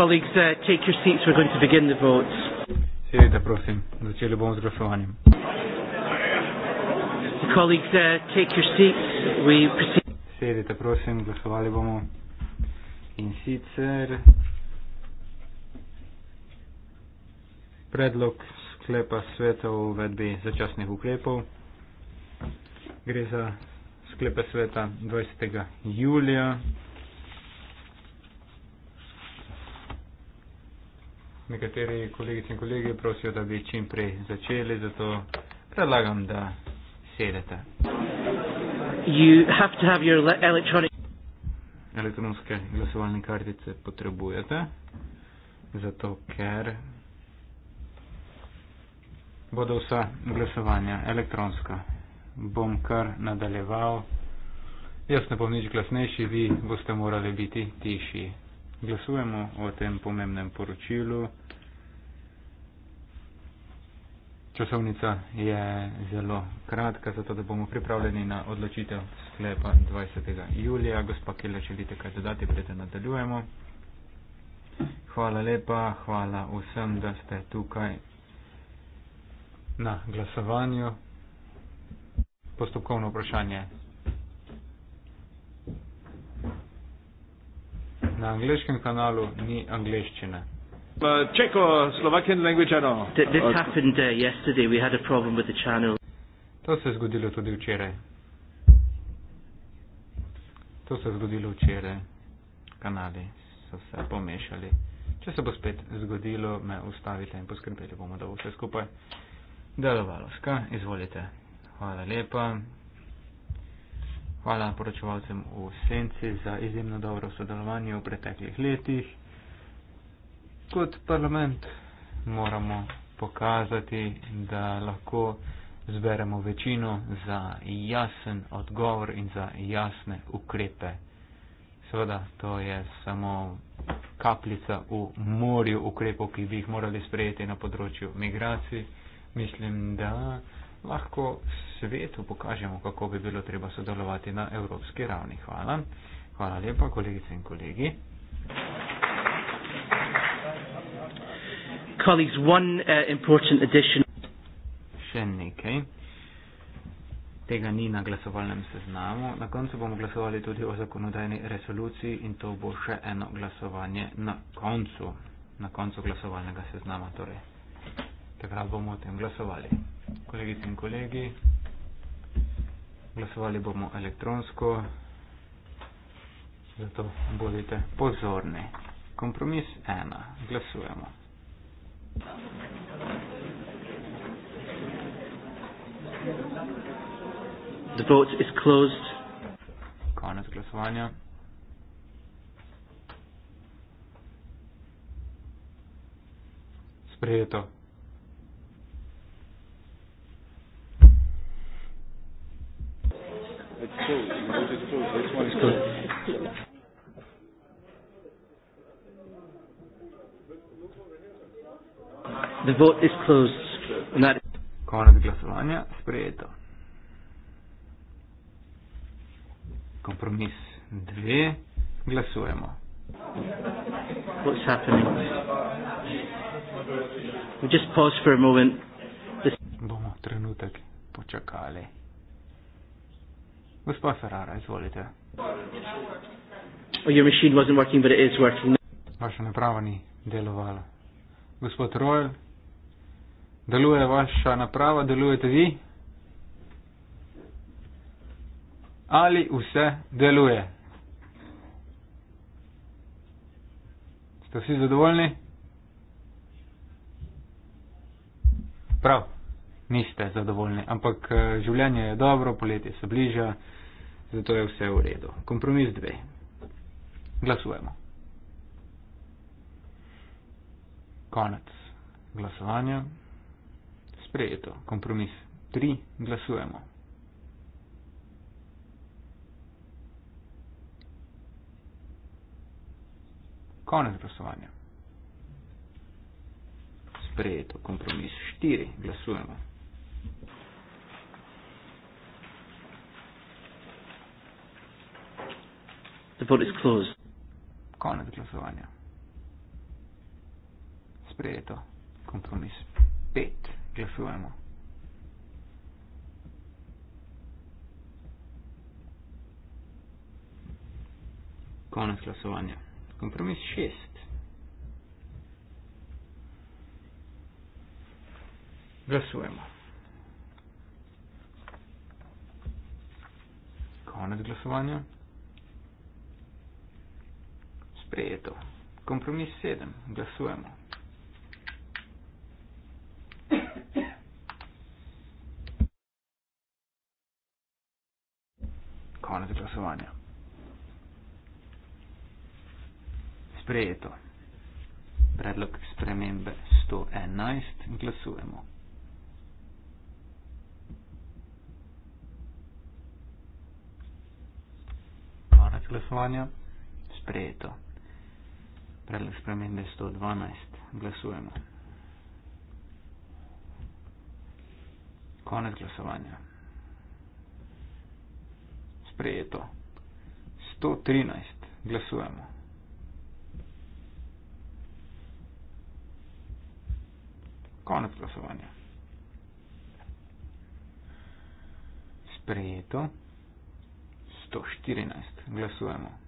colleagues uh, take your seats, we're going to begin the votes. Seveda, prosim, začeli bomo z glasovanjem. Colleagues, uh, take your seats. We proceed. Sedite, prosim, glasovali bomo. In sicer predlog sklepa sveta o uvedbi začasnih ukrepov. Gre za sklepe sveta 20. julija nekateri kolegice in kolegi prosijo, da bi čim prej začeli, zato predlagam, da sedete. You have to have your electronic... Elektronske glasovalne kartice potrebujete, zato ker bodo vsa glasovanja elektronska. Bom kar nadaljeval. Jaz ne bom nič glasnejši, vi boste morali biti tišji glasujemo o tem pomembnem poročilu. Časovnica je zelo kratka, zato da bomo pripravljeni na odločitev sklepa 20. julija. Gospa Kela, če želite kaj dodati, prete nadaljujemo. Hvala lepa, hvala vsem, da ste tukaj na glasovanju. Postopkovno vprašanje na angliškem kanalu ni angliščine. Uh, Čeko, slovakijan language, ano. This happened uh, yesterday, we had a problem with the channel. To se je zgodilo tudi včeraj. To se je zgodilo včeraj. Kanali so se pomešali. Če se bo spet zgodilo, me ustavite in poskrbeli bomo, da bo vse skupaj delovalo. Ska, izvolite. Hvala lepa. Hvala poročevalcem v Senci za izjemno dobro sodelovanje v preteklih letih. Kot parlament moramo pokazati, da lahko zberemo večino za jasen odgovor in za jasne ukrepe. Seveda, to je samo kapljica v morju ukrepov, ki bi jih morali sprejeti na področju migracij. Mislim, da lahko svetu pokažemo, kako bi bilo treba sodelovati na evropski ravni. Hvala. Hvala lepa, kolegice in kolegi. Colleagues, one uh, important addition. Še nekaj. Tega ni na glasovalnem seznamu. Na koncu bomo glasovali tudi o zakonodajni resoluciji in to bo še eno glasovanje na koncu, na koncu glasovalnega seznama. Torej, takrat bomo o tem glasovali kolegice in kolegi. Glasovali bomo elektronsko, zato bodite pozorni. Kompromis 1. Glasujemo. The vote is closed. Konec glasovanja. Sprejeto. Konec glasovanja, sprejeto. Kompromis dve, glasujemo. What's happening? We just pause for a moment. This... Bomo trenutek počakali. Gospod Ferrara, izvolite. Oh, vaša naprava ni delovala. Gospod Royal, deluje vaša naprava, delujete vi? Ali vse deluje? Ste vsi zadovoljni? Prav, niste zadovoljni, ampak eh, življenje je dobro, poletje se bliža zato je vse v redu. Kompromis dve. Glasujemo. Konec glasovanja. Sprejeto. Kompromis tri. Glasujemo. Konec glasovanja. Sprejeto. Kompromis 4. Glasujemo. The vote is closed. Konec glasovanja. Sprejeto. Kompromis. Pet. Glasujemo. Konec glasovanja. Kompromis šest. Glasujemo. Konec glasovanja sprejeto. Kompromis 7. Glasujemo. Konec glasovanja. Sprejeto. Predlog spremembe 111. Glasujemo. Konec glasovanja. Sprejeto predlog spremembe 112. Glasujemo. Konec glasovanja. Sprejeto. 113. Glasujemo. Konec glasovanja. Sprejeto. 114. Glasujemo.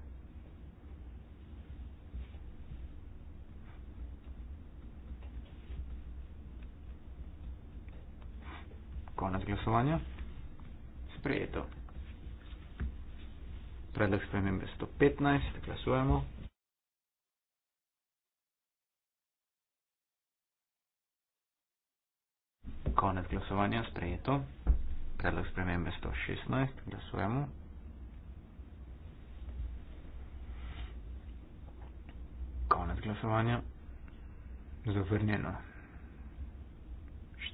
Konec glasovanja. Sprejeto. Predlog spremembe 115. Glasujemo. Konec glasovanja. Sprejeto. Predlog spremembe 116. Glasujemo. Konec glasovanja. Zavrnjeno.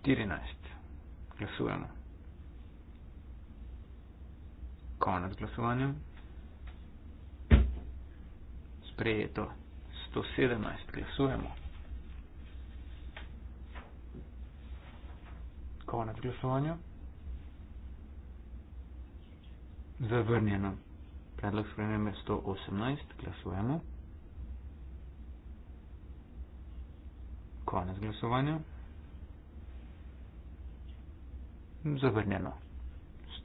14. Glasujemo. Konec glasovanja. Sprejeto 117. Glasujemo. Konec glasovanja. Zavrnjeno. Predlog spremembe 118. Glasujemo. Konec glasovanja. Zavrnjeno.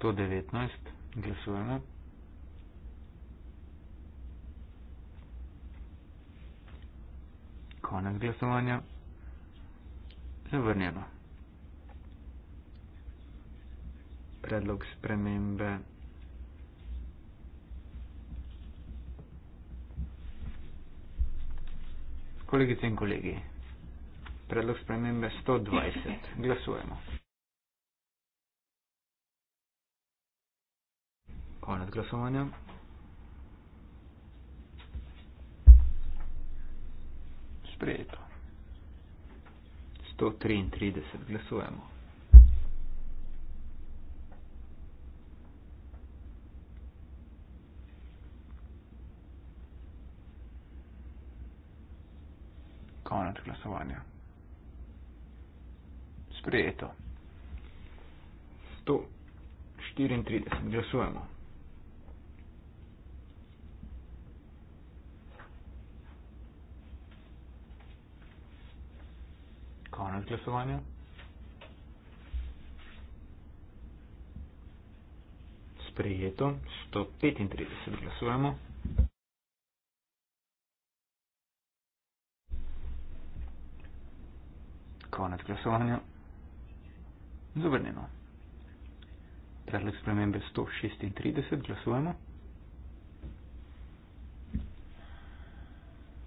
119. Glasujemo. Konec glasovanja. Zavrnjeno. Predlog spremembe. Kolegice in kolegi, predlog spremembe 120. Glasujemo. konec glasovanja. Sprejeto. 133 glasujemo. Konec glasovanja. Sprejeto. 134 glasujemo. konec glasovanja. Sprejeto, 135 glasujemo. Konec glasovanja. Zavrnjeno. Predlog spremembe 136 glasujemo.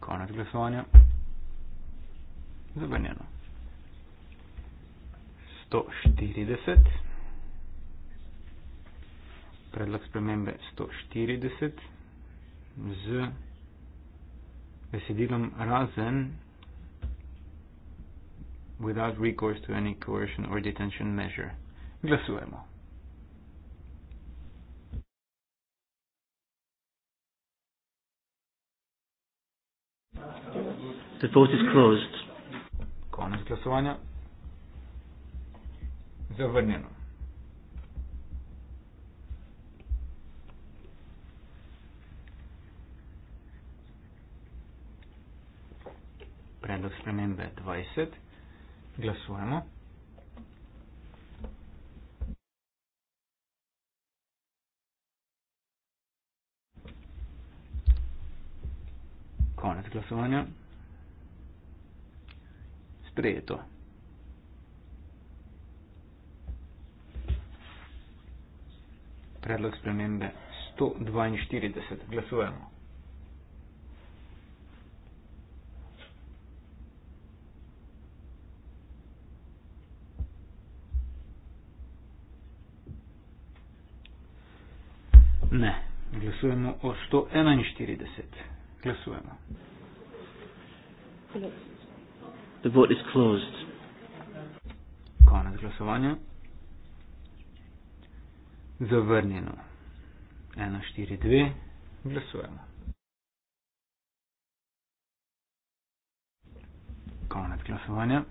Konec glasovanja. Zavrnjeno. 140, predlog spremembe 140 z besedilom razen without recourse to any coercion or detention measure. Glasujemo. The vote is closed. Konec glasovanja zavrnjeno. Predlog spremembe 20. Glasujemo. Konec glasovanja. Sprejeto. predlog spremembe 142. Glasujemo. Ne. Glasujemo o 141. Glasujemo. The vote is closed. Konec glasovanja zavrnjeno. 1, 4, 2, glasujemo. Konec glasovanja.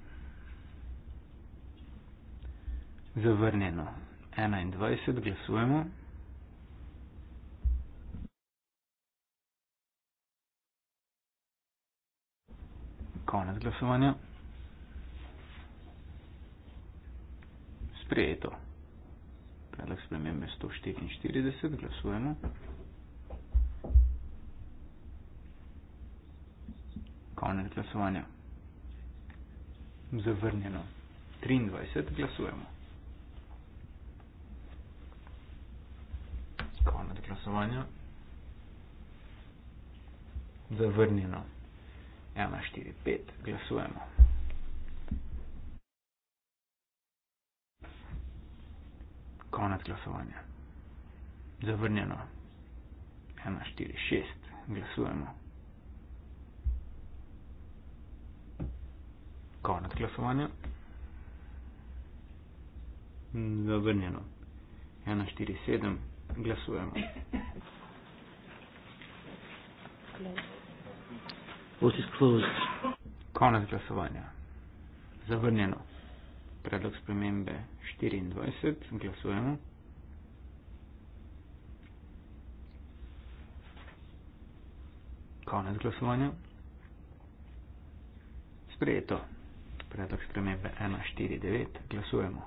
Zavrnjeno. 21, glasujemo. Konec glasovanja. Sprejeto predlog spremembe 144, glasujemo. Konec glasovanja. Zavrnjeno. 23 glasujemo. Konec glasovanja. Zavrnjeno. 1, 4, 5 glasujemo. konec glasovanja. Zavrnjeno. 1, 4, 6. Glasujemo. Konec glasovanja. Zavrnjeno. 1, 4, 7. Glasujemo. Konec glasovanja. Zavrnjeno predlog spremembe 24, glasujemo. Konec glasovanja. Sprejeto. Predlog spremembe 149, glasujemo.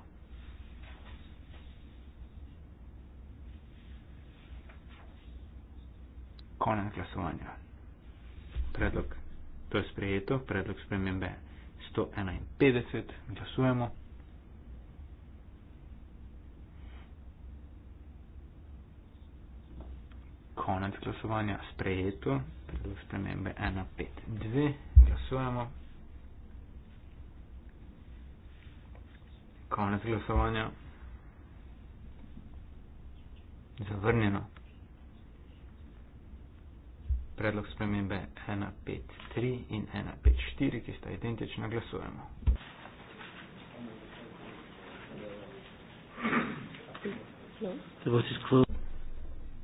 Konec glasovanja. Predlog, to je sprejeto, predlog spremembe 151, glasujemo. konec glasovanja sprejeto, predlog spremembe 1.5.2, glasujemo. Konec glasovanja zavrnjeno. Predlog spremembe 1.5.3 in 1.5.4, ki sta identična, glasujemo. No. Se bo si skvalo.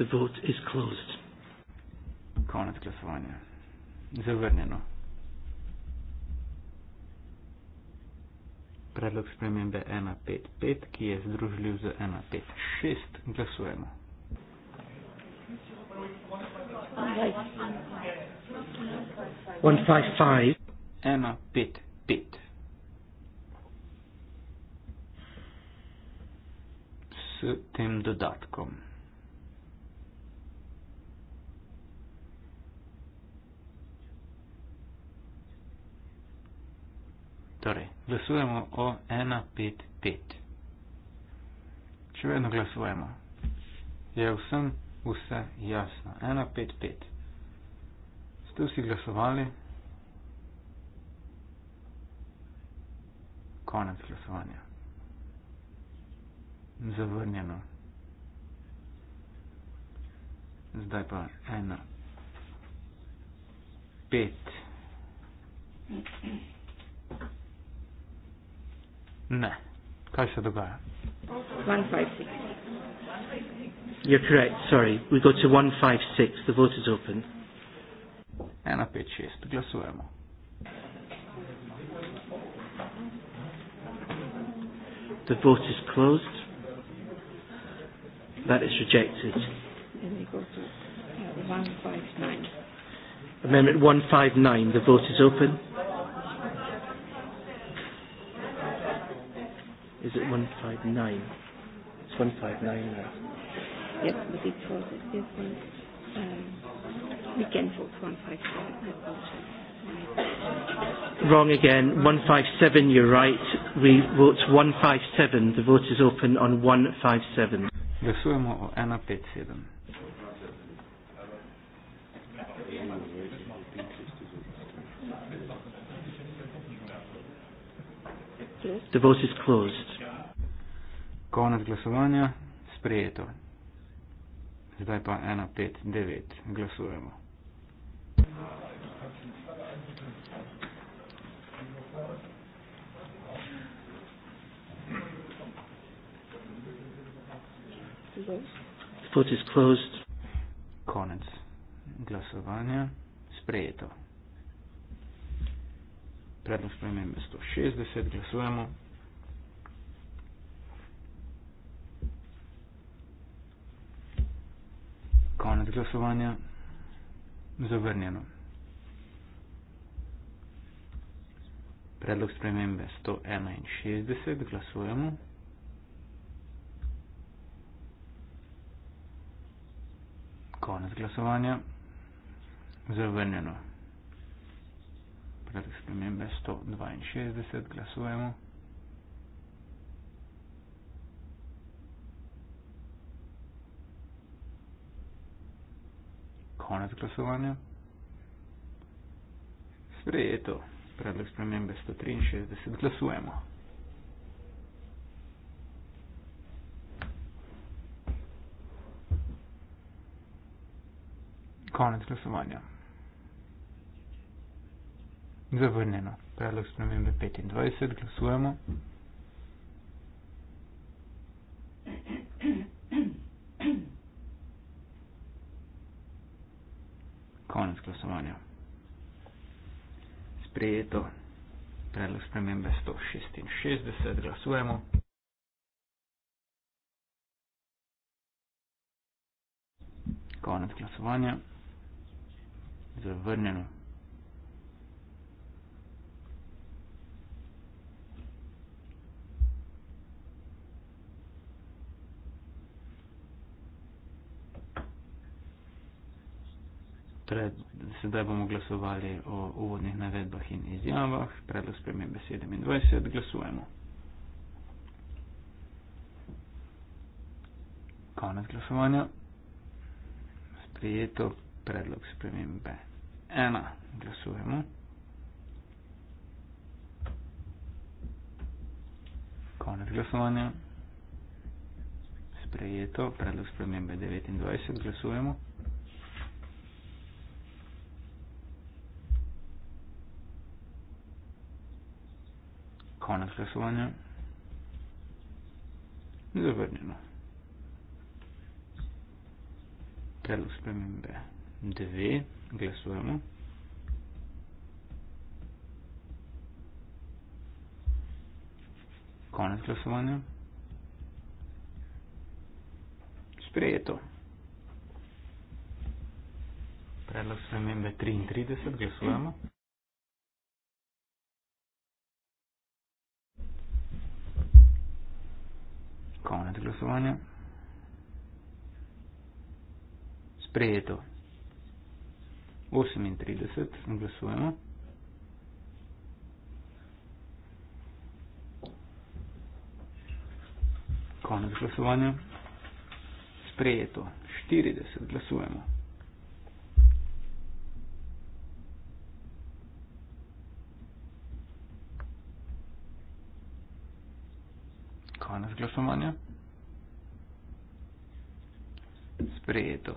The vote is closed. Konec glasovanja. Zavrnjeno. Predlog spremembe 155, ki je združljiv z 156, glasujemo. Ena, pet, pet. S tem dodatkom. Torej, glasujemo o 155. Še vedno glasujemo. Je vsem vse jasno. 155. Ste vsi glasovali? Konec glasovanja. Zavrnjeno. Zdaj pa ena. Pet. Thank you. Ne. Kaj se dogaja? 156. You're correct, sorry. We go to 156. The vote is open. 156. Glasujemo. The vote is closed. That is rejected. Amendment 159. The vote is open. Is it 159? It's 159 now. Yep, but it was a different. Um, we cancelled 157. Wrong again. 157, you're right. We vote 157. The vote is open on 157. Głosujemy o N57. The vote is closed. Konec glasovanja, sprejeto. Zdaj pa 1, 5, 9, glasujemo. Konec glasovanja, sprejeto. Predlog spremembe 160, glasujemo. Konec glasovanja. Zavrnjeno. Predlog spremembe 161. Glasujemo. Konec glasovanja. Zavrnjeno. Predlog spremembe 162. Glasujemo. konec glasovanja. Sprejeto, predlog spremembe 163, glasujemo. Konec glasovanja. Zavrnjeno, predlog spremembe 25, glasujemo. Thank you. konec glasovanja. Sprejeto predlog spremembe 166, glasujemo. Konec glasovanja. Zavrnjeno. pred, sedaj bomo glasovali o uvodnih navedbah in izjavah, predlog spremembe 27, glasujemo. Konec glasovanja. Sprejeto predlog spremembe 1, glasujemo. Konec glasovanja. Sprejeto predlog spremembe 29, glasujemo. konec glasovanja. Zavrnjeno. Predlog spremembe 2. Glasujemo. Konec glasovanja. Sprejeto. Predlog spremembe 33. Glasujemo. konec glasovanja. Sprejeto. 38, glasujemo. Konec glasovanja. Sprejeto. 40, glasujemo. konec glasovanja. Sprejeto.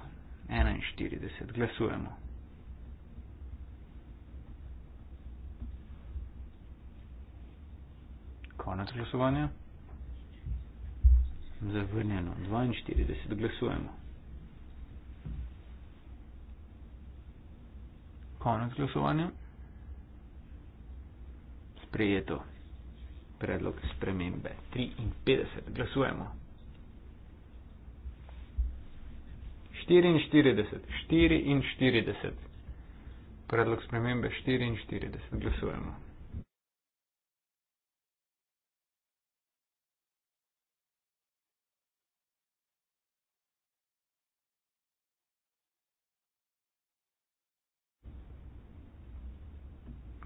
41. Glasujemo. Konec glasovanja. Zavrnjeno. 42. Glasujemo. Konec glasovanja. Sprejeto predlog spremembe 53. Glasujemo. 44, 44, predlog spremembe 44, glasujemo.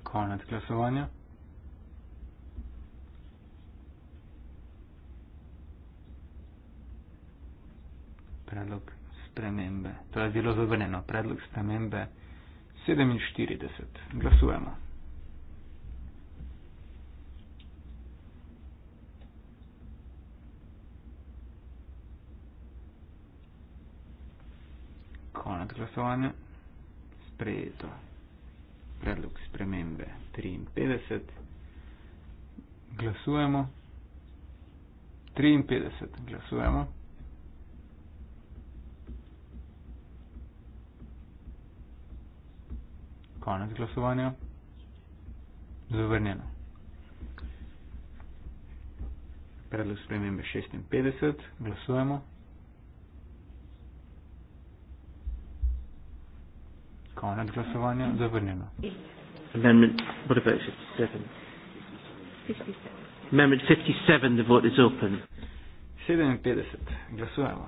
Konec glasovanja. predlog spremembe. To je zelo zavrnjeno. Predlog spremembe 47. Glasujemo. Konec glasovanja. Sprejeto. Predlog spremembe 53. Glasujemo. 53. Glasujemo. konec glasovanja. Zavrnjeno. Predlog spremembe 56. Glasujemo. Konec glasovanja. Zavrnjeno. Amendment 57. 57. Amendment 57. The vote is open. 57. Glasujemo.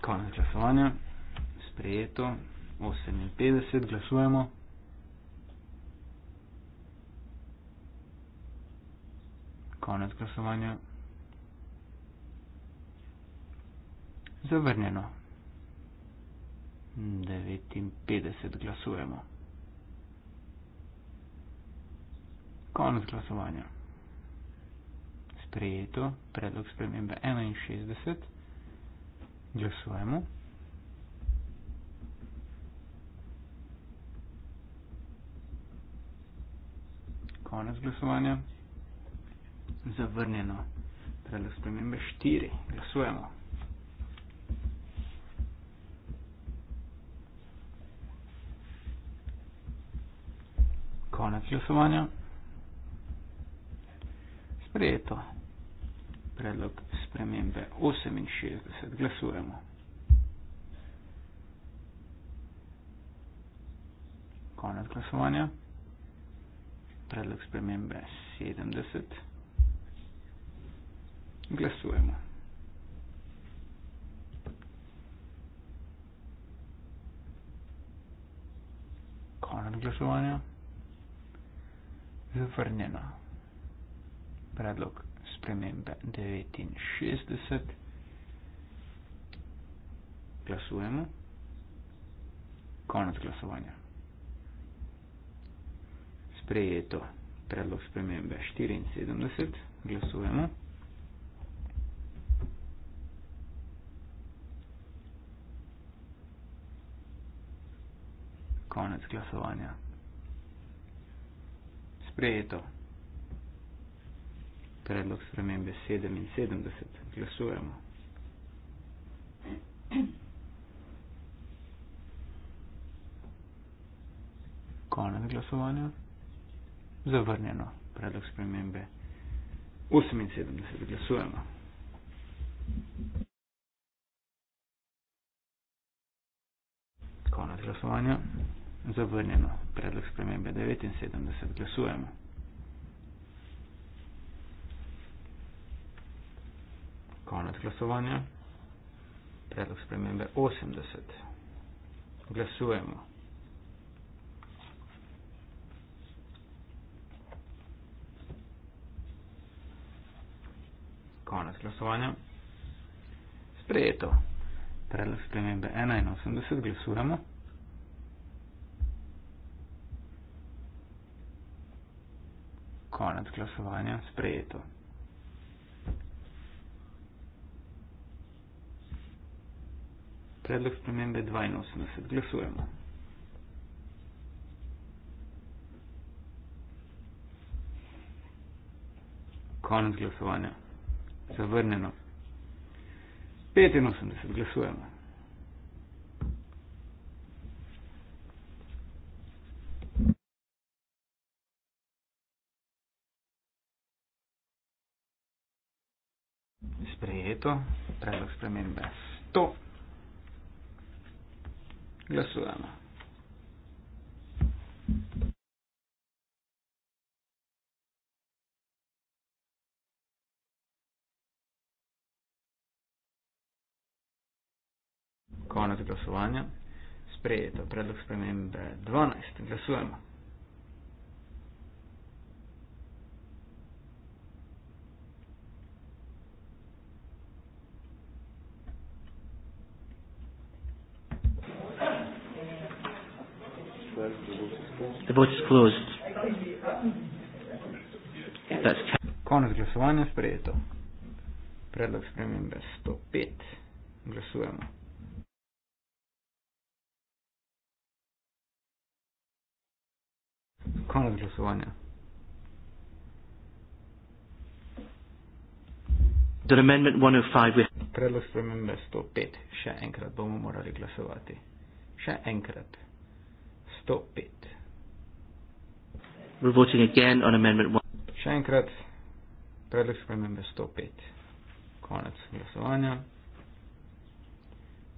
konec glasovanja, sprejeto, 58, glasujemo. Konec glasovanja. Zavrnjeno. 59 glasujemo. Konec glasovanja. Sprejeto predlog spremembe 61. Glasujemo. Konec glasovanja. Zavrnjeno. Predlog spremembe 4. Glasujemo. Konec glasovanja. Sprejeto predlog spremembe 68. Glasujemo. Konec glasovanja. Predlog spremembe 70. Glasujemo. Konec glasovanja. Zavrnjeno. Predlog spremembe 69. Glasujemo. Konec glasovanja. Sprejeto predlog spremembe 74. Glasujemo. Konec glasovanja. Sprejeto predlog spremembe 77. Glasujemo. Konec glasovanja. Zavrnjeno. Predlog spremembe 78. Glasujemo. Konec glasovanja. Zavrnjeno. Predlog spremembe 79. Glasujemo. konec glasovanja. Predlog spremembe 80. Glasujemo. Konec glasovanja. Sprejeto. Predlog spremembe 81. Glasujemo. Konec glasovanja. Sprejeto. predlog spremembe 82. Glasujemo. Konec glasovanja. Zavrnjeno. 85. Glasujemo. Sprejeto. Predlog spremembe 100. Glasujemo. Konec glasovanja. Sprejeto. Predlog spremembe 12. Glasujemo. The vote is closed. That's Konec glasovanja sprejeto. Predlog spremembe 105. Glasujemo. Konec glasovanja. The amendment 105. Predlog spremembe 105. Še enkrat bomo morali glasovati. Še enkrat. 105. We're voting again on Amendment 1. Še enkrat, predlog spremembe 105. Konec glasovanja.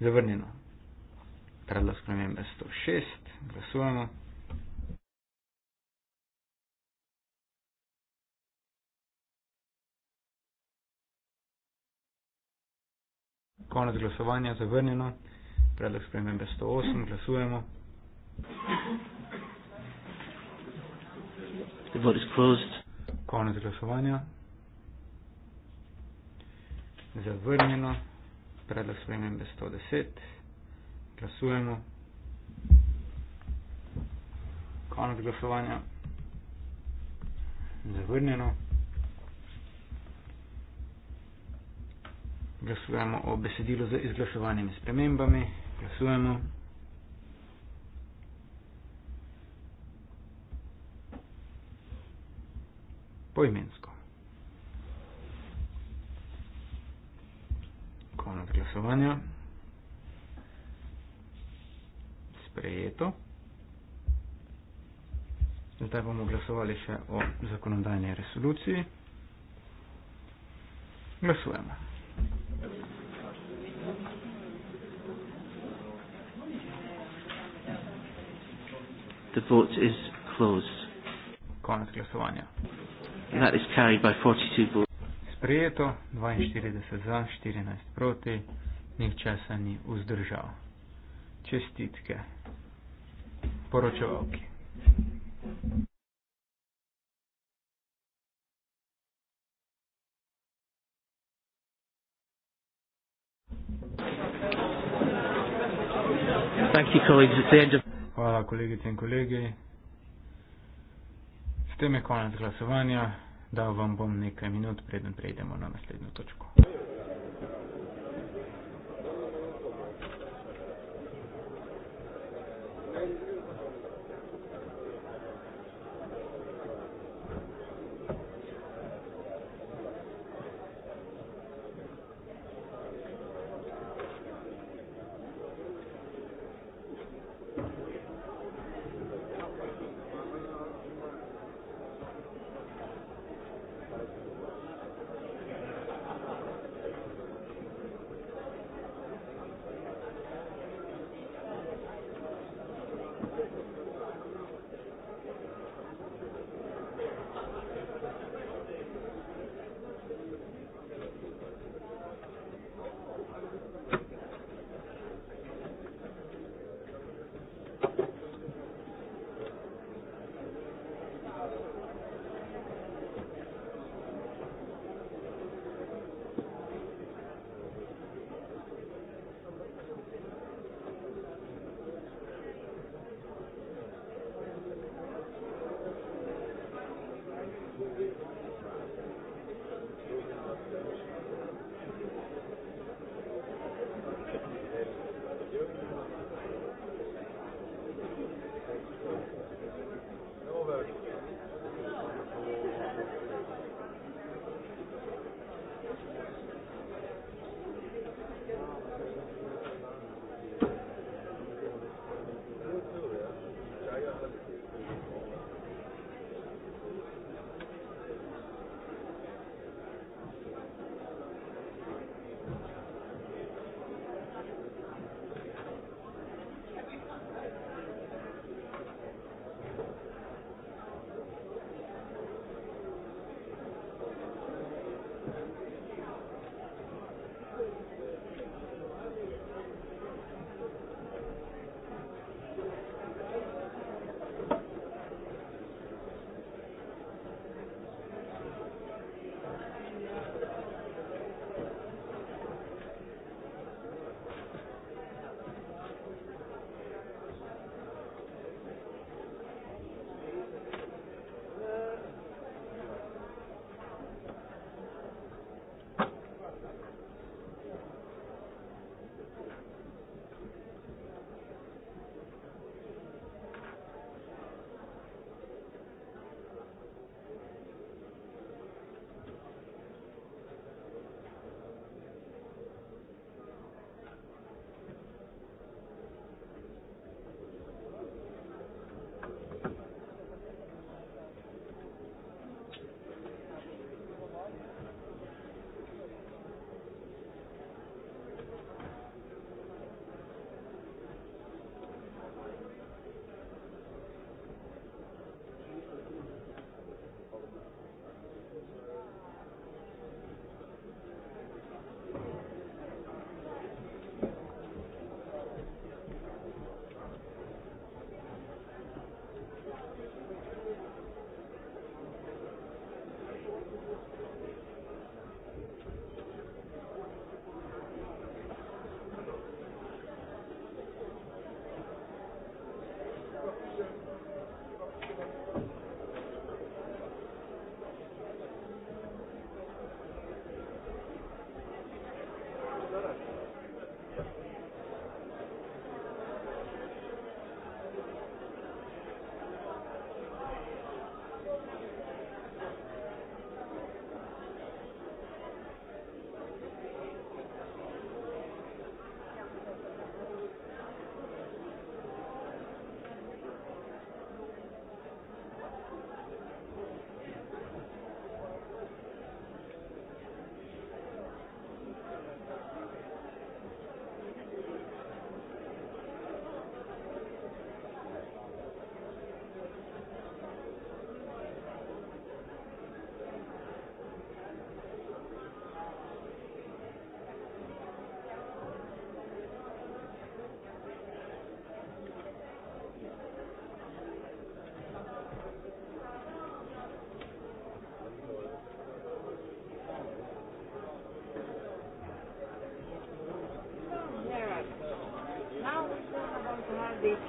Zavrnjeno. Predlog spremembe 106. Glasujemo. Konec glasovanja zavrnjeno. Predlog spremembe 108. Glasujemo. The vote is closed. Konec glasovanja. Zavrnjeno. Predlog spremembe 110. Glasujemo. Konec glasovanja. Zavrnjeno. Glasujemo o besedilu z izglasovanimi spremembami. Glasujemo. poimensko. Konec glasovanja. Sprejeto. Zdaj bomo glasovali še o zakonodajni resoluciji. Glasujemo. The vote is closed. Konec glasovanja. Sprejeto 42 za, 14 proti, nihče se ni vzdržal. Čestitke. Poročevalki. Hvala kolegice in kolegi tem je konec glasovanja, da vam bom nekaj minut, preden prejdemo na naslednjo točko.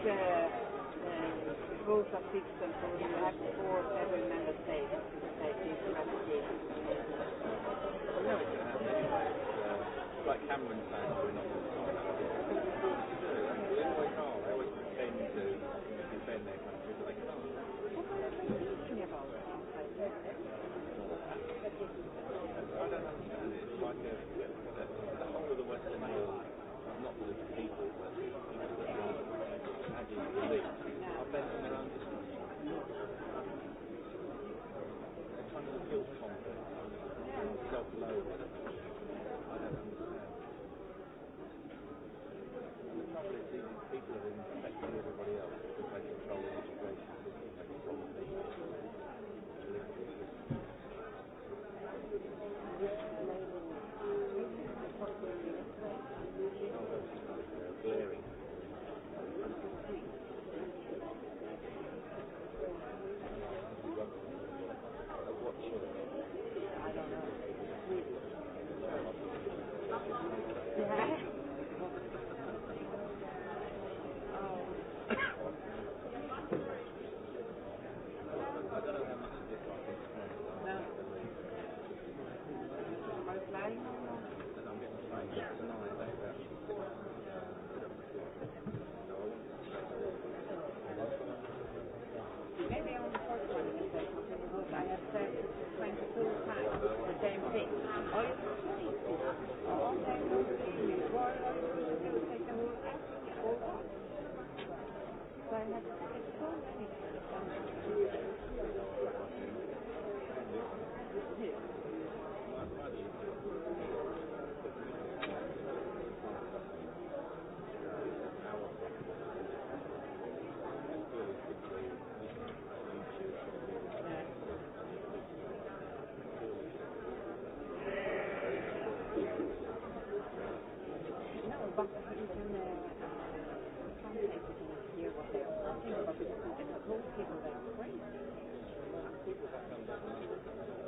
the uh, uh, rules are fixed and so you have to force every member state to take these ratifications. Like Cameron saying, we're not going to talk about it. They always are. They always pretend to defend their country, but they can't. I don't understand it. It's like a... people that are crazy. A lot of people have come down.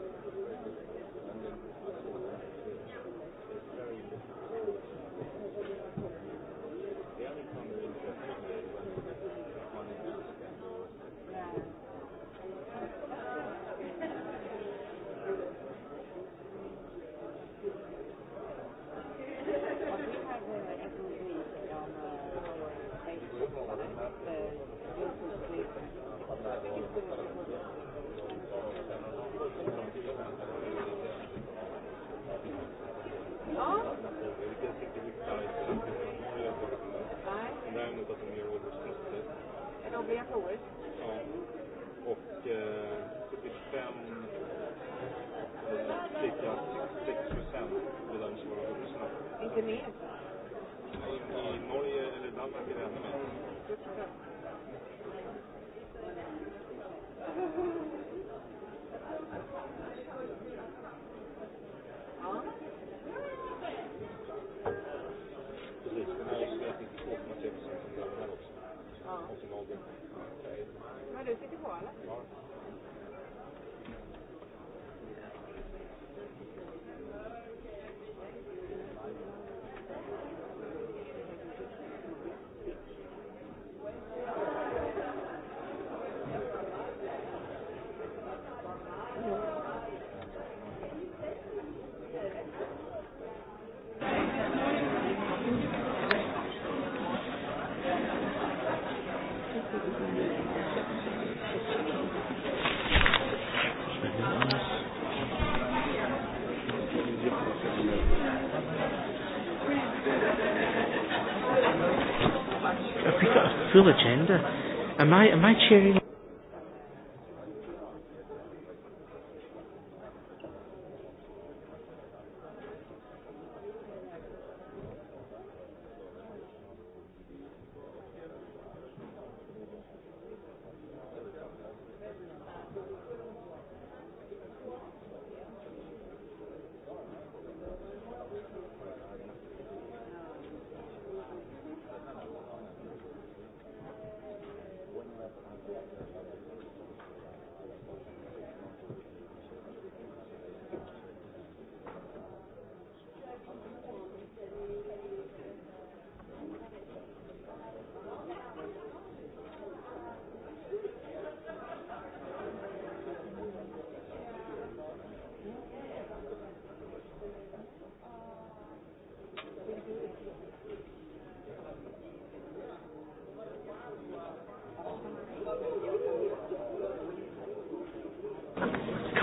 am I am I cheering?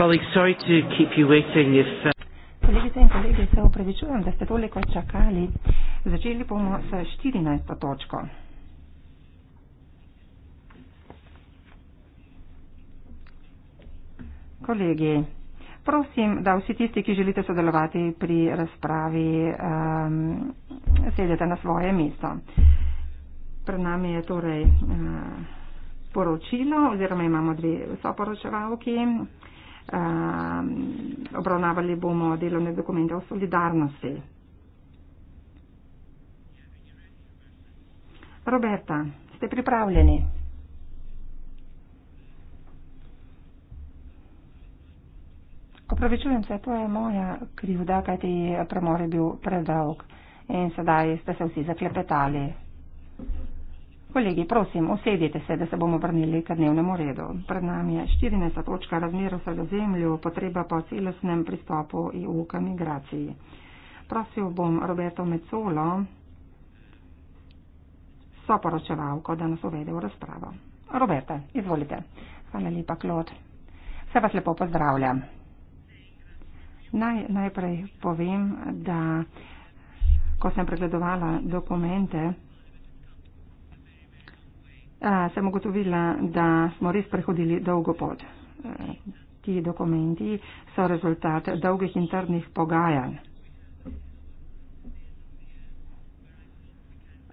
Uh, Kolegice in kolege, se upravičujem, da ste toliko čakali. Začeli bomo s 14. točko. Kolegi, prosim, da vsi tisti, ki želite sodelovati pri razpravi, um, sedete na svoje mesto. Pred nami je torej uh, poročilo oziroma imamo dve soporočevalki. Uh, Ehm, obravnavali bomo delovne dokumente o solidarnosti. Roberta, ste pripravljeni? Opravičujem se, to je moja krivda, kajti premor je bil predolg in sedaj ste se vsi zaklepetali. Kolegi, prosim, usedite se, da se bomo vrnili k dnevnemu redu. Pred nami je 14. točka razmer v sredozemlju, potreba po celostnem pristopu EU k migraciji. Prosil bom Roberto Mecolo, soporočevalko, da nas uvede v razpravo. Roberta, izvolite. Hvala lepa, Klod. Vse vas lepo pozdravljam. Naj, najprej povem, da ko sem pregledovala dokumente, sem ugotovila, da smo res prehodili dolgo pot. E, ti dokumenti so rezultat dolgih in trdnih pogajanj.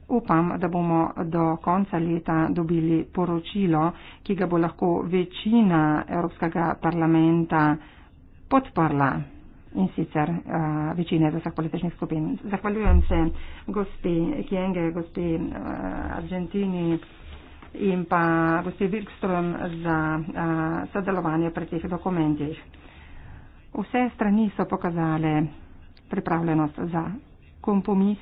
Upam, da bomo do konca leta dobili poročilo, ki ga bo lahko večina Evropskega parlamenta podprla in sicer uh, večine za vseh političnih skupin. Zahvaljujem se gospe Kjenge, gospe uh, Argentini in pa gospe Birkström za uh, sodelovanje pri teh dokumentih. Vse strani so pokazale pripravljenost za kompromis.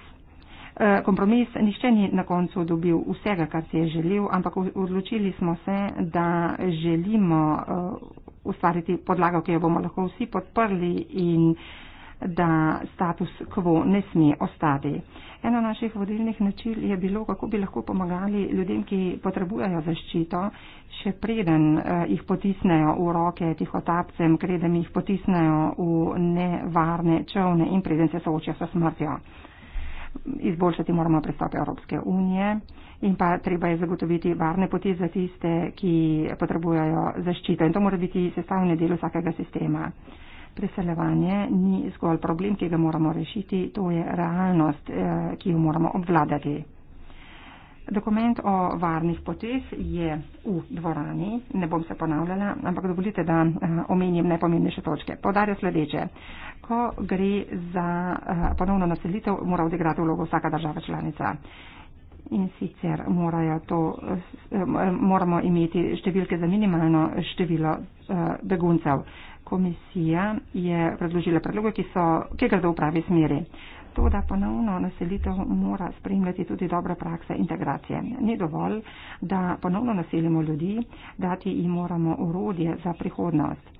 E, kompromis, nišče ni na koncu dobil vsega, kar si je želel, ampak odločili smo se, da želimo e, ustvariti podlago, ki jo bomo lahko vsi podprli in uh, da status quo ne sme ostati. Eno naših vodilnih načil je bilo, kako bi lahko pomagali ljudem, ki potrebujejo zaščito, še preden eh, jih potisnejo v roke tihotapcem, preden jih potisnejo v nevarne čovne in preden se soočijo s smrtjo. Izboljšati moramo pristope Evropske unije in pa treba je zagotoviti varne poti za tiste, ki potrebujejo zaščito. In to mora biti sestavni del vsakega sistema. Preseljevanje ni zgolj problem, ki ga moramo rešiti, to je realnost, eh, ki jo moramo obvladati. Dokument o varnih potes je v dvorani, ne bom se ponavljala, ampak dovolite, da eh, omenim najpomembnejše točke. Podarja sledeče, ko gre za eh, ponovno naselitev, mora odigrati vlogo vsaka država članica. In sicer to, moramo imeti številke za minimalno število beguncev komisija je predložila predloge, ki, so, ki gre v pravi smeri. To, da ponovno naselitev mora spremljati tudi dobra praksa integracije. Ni dovolj, da ponovno naselimo ljudi, dati jim moramo urodje za prihodnost.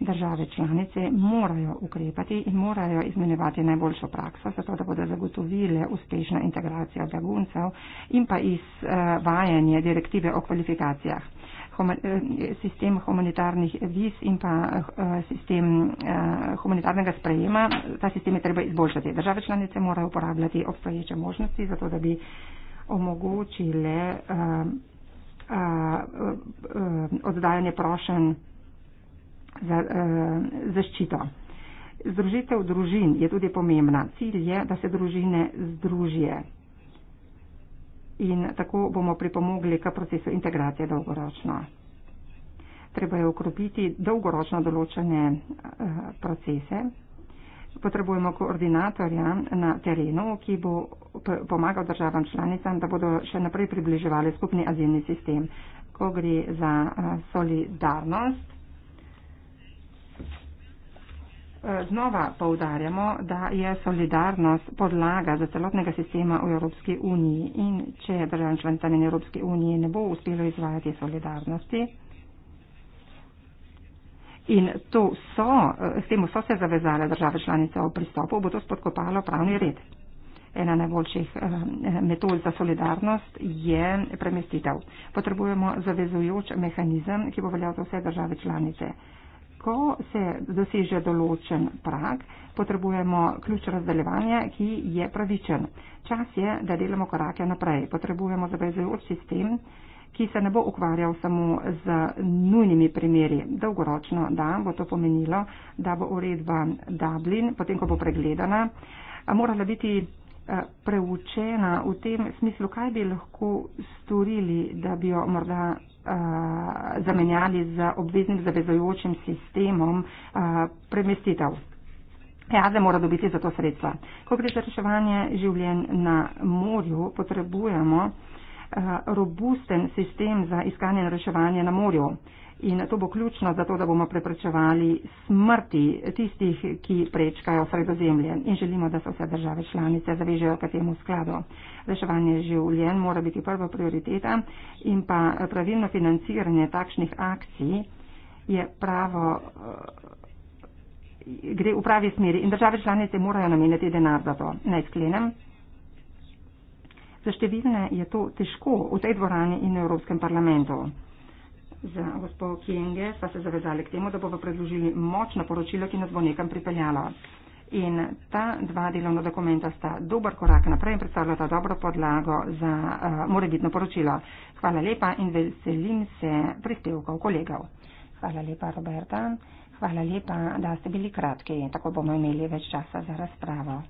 Države članice morajo ukrepati in morajo izmenjevati najboljšo prakso, zato da bodo zagotovile uspešno integracijo beguncev in pa izvajanje direktive o kvalifikacijah. Eh, sistem humanitarnih viz in pa eh, sistem eh, humanitarnega sprejema. Ta sistem je treba izboljšati. Države članice morajo uporabljati obstoječe možnosti, zato da bi omogočile oddajanje prošen za zaščito. Združitev družin je tudi pomembna. Cilj je, da se družine združijo in tako bomo pripomogli k procesu integracije dolgoročno. Treba je okrepiti dolgoročno določene eh, procese. Potrebujemo koordinatorja na terenu, ki bo pomagal državam članicam, da bodo še naprej približevali skupni azilni sistem. Ko gre za eh, solidarnost, Eh, znova povdarjamo, da je solidarnost podlaga za celotnega sistema v Evropski uniji in če državam članicam in Evropski uniji ne bo uspelo izvajati solidarnosti, In to so, eh, s tem so se zavezale države članice o pristopu, bo to spodkopalo pravni red. Ena najboljših eh, metod za solidarnost je premestitev. Potrebujemo zavezujoč mehanizem, ki bo veljal za vse države članice ko se doseže določen prag, potrebujemo ključ razdeljevanja, ki je pravičen. Čas je, da delamo korake naprej. Potrebujemo zavezujoč sistem, ki se ne bo ukvarjal samo z nujnimi primeri. Dolgoročno, da, bo to pomenilo, da bo uredba Dublin, potem, ko bo pregledana, morala biti eh, preučena v tem smislu, kaj bi lahko storili, da bi jo morda Eh, zamenjali z obveznim zavezojočim sistemom eh, premestitev. Jaze mora dobiti za to sredstva. Ko gre za reševanje življenj na morju, potrebujemo eh, robusten sistem za iskanje in reševanje na morju in to bo ključno za to, da bomo preprečevali smrti tistih, ki prečkajo sredozemlje in želimo, da se vse države članice zavežejo k temu skladu. Reševanje življenj mora biti prva prioriteta in pa pravilno financiranje takšnih akcij je pravo eh, gre v pravi smeri in države članice morajo nameniti denar za to. Naj sklenem. Za številne je to težko v tej dvorani in v Evropskem parlamentu z gospo Kienge sva se zavezali k temu, da bomo predložili močno poročilo, ki nas bo nekam pripeljalo. In ta dva delovna dokumenta sta dober korak naprej in predstavljata dobro podlago za uh, morebitno poročilo. Hvala lepa in veselim se prispevkov kolegov. Hvala lepa, Roberta. Hvala lepa, da ste bili kratki. Tako bomo imeli več časa za razpravo.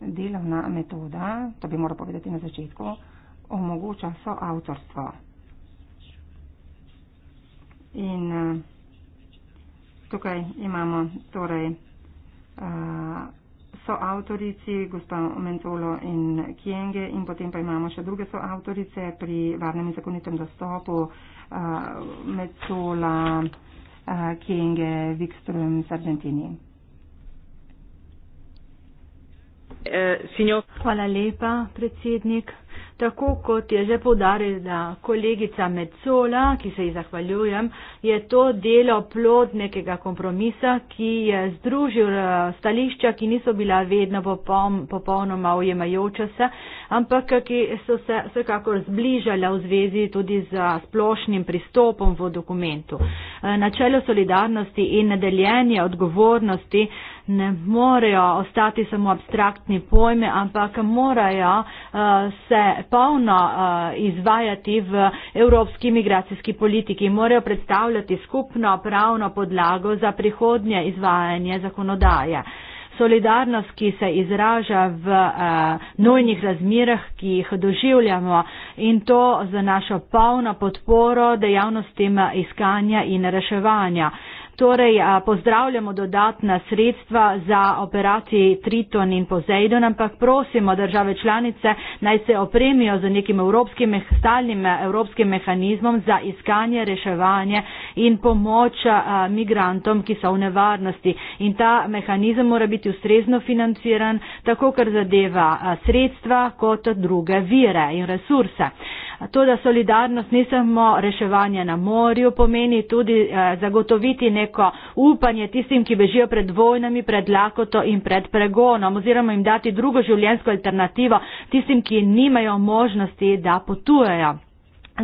Delovna metoda, to bi moral povedati na začetku, omogoča soavtorstvo. In eh, tukaj imamo torej eh, soavtorici gospa Mencolo in Kienge in potem pa imamo še druge soavtorice pri varnem in zakonitem dostopu eh, Mencola, Kienge, Wikström, Sargentini. Hvala lepa, predsednik. Tako kot je že povdarila kolegica Medsola, ki se ji zahvaljujem, je to delo plod nekega kompromisa, ki je združil eh, stališča, ki niso bila vedno popolnoma ujemajoča se, ampak ki so se vsekakor zbližala v zvezi tudi z splošnim pristopom v dokumentu. Eh, načelo solidarnosti in nadaljenje odgovornosti ne morejo ostati samo abstraktni pojme, ampak morajo eh, se polno uh, eh, izvajati v evropski migracijski politiki. Morajo predstavljati skupno pravno podlago za prihodnje izvajanje zakonodaje. Solidarnost, ki se izraža v uh, nujnih razmirah, ki jih doživljamo in to za našo polno podporo dejavnostim iskanja in reševanja. Uh, Torej, pozdravljamo dodatna sredstva za operacije Triton in Poseidon, ampak prosimo države članice naj se opremijo z nekim evropskim, stalnim evropskim mehanizmom za iskanje, reševanje in pomoč migrantom, ki so v nevarnosti. In ta mehanizem mora biti ustrezno financiran, tako kar zadeva sredstva kot druge vire in resurse. To, da solidarnost ni samo reševanje na morju, pomeni tudi eh, zagotoviti neko upanje tistim, ki bežijo pred vojnami, pred lakoto in pred pregonom oziroma jim dati drugo življenjsko alternativo tistim, ki nimajo možnosti, da potujejo.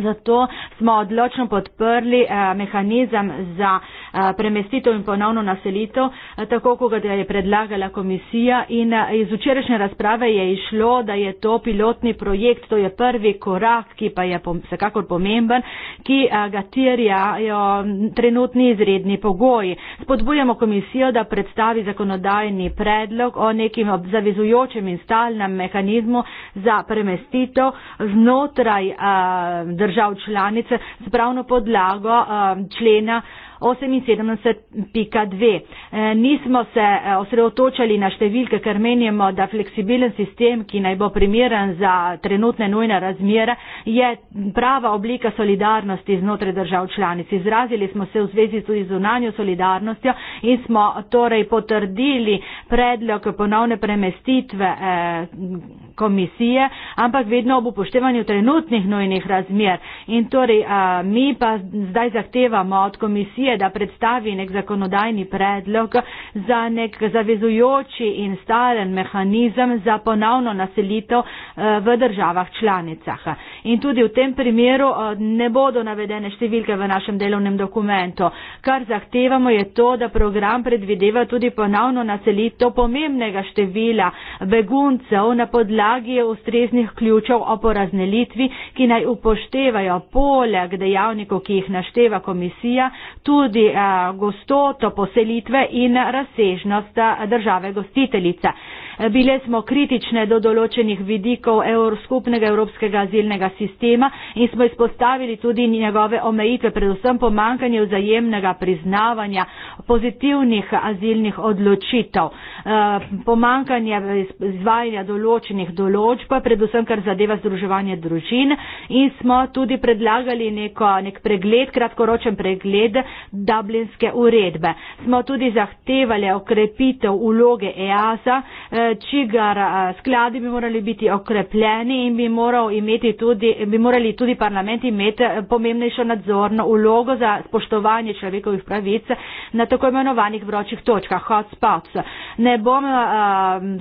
Zato smo odločno podprli eh, mehanizem za eh, premestitev in ponovno naselitev, eh, tako kot je predlagala komisija. In iz včerajšnje razprave je išlo, da je to pilotni projekt, to je prvi korak, ki pa je vsekakor pomemben, ki ga terjajo trenutni izredni pogoji. Spodbujamo komisijo, da predstavi zakonodajni predlog o nekim zavezujočem in stalnem mehanizmu za premestitev znotraj država držav članice z pravno podlago eh, člena 78.2. Eh, nismo se eh, osredotočali na številke, ker menimo, da fleksibilen sistem, ki naj bo primeren za trenutne nujne razmere, je prava oblika solidarnosti znotraj držav članic. Izrazili smo se v zvezi tudi z unanjo solidarnostjo in smo torej potrdili predlog ponovne premestitve eh, komisije, ampak vedno ob upoštevanju trenutnih nujnih razmer. In torej mi pa zdaj zahtevamo od komisije, vlade, da predstavi nek zakonodajni predlog za nek zavezujoči in stalen mehanizem za ponovno naselitev eh, v državah članicah. In tudi v tem primeru eh, ne bodo navedene številke v našem delovnem dokumentu. Kar zahtevamo je to, da program predvideva tudi ponovno naselitev pomembnega števila beguncev na podlagi ustreznih ključev o poraznelitvi, ki naj upoštevajo poleg dejavnikov, ki jih našteva komisija, tudi tudi eh, gostoto poselitve in razsežnost eh, države gostiteljice. Eh, bile smo kritične do določenih vidikov skupnega evropskega azilnega sistema in smo izpostavili tudi njegove omejitve, predvsem pomankanje vzajemnega priznavanja pozitivnih azilnih odločitev, eh, pomankanje izvajanja določenih določb, predvsem kar zadeva združevanje družin in smo tudi predlagali neko, nek pregled, kratkoročen pregled dublinske uredbe. Smo tudi zahtevali okrepitev uloge EASA, e, čigar skladi bi morali biti okrepljeni in bi, moral tudi, bi morali tudi parlamenti imeti eh, pomembnejšo nadzorno ulogo za spoštovanje človekovih pravic na tako imenovanih vročih točkah, hotspots. Ne bom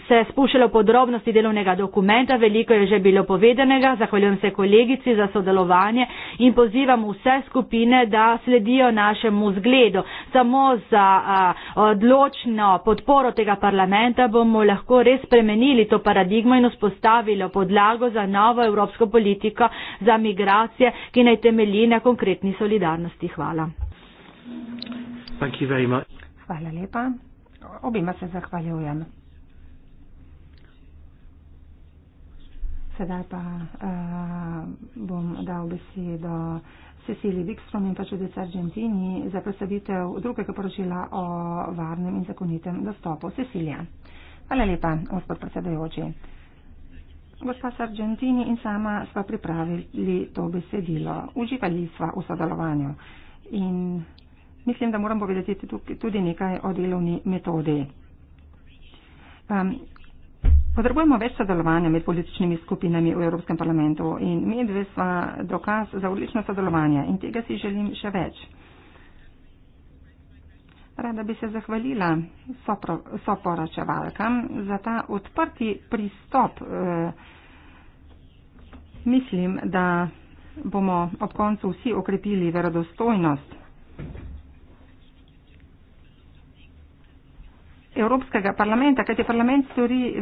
se spuščala v podrobnosti delovnega dokumenta, veliko je že bilo povedanega, zahvaljujem se kolegici za sodelovanje in pozivam vse skupine, da sledijo našemu zgledu. Samo za odločno podporo tega parlamenta bomo lahko lahko res spremenili to paradigmo in vzpostavili podlago za novo evropsko politiko za migracije, ki naj temelji na konkretni solidarnosti. Hvala. Hvala lepa. Obima se zahvaljujem. Sedaj pa uh, bom dal besedo Cecilii Wikstrom in pa tudi Argentini za predstavitev drugega poročila o varnem in zakonitem dostopu. Cecilija. Uh, Hvala lepa, gospod predsedujoči. Gospa Sargentini in sama sva pripravili to besedilo. Uživali sva v sodelovanju in mislim, da moram povedati tudi nekaj o delovni metodi. Um, Potrebujemo več sodelovanja med političnimi skupinami v Evropskem parlamentu in medve sva dokaz za odlično sodelovanje in tega si želim še več. Rada bi se zahvalila soporočevalkam za ta odprti pristop. Eh, mislim, da bomo ob koncu vsi okrepili verodostojnost Evropskega parlamenta, kajti parlament stori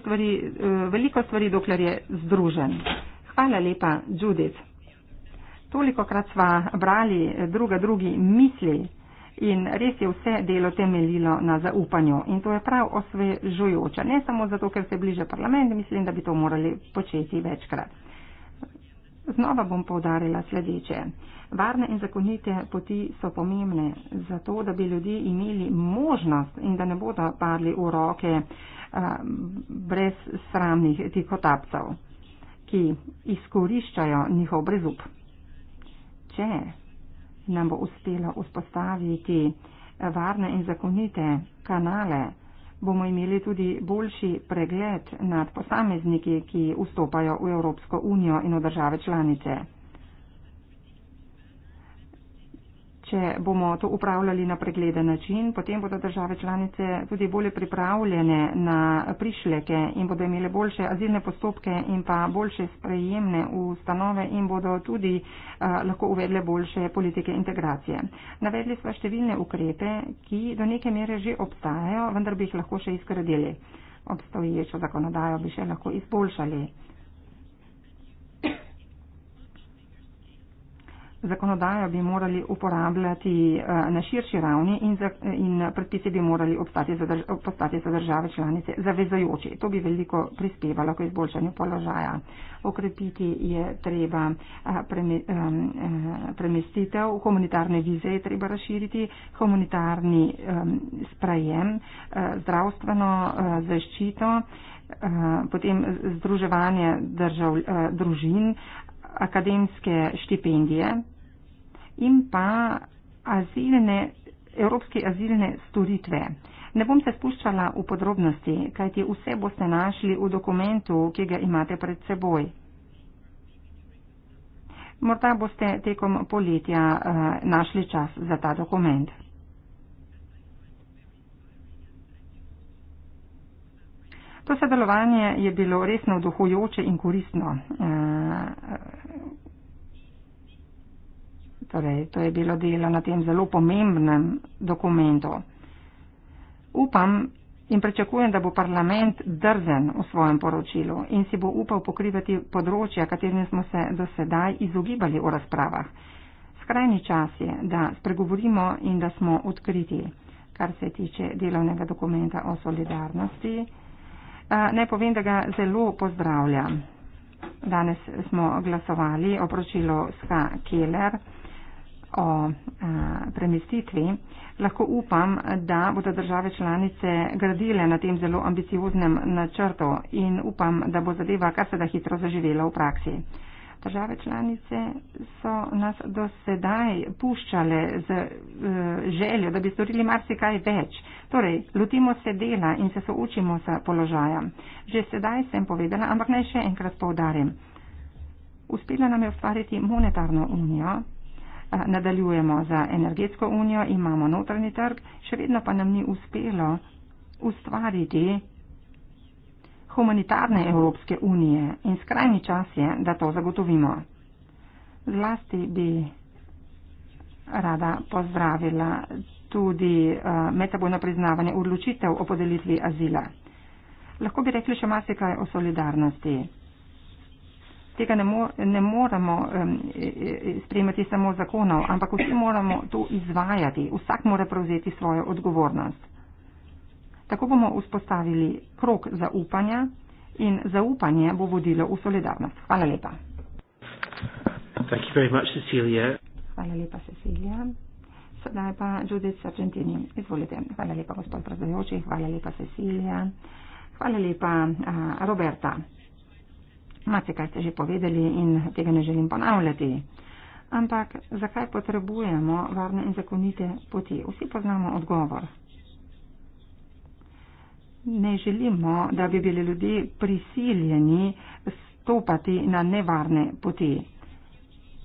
stvari, eh, veliko stvari, dokler je združen. Hvala lepa, Judith. Toliko krat sva brali druga drugi misli. In res je vse delo temeljilo na zaupanju. In to je prav osvežujoče. Ne samo zato, ker se bliže parlament, mislim, da bi to morali početi večkrat. Znova bom povdarila sledeče. Varne in zakonite poti so pomembne zato, da bi ljudje imeli možnost in da ne bodo padli v roke a, eh, brez sramnih tihotapcev, ki izkoriščajo njihov brezup. Če nam bo uspelo vzpostaviti eh, varne in zakonite kanale, bomo imeli tudi boljši pregled nad posamezniki, ki vstopajo v Evropsko unijo in v države članice. Če bomo to upravljali na pregleden način, potem bodo države članice tudi bolje pripravljene na prišleke in bodo imele boljše azilne postopke in pa boljše sprejemne ustanove in bodo tudi a, eh, lahko uvedle boljše politike integracije. Navedli smo številne ukrepe, ki do neke mere že obstajajo, vendar bi jih lahko še izgradili. Obstoječo zakonodajo bi še lahko izboljšali. zakonodajo bi morali uporabljati eh, na širši ravni in, za, in predpise bi morali postati za države članice zavezajoči. To bi veliko prispevalo k izboljšanju položaja. Okrepiti je treba eh, eh, premestitev, humanitarne vize je treba razširiti, humanitarni sprajem, zdravstveno zaščito. Potem združevanje držav, družin, akademske štipendije in pa azilne, evropske azilne storitve. Ne bom se spuščala v podrobnosti, kajti vse boste našli v dokumentu, ki ga imate pred seboj. Morda boste tekom poletja eh, našli čas za ta dokument. To sodelovanje je bilo res navduhujoče in koristno. Eh, torej, to je bilo delo na tem zelo pomembnem dokumentu. Upam in pričakujem, da bo parlament drzen v svojem poročilu in si bo upal pokrivati področja, katerim smo se do sedaj izogibali v razpravah. Skrajni čas je, da spregovorimo in da smo odkriti, kar se tiče delovnega dokumenta o solidarnosti. Ne povem, da ga zelo pozdravljam. Danes smo glasovali o poročilu Ska Keller o premestitvi. Lahko upam, da bodo države članice gradile na tem zelo ambicioznem načrtu in upam, da bo zadeva kar se da hitro zaživela v praksi. Države članice so nas do sedaj puščale z eh, željo, da bi storili marsikaj več. Torej, lotimo se dela in se soočimo s položajem. Že sedaj sem povedala, ampak naj še enkrat povdarim. Uspela nam je ustvariti monetarno unijo. Nadaljujemo za energetsko unijo, imamo notranji trg, še vedno pa nam ni uspelo ustvariti humanitarne Evropske unije in skrajni čas je, da to zagotovimo. Zlasti bi rada pozdravila tudi eh, medsebojno priznavanje odločitev o podelitvi azila. Lahko bi rekli še marsikaj o solidarnosti. Tega ne, mo ne moremo um, sprejemati samo zakonov, ampak vsi moramo to izvajati. Vsak mora prevzeti svojo odgovornost. Tako bomo vzpostavili krok zaupanja in zaupanje bo vodilo v solidarnost. Hvala lepa. Thank you very much, Cecilia. Hvala lepa, Cecilija. Sedaj pa Judith Sargentini. Izvolite. Hvala lepa, gospod predsedujoči. Hvala lepa, Cecilija. Hvala lepa, uh, Roberta. Mace, kaj ste že povedali in tega ne želim ponavljati. Ampak zakaj potrebujemo varne in zakonite poti? Vsi poznamo odgovor ne želimo, da bi bili ljudje prisiljeni stopati na nevarne poti.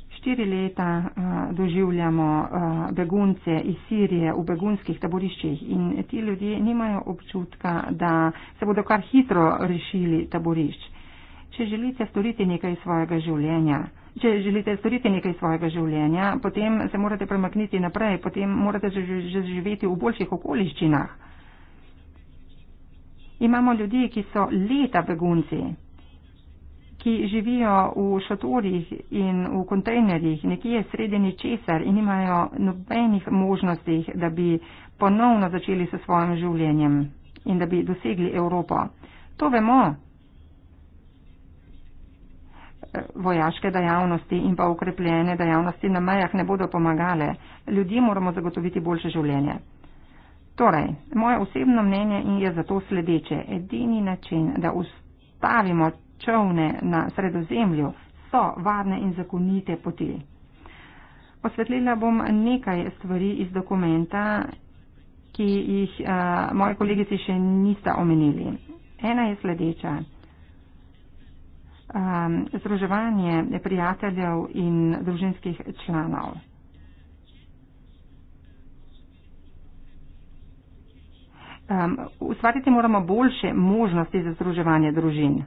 Štiri leta doživljamo begunce iz Sirije v begunskih taboriščih in ti ljudje nimajo občutka, da se bodo kar hitro rešili taborišč. Če želite storiti nekaj svojega življenja, če želite storiti nekaj svojega življenja, potem se morate premakniti naprej, potem morate že živeti v boljših okoliščinah. Imamo ljudi, ki so leta begunci, ki živijo v šatorjih in v kontejnerjih, nekje sredi ničesar in nimajo nobenih možnosti, da bi ponovno začeli s svojim življenjem in da bi dosegli Evropo. To vemo. Vojaške dejavnosti in pa ukrepljene dejavnosti na mejah ne bodo pomagale. Ljudje moramo zagotoviti boljše življenje. Torej, moje osebno mnenje je zato sledeče. Edini način, da ustavimo čovne na sredozemlju, so varne in zakonite poti. Posvetlila bom nekaj stvari iz dokumenta, ki jih uh, moji kolegici še nista omenili. Ena je sledeča. Um, združevanje prijateljev in družinskih članov. Usvatiti um, moramo boljše možnosti za združevanje družin.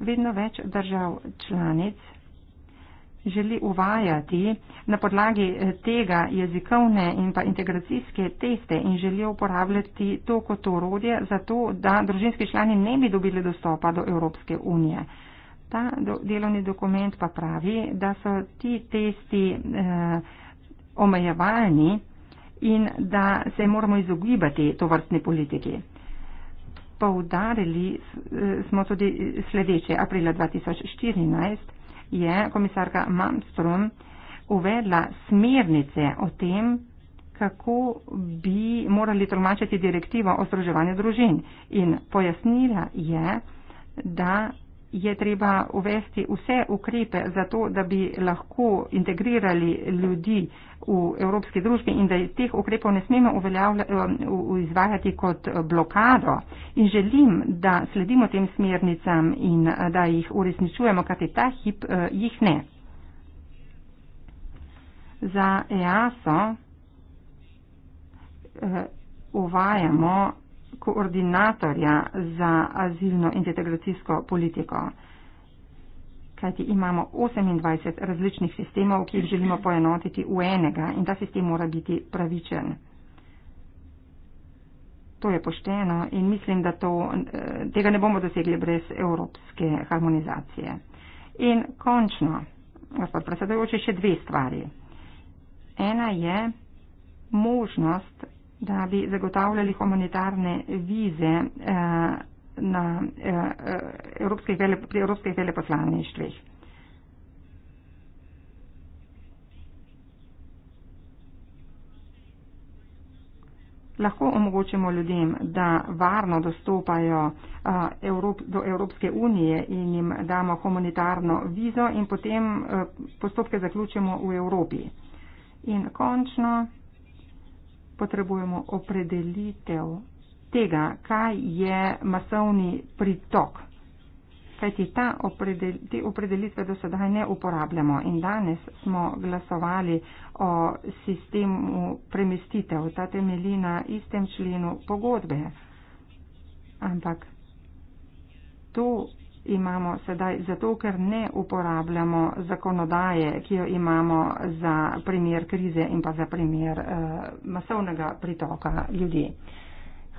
Vedno več držav članic želi uvajati na podlagi eh, tega jezikovne in pa integracijske teste in želi uporabljati to kot orodje za to, da družinski člani ne bi dobili dostopa do Evropske unije. Ta do, delovni dokument pa pravi, da so ti testi eh, omejevalni in da se moramo izogibati to vrstni politiki. Poudarili eh, smo tudi sledeče. Aprila 2014 je komisarka Malmström uvedla smernice o tem, kako bi morali tolmačiti direktivo o združevanju družin in pojasnila je, da je treba uvesti vse ukrepe za to, da bi lahko integrirali ljudi v evropski družbi in da teh ukrepov ne smemo eh, izvajati kot eh, blokado. In želim, da sledimo tem smernicam in eh, da jih uresničujemo, kajti ta hip jih ne. Za EASO uvajamo koordinatorja za azilno in integracijsko politiko. Kajti imamo 28 različnih sistemov, ki jih želimo poenotiti v enega in ta sistem mora biti pravičen. To je pošteno in mislim, da to, eh, tega ne bomo dosegli brez evropske harmonizacije. In končno, gospod predsedujoči, še dve stvari. Ena je možnost da bi zagotavljali humanitarne vize eh, na, eh, evropskih vele, pri evropskih veleposlaništvih. Lahko omogočimo ljudem, da varno dostopajo eh, do Evropske unije in jim damo humanitarno vizo in potem eh, postopke zaključimo v Evropi. In končno potrebujemo opredelitev tega, kaj je masovni pritok. Kajti opredel, te opredelitve do sedaj ne uporabljamo in danes smo glasovali o sistemu premestitev. Ta temelji na istem členu pogodbe. Ampak to imamo sedaj zato, ker ne uporabljamo zakonodaje, ki jo imamo za primer krize in pa za primer uh, masovnega pritoka ljudi.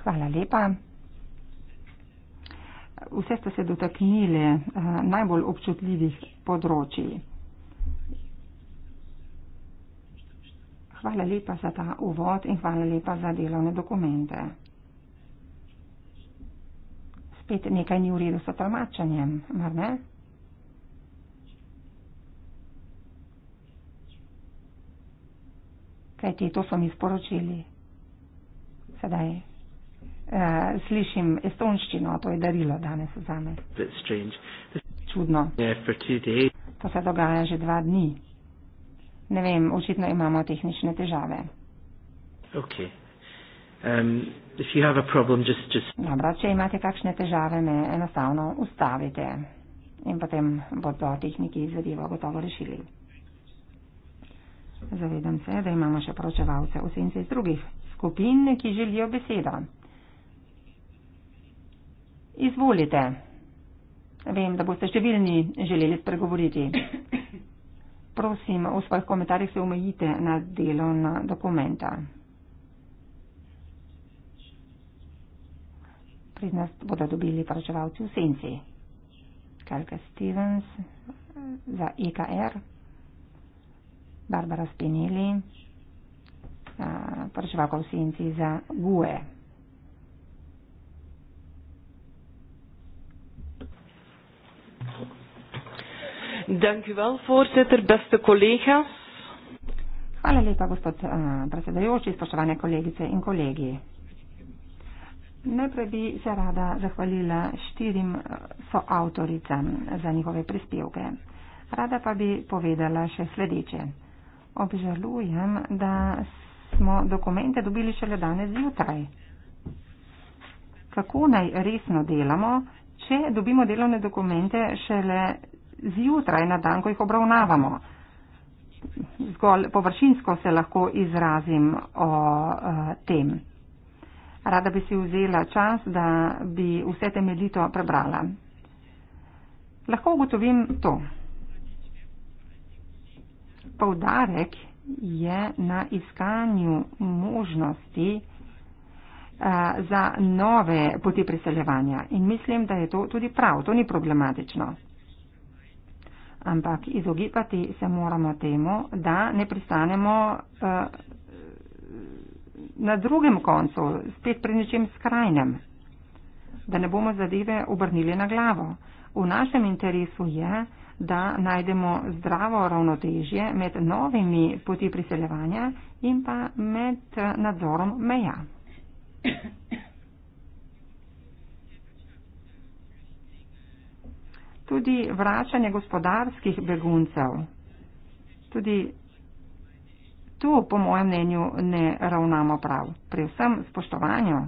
Hvala lepa. Vse ste se dotaknili uh, najbolj občutljivih področji. Hvala lepa za ta uvod in hvala lepa za delovne dokumente spet nekaj ni v redu s tramačanjem, mar ne? Kaj ti, to so mi sporočili. Sedaj e, slišim estonščino, to je darilo danes za me. Čudno. To se dogaja že dva dni. Ne vem, očitno imamo tehnične težave. Okay. Um, problem, just, just... Dobro, če imate kakšne težave, me enostavno ustavite in potem bodo tehniki zadevo gotovo rešili. Zavedam se, da imamo še poročevalce v senci iz drugih skupin, ki želijo besedo. Izvolite. Vem, da boste številni želeli spregovoriti. Prosim, v svojih komentarjih se omejite na delo na dokumenta. prednost bodo dobili vračevalci v senci. Kalka Stevens za EKR, Barbara Spinelli, vračevalka v senci za GUE. Dank u wel, voorzitter, beste collega's. Hvala lepa, gospod uh, predsedajoči, spoštovane kolegice in kolegi. Najprej bi se rada zahvalila štirim eh, soavtoricam za njihove prispevke. Rada pa bi povedala še sledeče. Obžalujem, da smo dokumente dobili šele danes zjutraj. Kako naj resno delamo, če dobimo delovne dokumente šele zjutraj, na dan, ko jih obravnavamo? Zgolj površinsko se lahko izrazim o, o eh, tem. Rada bi si vzela čas, da bi vse temeljito prebrala. Lahko ugotovim to. Poudarek je na iskanju možnosti eh, za nove poti priseljevanja. In mislim, da je to tudi prav, to ni problematično. Ampak izogibati se moramo temu, da ne pristanemo eh, na drugem koncu, spet pri nečem skrajnem, da ne bomo zadeve obrnili na glavo. V našem interesu je, da najdemo zdravo ravnotežje med novimi poti priseljevanja in pa med nadzorom meja. Tudi vračanje gospodarskih beguncev, tudi Tu, po mojem mnenju, ne ravnamo prav. Pri vsem spoštovanju,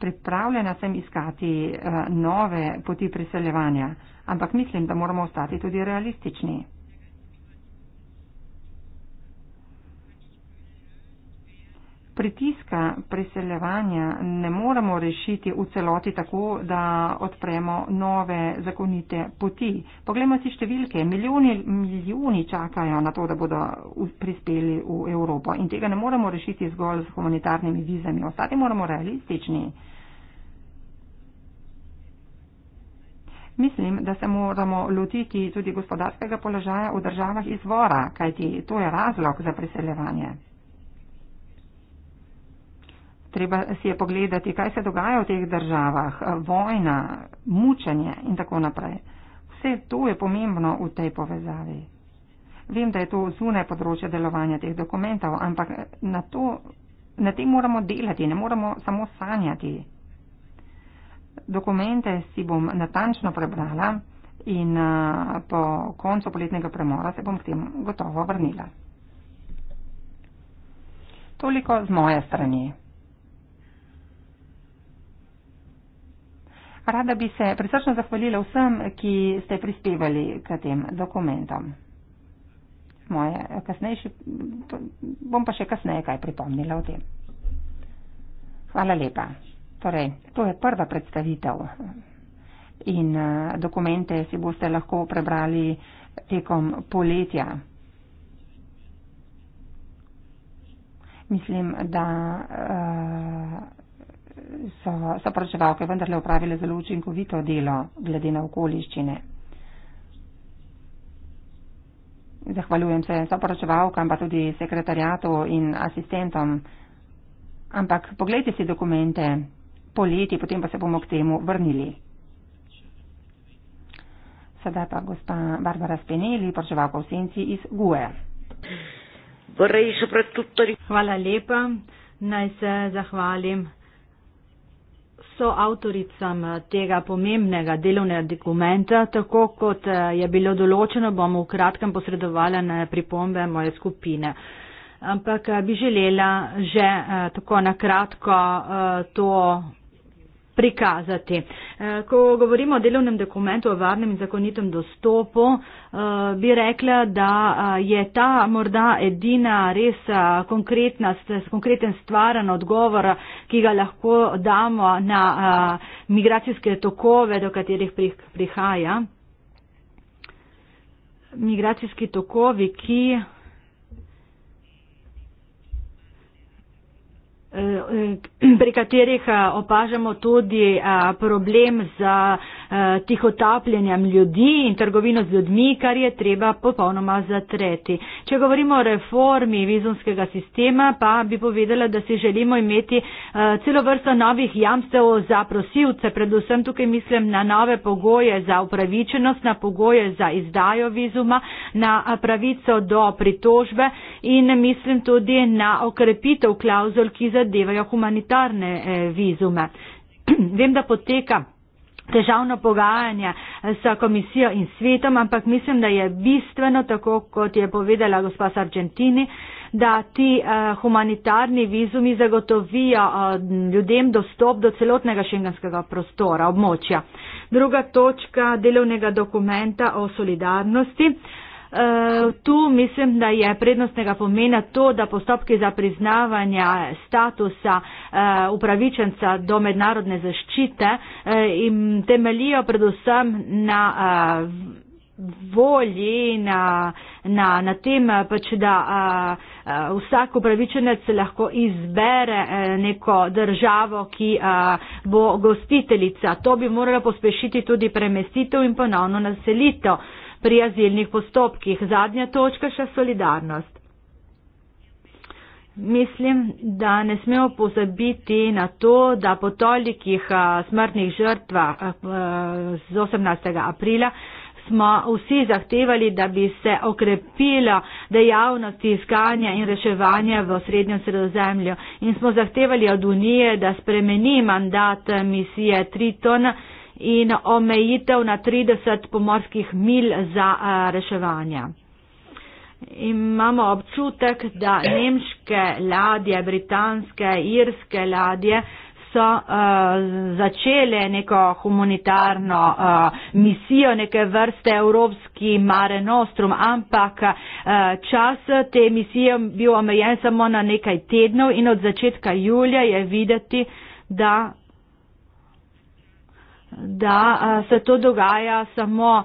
pripravljena sem iskati eh, nove poti priseljevanja, ampak mislim, da moramo ostati tudi realistični. pritiska preseljevanja ne moremo rešiti v celoti tako, da odpremo nove zakonite poti. Poglejmo si številke. Milijoni, milijoni čakajo na to, da bodo prispeli v Evropo in tega ne moremo rešiti zgolj z humanitarnimi vizami. Ostati moramo realistični. Mislim, da se moramo lotiti tudi gospodarskega položaja v državah izvora, kajti to je razlog za priseljevanje treba si je pogledati, kaj se dogaja v teh državah, eh, vojna, mučenje in tako naprej. Vse to je pomembno v tej povezavi. Vem, da je to zunaj področja delovanja teh dokumentov, ampak eh, na, to, na tem moramo delati, ne moramo samo sanjati. Dokumente si bom natančno prebrala in eh, po koncu poletnega premora se bom k tem gotovo vrnila. Toliko z moje strani. Rada bi se prisrčno zahvalila vsem, ki ste prispevali k tem dokumentom. Moje kasnejše, bom pa še kasneje kaj pripomnila o tem. Hvala lepa. Torej, to je prva predstavitev in eh, dokumente si boste lahko prebrali tekom poletja. Mislim, da. Uh, so zaporočevalke vendarle upravile zelo učinkovito delo glede na okoliščine. Zahvaljujem se zaporočevalkam, pa tudi sekretarjatu in asistentom. Ampak pogledajte si dokumente poleti, potem pa se bomo k temu vrnili. Sedaj pa gospa Barbara Speneli, poročevalka v senci iz GUE. Hvala lepa. Naj se zahvalim Soavtoricam eh, tega pomembnega delovnega dokumenta, tako kot eh, je bilo določeno, bom v kratkem posredovala na pripombe moje skupine. Ampak eh, bi želela že tako na kratko to prikazati. Eh, ko govorimo o delovnem dokumentu, o varnem in zakonitem dostopu, eh, bi rekla, da eh, je ta morda edina res konkretna, konkreten stvaren odgovor, ki ga lahko damo na migracijske tokove, do katerih prihaja. Migracijski tokovi, ki. Eh, eh, pri katerih eh, opažamo tudi problem za eh, tihotapljenjem ljudi in trgovino z ljudmi, kar je treba popolnoma zatreti. Če govorimo o reformi vizumskega sistema, pa bi povedala, da si želimo imeti eh, celo vrsto novih jamstev za prosilce, predvsem tukaj mislim na nove pogoje za upravičenost, na pogoje za izdajo vizuma, na eh, pravico do pritožbe in mislim tudi na okrepitev klauzul, ki zadevajo humanitarne eh, vizume. Vem, da poteka težavno pogajanje eh, s komisijo in svetom, ampak mislim, da je bistveno, tako kot je povedala gospa Sargentini, da ti eh, humanitarni vizumi zagotovijo eh, ljudem dostop do celotnega šengenskega prostora, območja. Druga točka delovnega dokumenta o solidarnosti. Eh, tu mislim, da je prednostnega pomena to, da postopki za priznavanje statusa eh, upravičenca do mednarodne zaščite eh, in temelijo predvsem na volji na, na, na tem, pač, da a, a, vsak upravičenec lahko izbere a, neko državo, ki a, bo gostiteljica. To bi moralo pospešiti tudi premestitev in ponovno naselitev pri azilnih postopkih. Zadnja točka še solidarnost. Mislim, da ne smemo pozabiti na to, da po tolikih smrtnih žrtvah z 18. aprila smo vsi zahtevali, da bi se okrepilo dejavnost iskanja in reševanja v srednjem sredozemlju. In smo zahtevali od Unije, da spremeni mandat misije Triton in omejitev na 30 pomorskih mil za reševanje. Imamo občutek, da nemške ladje, britanske, irske ladje so uh, začele neko humanitarno uh, misijo, neke vrste evropski mare nostrum, ampak uh, čas te misije bil omejen samo na nekaj tednov in od začetka julija je videti, da da se to dogaja samo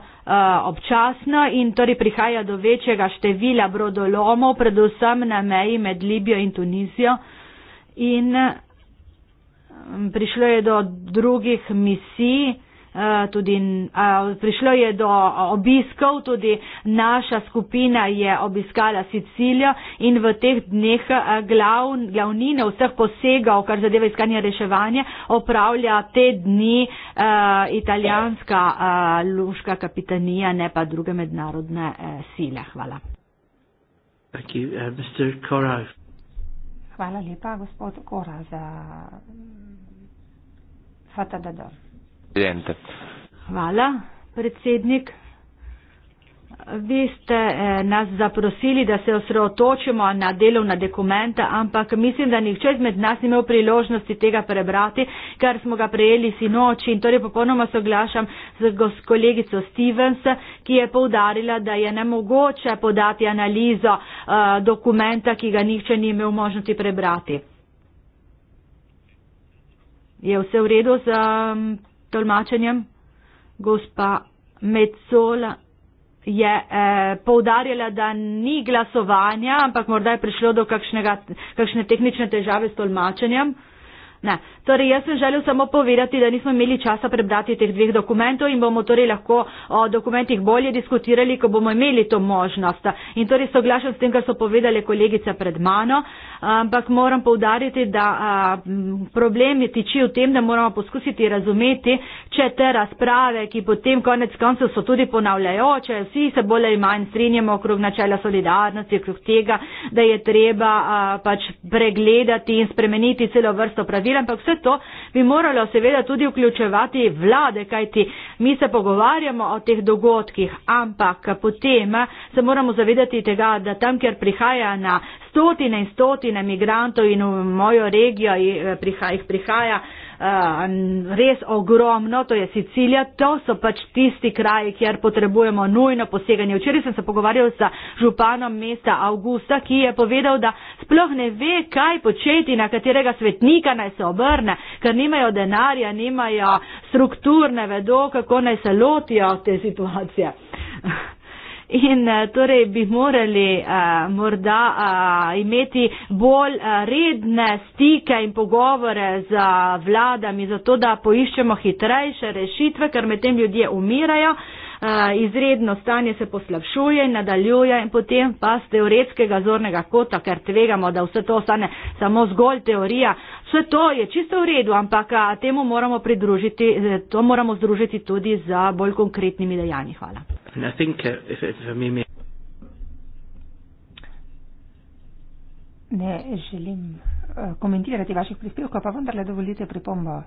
občasno in torej prihaja do večjega števila brodolomov, predvsem na meji med Libijo in Tunizijo. In prišlo je do drugih misij, Eh, tudi eh, prišlo je do obiskov, tudi naša skupina je obiskala Sicilijo in v teh dneh eh, glav, glavnine vseh posegov, kar zadeva iskanje reševanja, opravlja te dni italijanska luška kapitanija, ne pa druge mednarodne sile. Hvala. Uh, Hvala lepa, gospod Kora, za fatadadov. Presidente. Hvala, predsednik. Vi ste eh, nas zaprosili, da se osredotočimo na delovna dokumenta, ampak mislim, da nihče izmed nas ni imel priložnosti tega prebrati, kar smo ga prejeli sinoči. In torej popolnoma soglašam z kolegico Stevens, ki je povdarila, da je nemogoče podati analizo eh, dokumenta, ki ga nihče ni imel možnosti prebrati. Je vse v redu z tolmačenjem. Gospa Mecola je eh, poudarjala, da ni glasovanja, ampak morda je prišlo do kakšne tehnične težave s tolmačenjem. Ne. Torej, jaz sem želel samo povedati, da nismo imeli časa prebrati teh dveh dokumentov in bomo torej lahko o dokumentih bolje diskutirali, ko bomo imeli to možnost. In torej soglašam s tem, kar so povedali kolegica pred mano. Eh, ampak moram povdariti, da a, problemi tiči v tem, da moramo poskusiti razumeti, če te razprave, ki potem konec koncev so tudi ponavljajoče, vsi se bolj ali manj strinjamo okrog načela solidarnosti, okrog tega, da je treba a, pač pregledati in spremeniti celo vrsto pravil, ampak vse to bi moralo seveda tudi vključevati vlade, kajti mi se pogovarjamo o teh dogodkih, ampak potem se moramo zavedati tega, da tam, kjer prihaja na stotine in stotine migrantov in v mojo regijo eh, jih prihaja eh, res ogromno, to je Sicilija, to so pač tisti kraji, kjer potrebujemo nujno poseganje. Včeraj sem se pogovarjal sa županom mesta Augusta, ki je povedal, da sploh ne ve, kaj početi, na katerega svetnika naj se obrne, ker nimajo denarja, nimajo struktur, ne vedo, kako naj se lotijo te situacije in eh, torej bi morali uh, morda uh, imeti bolj uh, redne stike in pogovore z vladami, zato da poiščemo hitrejše rešitve, ker medtem ljudje umirajo. Uh, izredno stanje se poslabšuje in nadaljuje in potem pa z teoretskega zornega kota, ker tvegamo, da vse to ostane samo zgolj teorija. Vse to je čisto v redu, ampak temu moramo pridružiti, to moramo združiti tudi z bolj konkretnimi dejanji. Hvala. And I think uh, if, if I may. Ne želim uh, komentirati vaših prispevkov, pa vendarle dovolite pripombo.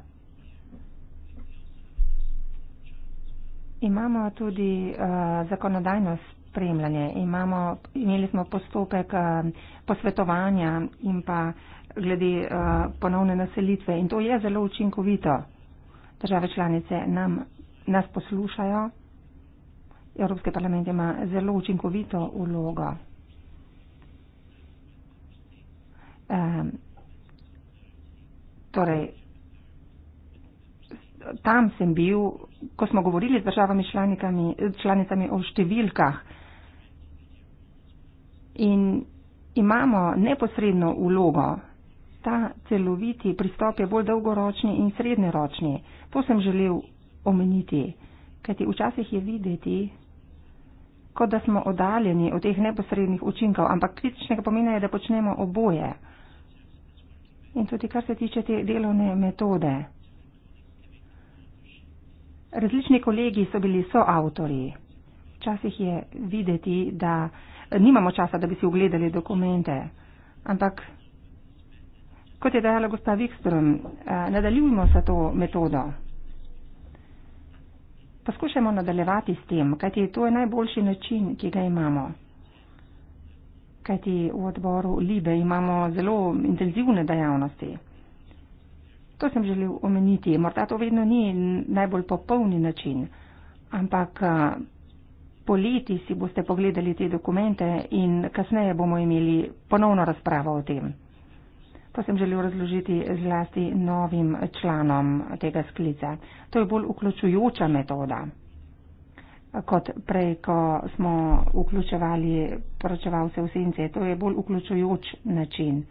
Imamo tudi uh, zakonodajno spremljanje, Imamo, imeli smo postopek uh, posvetovanja in pa glede uh, ponovne naselitve in to je zelo učinkovito. Države članice nam, nas poslušajo. Evropski parlament ima zelo učinkovito vlogo. Um, torej, tam sem bil, ko smo govorili z državami članicami o številkah in imamo neposredno vlogo. Ta celoviti pristop je bolj dolgoročni in srednjeročni. To sem želel omeniti, kajti včasih je videti, kot da smo oddaljeni od teh neposrednih učinkov, ampak kritičnega pomena je, da počnemo oboje. In tudi kar se tiče te delovne metode. Različni kolegi so bili soavtori. Včasih je videti, da nimamo časa, da bi si ogledali dokumente. Ampak, kot je dejala gospa Wikström, eh, nadaljujmo se to metodo. Poskušajmo nadaljevati s tem, kajti to je najboljši način, ki ga imamo. Kajti v odboru Libe imamo zelo intenzivne dejavnosti. To sem želel omeniti. Morda to vedno ni najbolj popolni način, ampak eh, poleti si boste pogledali te dokumente in kasneje bomo imeli ponovno razpravo o tem. To sem želel razložiti zlasti novim članom tega sklica. To je bolj vključujoča metoda. Kot prej, ko smo vključevali poročevalce v sence, to je bolj vključujoč način.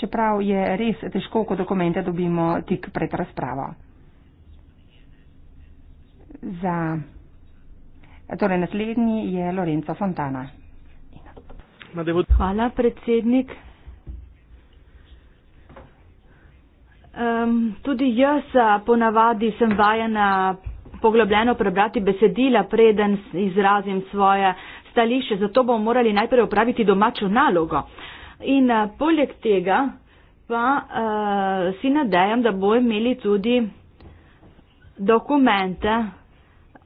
Čeprav je res težko, ko dokumente dobimo tik pred razpravo. Za, torej naslednji je Lorenzo Fontana. Nadevo... Hvala, predsednik. Um, tudi jaz ponavadi sem vajena poglobljeno prebrati besedila, preden izrazim svoje stališče, zato bomo morali najprej opraviti domačo nalogo. In uh, poleg tega pa uh, si nadejam, da bo imeli tudi dokumente,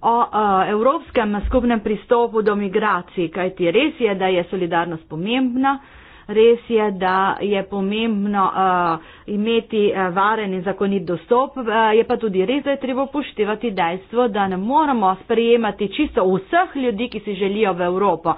o uh, evropskem skupnem pristopu do migracij, kajti res je, da je solidarnost pomembna, res je, da je pomembno uh, imeti uh, varen in zakonit dostop, uh, je pa tudi res, da je treba upoštevati dejstvo, da ne moramo sprejemati čisto vseh ljudi, ki si želijo v Evropo.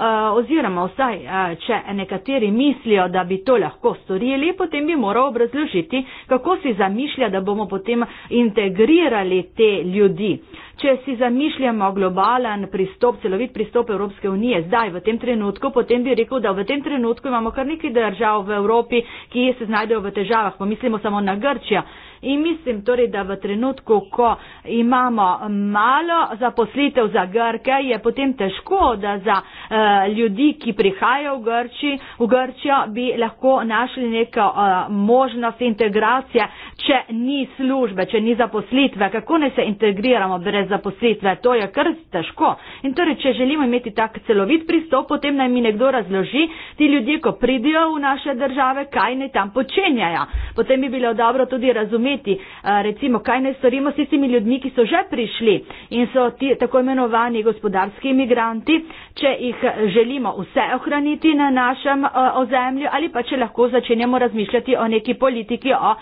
Uh, oziroma, vsaj, uh, če nekateri mislijo, da bi to lahko storili, potem bi moral obrazložiti, kako si zamišlja, da bomo potem integrirali te ljudi. Uh, Če si zamišljamo globalen pristop, celovit pristop Evropske unije zdaj v tem trenutku, potem bi rekel, da v tem trenutku imamo kar nekaj držav v Evropi, ki se znajdejo v težavah, pomislimo samo na Grčijo. In mislim torej, da v trenutku, ko imamo malo zaposlitev za Grke, je potem težko, da za uh, ljudi, ki prihajajo v, Grči, v Grčijo, bi lahko našli neko uh, možnost integracije, če ni službe, če ni zaposlitve. Kako ne se integriramo brez zaposlitve. To je kar težko. In torej, če želimo imeti tak celovit pristop, potem naj mi nekdo razloži, ti ljudje, ko pridijo v naše države, kaj naj tam počenjajo. Potem bi bilo dobro tudi razumeti, recimo, kaj naj storimo s tistimi ljudmi, ki so že prišli in so ti tako imenovani gospodarski imigranti, če jih želimo vse ohraniti na našem ozemlju ali pa če lahko začenjamo razmišljati o neki politiki, o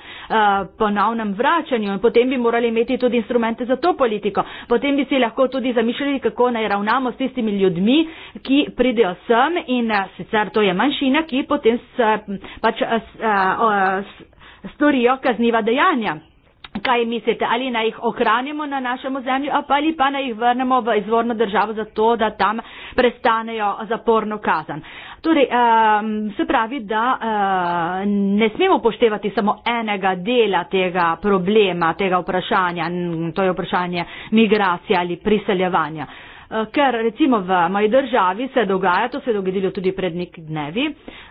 ponovnem vračanju in potem bi morali imeti tudi instrumente za to politiko potem bi si lahko tudi zamišljali, kako naj ravnamo s tistimi ljudmi, ki pridejo sem in eh, sicer to je manjšina, ki potem s, pač eh, s, a, eh, a, s, storijo kazniva dejanja kaj mislite, ali naj jih ohranimo na našem ozemlju ali pa naj jih vrnemo v izvorno državo zato, da tam prestanejo zaporno kazan. Torej, um, se pravi, da uh, ne smemo poštevati samo enega dela tega problema, tega vprašanja, to je vprašanje migracije ali priseljevanja. Uh, Eh, ker recimo v moji državi se dogaja, to se je dogodilo tudi pred neki dnevi,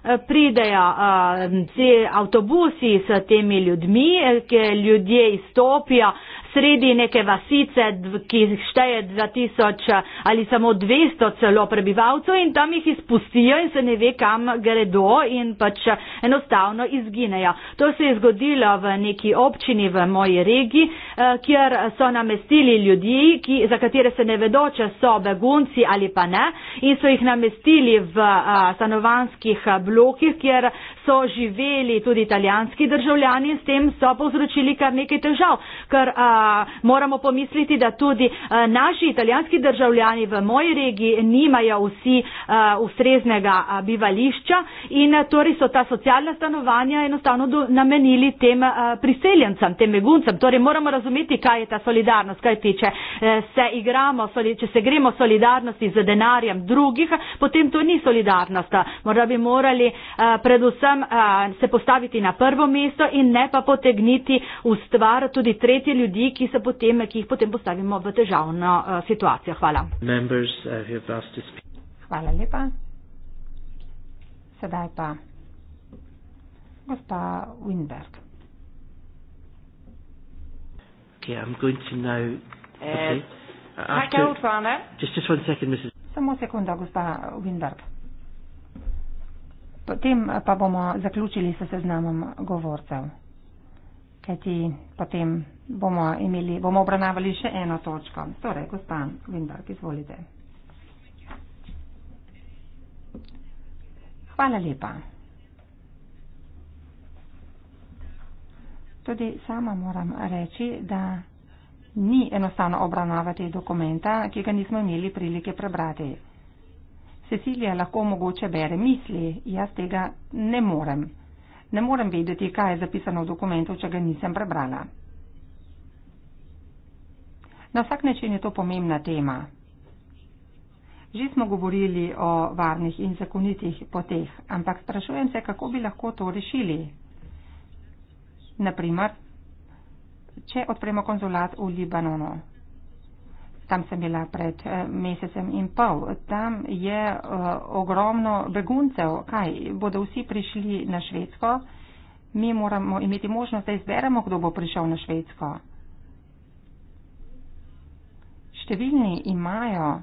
eh, pridejo eh, ti avtobusi s temi ljudmi, ki ljudje izstopijo sredi neke vasice, ki šteje 2000 eh, ali samo 200 celo prebivalcev in tam jih izpustijo in se ne ve, kam gredo in pač eh, enostavno izginejo. To se je zgodilo v neki občini v moji regiji, eh, kjer so namestili ljudi, ki, za katere se ne vedo, če so begunci ali pa ne in so jih namestili v stanovanskih blokih, kjer so živeli tudi italijanski državljani in s tem so povzročili kar nekaj težav. Kar, a, moramo pomisliti, da tudi eh, naši italijanski državljani v moji regiji nimajo vsi eh, ustreznega eh, bivališča in torej so ta socialna stanovanja enostavno namenili tem priseljencem, tem beguncem. Torej moramo razumeti, kaj je ta solidarnost, kaj tiče se igramo, če se gremo solidarnosti z denarjem drugih, potem to ni solidarnost. Morda bi morali predvsem se postaviti na prvo mesto in ne pa potegniti v stvar tudi tretje ljudi, ki, potem, ki jih potem postavimo v težavno uh, situacijo. Hvala. Members, uh, Hvala lepa. Sedaj pa gospa Winberg. Samo sekunda, gospa Winberg. Potem pa bomo zaključili s seznamom govorcev kajti potem bomo, imeli, bomo obravnavali še eno točko. Torej, gospod Vindark, izvolite. Hvala lepa. Tudi sama moram reči, da ni enostavno obravnavati dokumenta, ki ga nismo imeli prilike prebrati. Cecilija lahko mogoče bere misli, jaz tega ne morem ne morem vedeti, kaj je zapisano v dokumentu, če ga nisem prebrala. Na vsak način je to pomembna tema. Že smo govorili o varnih in zakonitih poteh, ampak sprašujem se, kako bi lahko to rešili. Naprimer, če odpremo konzulat v Libanonu, tam sem bila pred eh, mesecem in pol, tam je eh, ogromno beguncev. Kaj, bodo vsi prišli na Švedsko? Mi moramo imeti možnost, da izberemo, kdo bo prišel na Švedsko. Številni imajo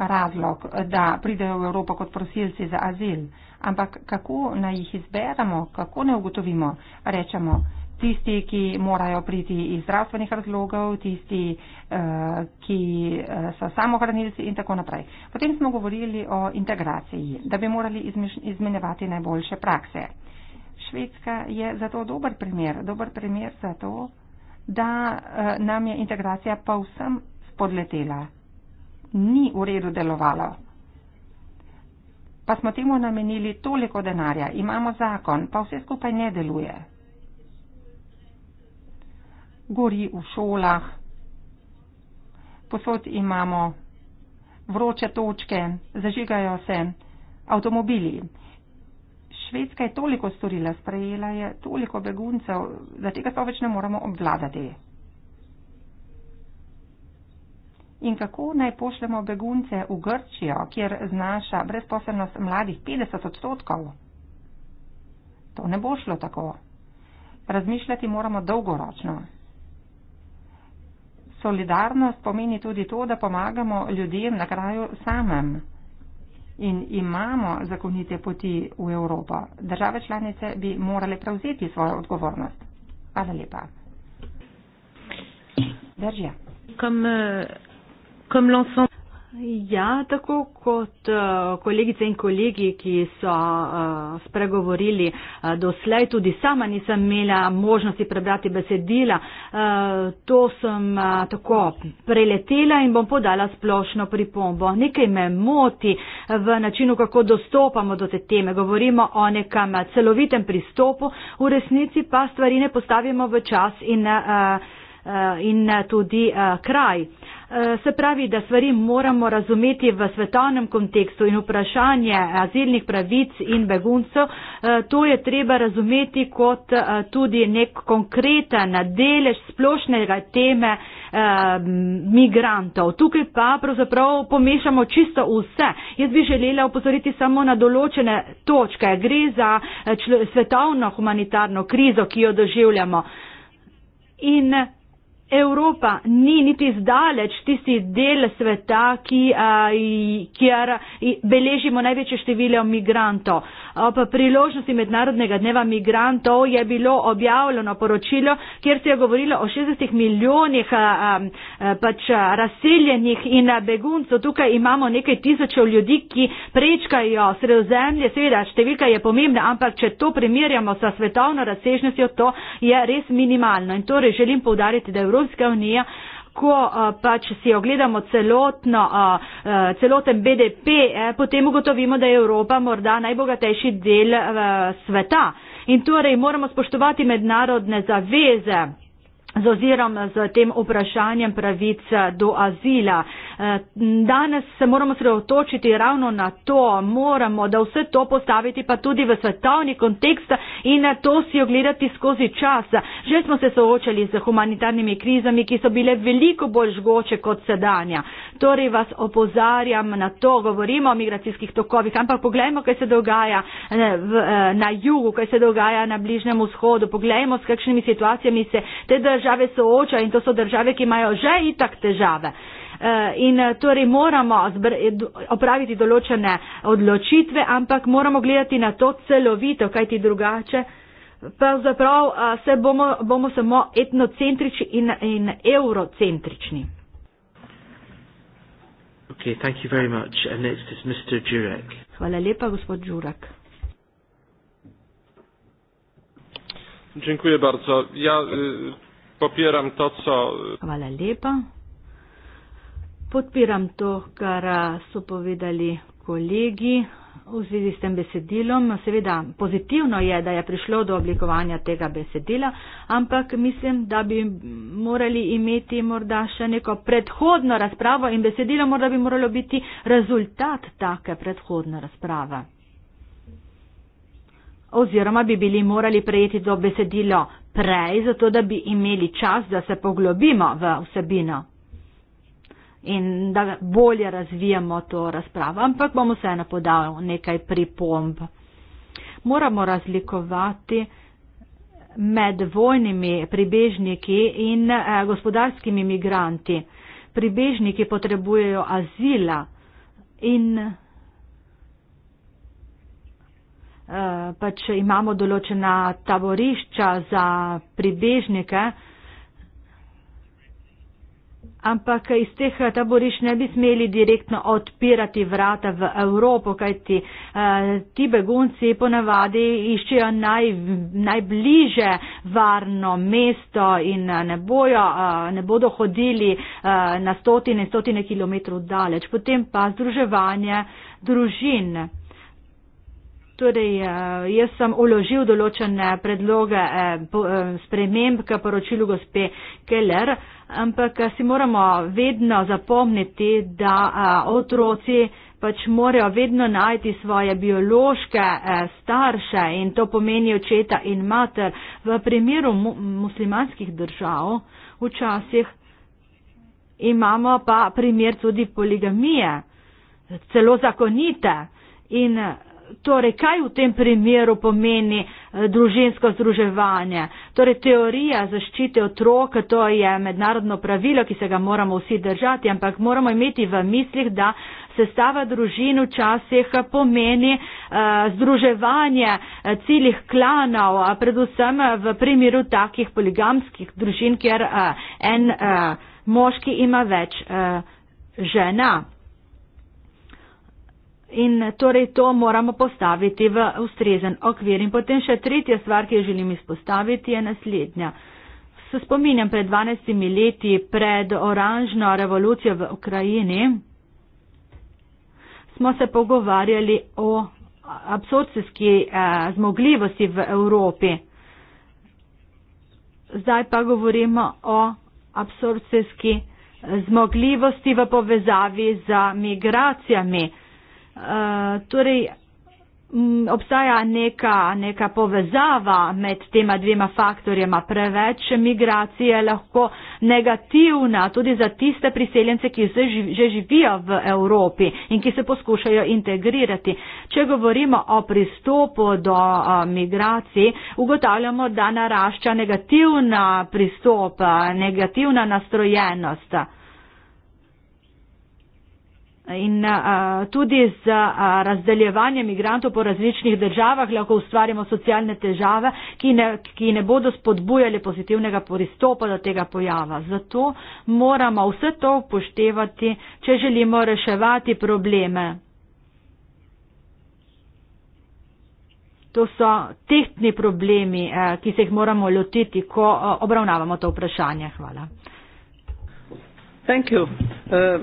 razlog, da pridejo v Evropo kot prosilci za azil, ampak kako naj jih izberemo, kako ne ugotovimo, rečemo, tisti, ki morajo priti iz zdravstvenih razlogov, tisti, eh, ki eh, so samohranilci in tako naprej. Potem smo govorili o integraciji, da bi morali izmenjevati najboljše prakse. Švedska je zato dober primer, dober primer za to, da eh, nam je integracija pa vsem spodletela. Ni v redu delovalo. Pa smo temu namenili toliko denarja, imamo zakon, pa vse skupaj ne deluje gori v šolah, posod imamo vroče točke, zažigajo se avtomobili. Švedska je toliko storila, sprejela je toliko beguncev, da tega pa več ne moramo obvladati. In kako naj pošljemo begunce v Grčijo, kjer znaša brezposelnost mladih 50 odstotkov? To ne bo šlo tako. Razmišljati moramo dolgoročno. Solidarnost pomeni tudi to, da pomagamo ljudem na kraju samem. In imamo zakonite poti v Evropo. Države članice bi morale prevzeti svojo odgovornost. Hvala lepa. Držja. Kom, kom euh, Ja, tako kot eh, kolegice in kolegi, ki so eh, spregovorili eh, doslej, tudi sama nisem imela možnosti prebrati besedila. To sem tako preletela in bom podala splošno pripombo. Nekaj me moti v načinu, kako dostopamo do te teme. Govorimo o nekem celovitem pristopu, v resnici pa stvari ne postavimo v čas in ne. Eh, in eh, tudi eh, kraj. Se pravi, da stvari moramo razumeti v svetovnem kontekstu in vprašanje azilnih pravic in beguncev, to je treba razumeti kot tudi nek konkreten delež splošnega teme migrantov. Tukaj pa pravzaprav pomešamo čisto vse. Jaz bi želela upozoriti samo na določene točke. Gre za svetovno humanitarno krizo, ki jo doživljamo. In Evropa ni niti zdaleč tisti del sveta, ki, a, kjer beležimo največje število migrantov. Ob priložnosti mednarodnega dneva migrantov je bilo objavljeno poročilo, kjer se je govorilo o 60 milijonih a, a, pač razseljenih in beguncov. Tukaj imamo nekaj tisočev ljudi, ki prečkajo sredozemlje. Seveda, številka je pomembna, ampak če to primerjamo sa svetovno razsežnostjo, to je res minimalno. In torej želim povdariti, da je Evropa. Evropska unija, ko eh, pač si ogledamo celotno, eh, eh, celoten BDP, potem ugotovimo, da je Evropa morda najbogatejši del sveta. In torej moramo spoštovati mednarodne zaveze z ozirom z tem vprašanjem pravic do azila. Danes se moramo sredotočiti ravno na to, moramo da vse to postaviti pa tudi v svetovni kontekst in na to si ogledati skozi čas. Že smo se soočali z humanitarnimi krizami, ki so bile veliko bolj žgoče kot sedanja. Torej vas opozarjam na to, govorimo o migracijskih tokovih, ampak poglejmo, kaj se dogaja eh, eh, na jugu, kaj se dogaja na Bližnem vzhodu, poglejmo, s kakšnimi situacijami se te države soočajo in to so države, ki imajo že itak težave. Eh, in eh, torej moramo opraviti določene odločitve, ampak moramo gledati na to celovito, kajti drugače. Pravzaprav eh, se bomo, bomo samo etnocentrični in, in eurocentrični. Okay, Hvala lepa, gospod Žurek. Dziękuję bardzo. Ja y, popieram to, co. Hvala lepa. Podpiram to, kar so povedali kolegi v zvezi s tem besedilom. Seveda pozitivno je, da je prišlo do oblikovanja tega besedila, ampak mislim, da bi morali imeti morda še neko predhodno razpravo in besedilo morda bi moralo biti rezultat take predhodne razprave. Oziroma bi bili morali prejeti to besedilo prej, zato da bi imeli čas, da se poglobimo v vsebino in da bolje razvijemo to razpravo. Ampak bom vseeno podal nekaj pripomb. Moramo razlikovati med vojnimi pribežniki in eh, gospodarskimi migranti. Pribežniki potrebujejo azila in eh, pač imamo določena taborišča za pribežnike ampak iz teh eh, taborišč ne bi smeli direktno odpirati vrata v Evropo, kajti eh, ti begunci ponavadi iščejo naj, najbliže varno mesto in eh, ne, bojo, ne bodo hodili na stotine in stotine kilometrov daleč. Potem pa združevanje družin. Torej, jaz sem uložil določene predloge sprememb k poročilu gospe Keller ampak eh, si moramo vedno zapomniti, da eh, otroci pač morajo vedno najti svoje biološke eh, starše in to pomeni očeta in mater. V primeru mu muslimanskih držav včasih imamo pa primer tudi poligamije, celo zakonite. In torej kaj v tem primeru pomeni eh, družinsko združevanje. Torej teorija zaščite otroka, to je mednarodno pravilo, ki se ga moramo vsi držati, ampak moramo imeti v mislih, da sestava družin včasih pomeni eh, združevanje eh, ciljih klanov, predvsem v primeru takih poligamskih družin, kjer en moški ima več žena in torej to moramo postaviti v ustrezen okvir. In potem še tretja stvar, ki jo želim izpostaviti, je naslednja. Se spominjam pred 12 leti, pred oranžno revolucijo v Ukrajini, smo se pogovarjali o absorpcijski eh, zmogljivosti v Evropi. Zdaj pa govorimo o absorpcijski eh, zmogljivosti v povezavi z migracijami. Eh, torej, obstaja neka, neka povezava med tema dvema faktorjema. Preveč migracije je lahko negativna tudi za tiste priseljence, ki se že živijo v Evropi in ki se poskušajo integrirati. Če govorimo o pristopu do eh, migracij, ugotavljamo, da narašča negativna pristop, eh, negativna nastrojenost. In a, tudi z a, razdeljevanjem migrantov po različnih državah lahko ustvarimo socialne težave, ki ne, ki ne bodo spodbujali pozitivnega pristopa do tega pojava. Zato moramo vse to upoštevati, če želimo reševati probleme. To so tehtni problemi, a, ki se jih moramo lotiti, ko a, obravnavamo to vprašanje. Hvala. Uh,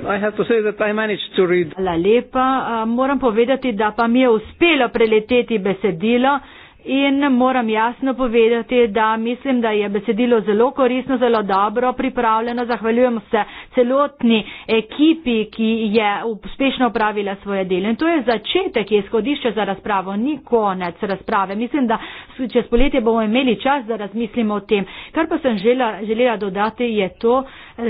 Hvala lepa. Uh, moram povedati, da pa mi je uspelo preleteti besedilo. In moram jasno povedati, da mislim, da je besedilo zelo korisno, zelo dobro pripravljeno. Zahvaljujem se celotni ekipi, ki je uspešno upravila svoje delo. In to je začetek, je izhodišče za razpravo, ni konec razprave. Mislim, da čez poletje bomo imeli čas, da razmislimo o tem. Kar pa sem žela, želela dodati, je to,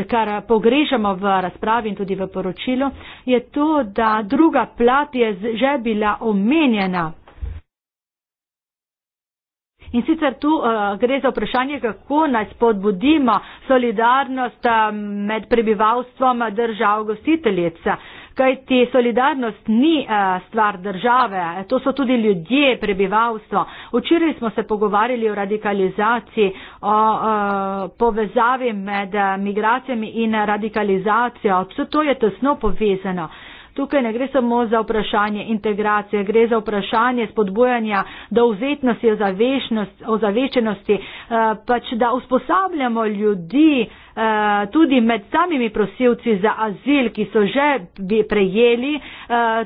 kar pogrešamo v razpravi in tudi v poročilu, je to, da druga plat je že bila omenjena. In sicer tu eh, gre za vprašanje, kako naj spodbudimo solidarnost eh, med prebivalstvom držav gostiteljica. Kaj ti solidarnost ni eh, stvar države, to so tudi ljudje, prebivalstvo. Včeraj smo se pogovarjali o radikalizaciji, o, o povezavi med migracijami in radikalizacijo. Vse to je tesno povezano. Tukaj ne gre samo za vprašanje integracije, gre za vprašanje spodbojanja dovzetnosti, ozavešenosti, eh, pač da usposabljamo ljudi eh, tudi med samimi prosilci za azil, ki so že prejeli eh,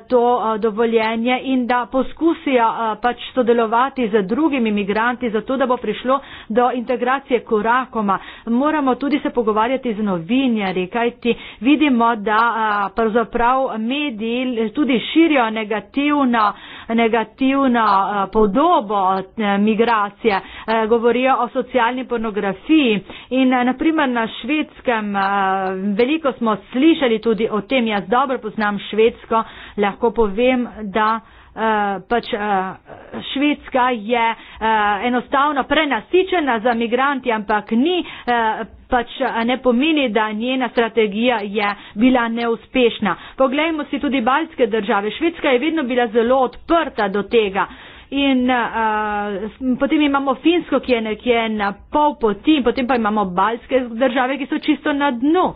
to dovoljenje in da poskusijo pač sodelovati z drugimi migranti, zato da bo prišlo do integracije korakoma. Moramo tudi se pogovarjati z novinjari, kajti vidimo, da pravzaprav mi mediji tudi širijo negativno, negativno eh, podobo eh, migracije, eh, govorijo o socialni pornografiji in naprimer na švedskem veliko smo slišali tudi o tem, jaz dobro poznam švedsko, lahko povem, da pač švedska je enostavno prenasičena za migranti, ampak ni pač ne pomeni, da njena strategija je bila neuspešna. Poglejmo si tudi baljske države. Švedska je vedno bila zelo odprta do tega. In uh, potem imamo Finsko, ki je nekje na pol poti, in potem pa imamo baljske države, ki so čisto na dnu.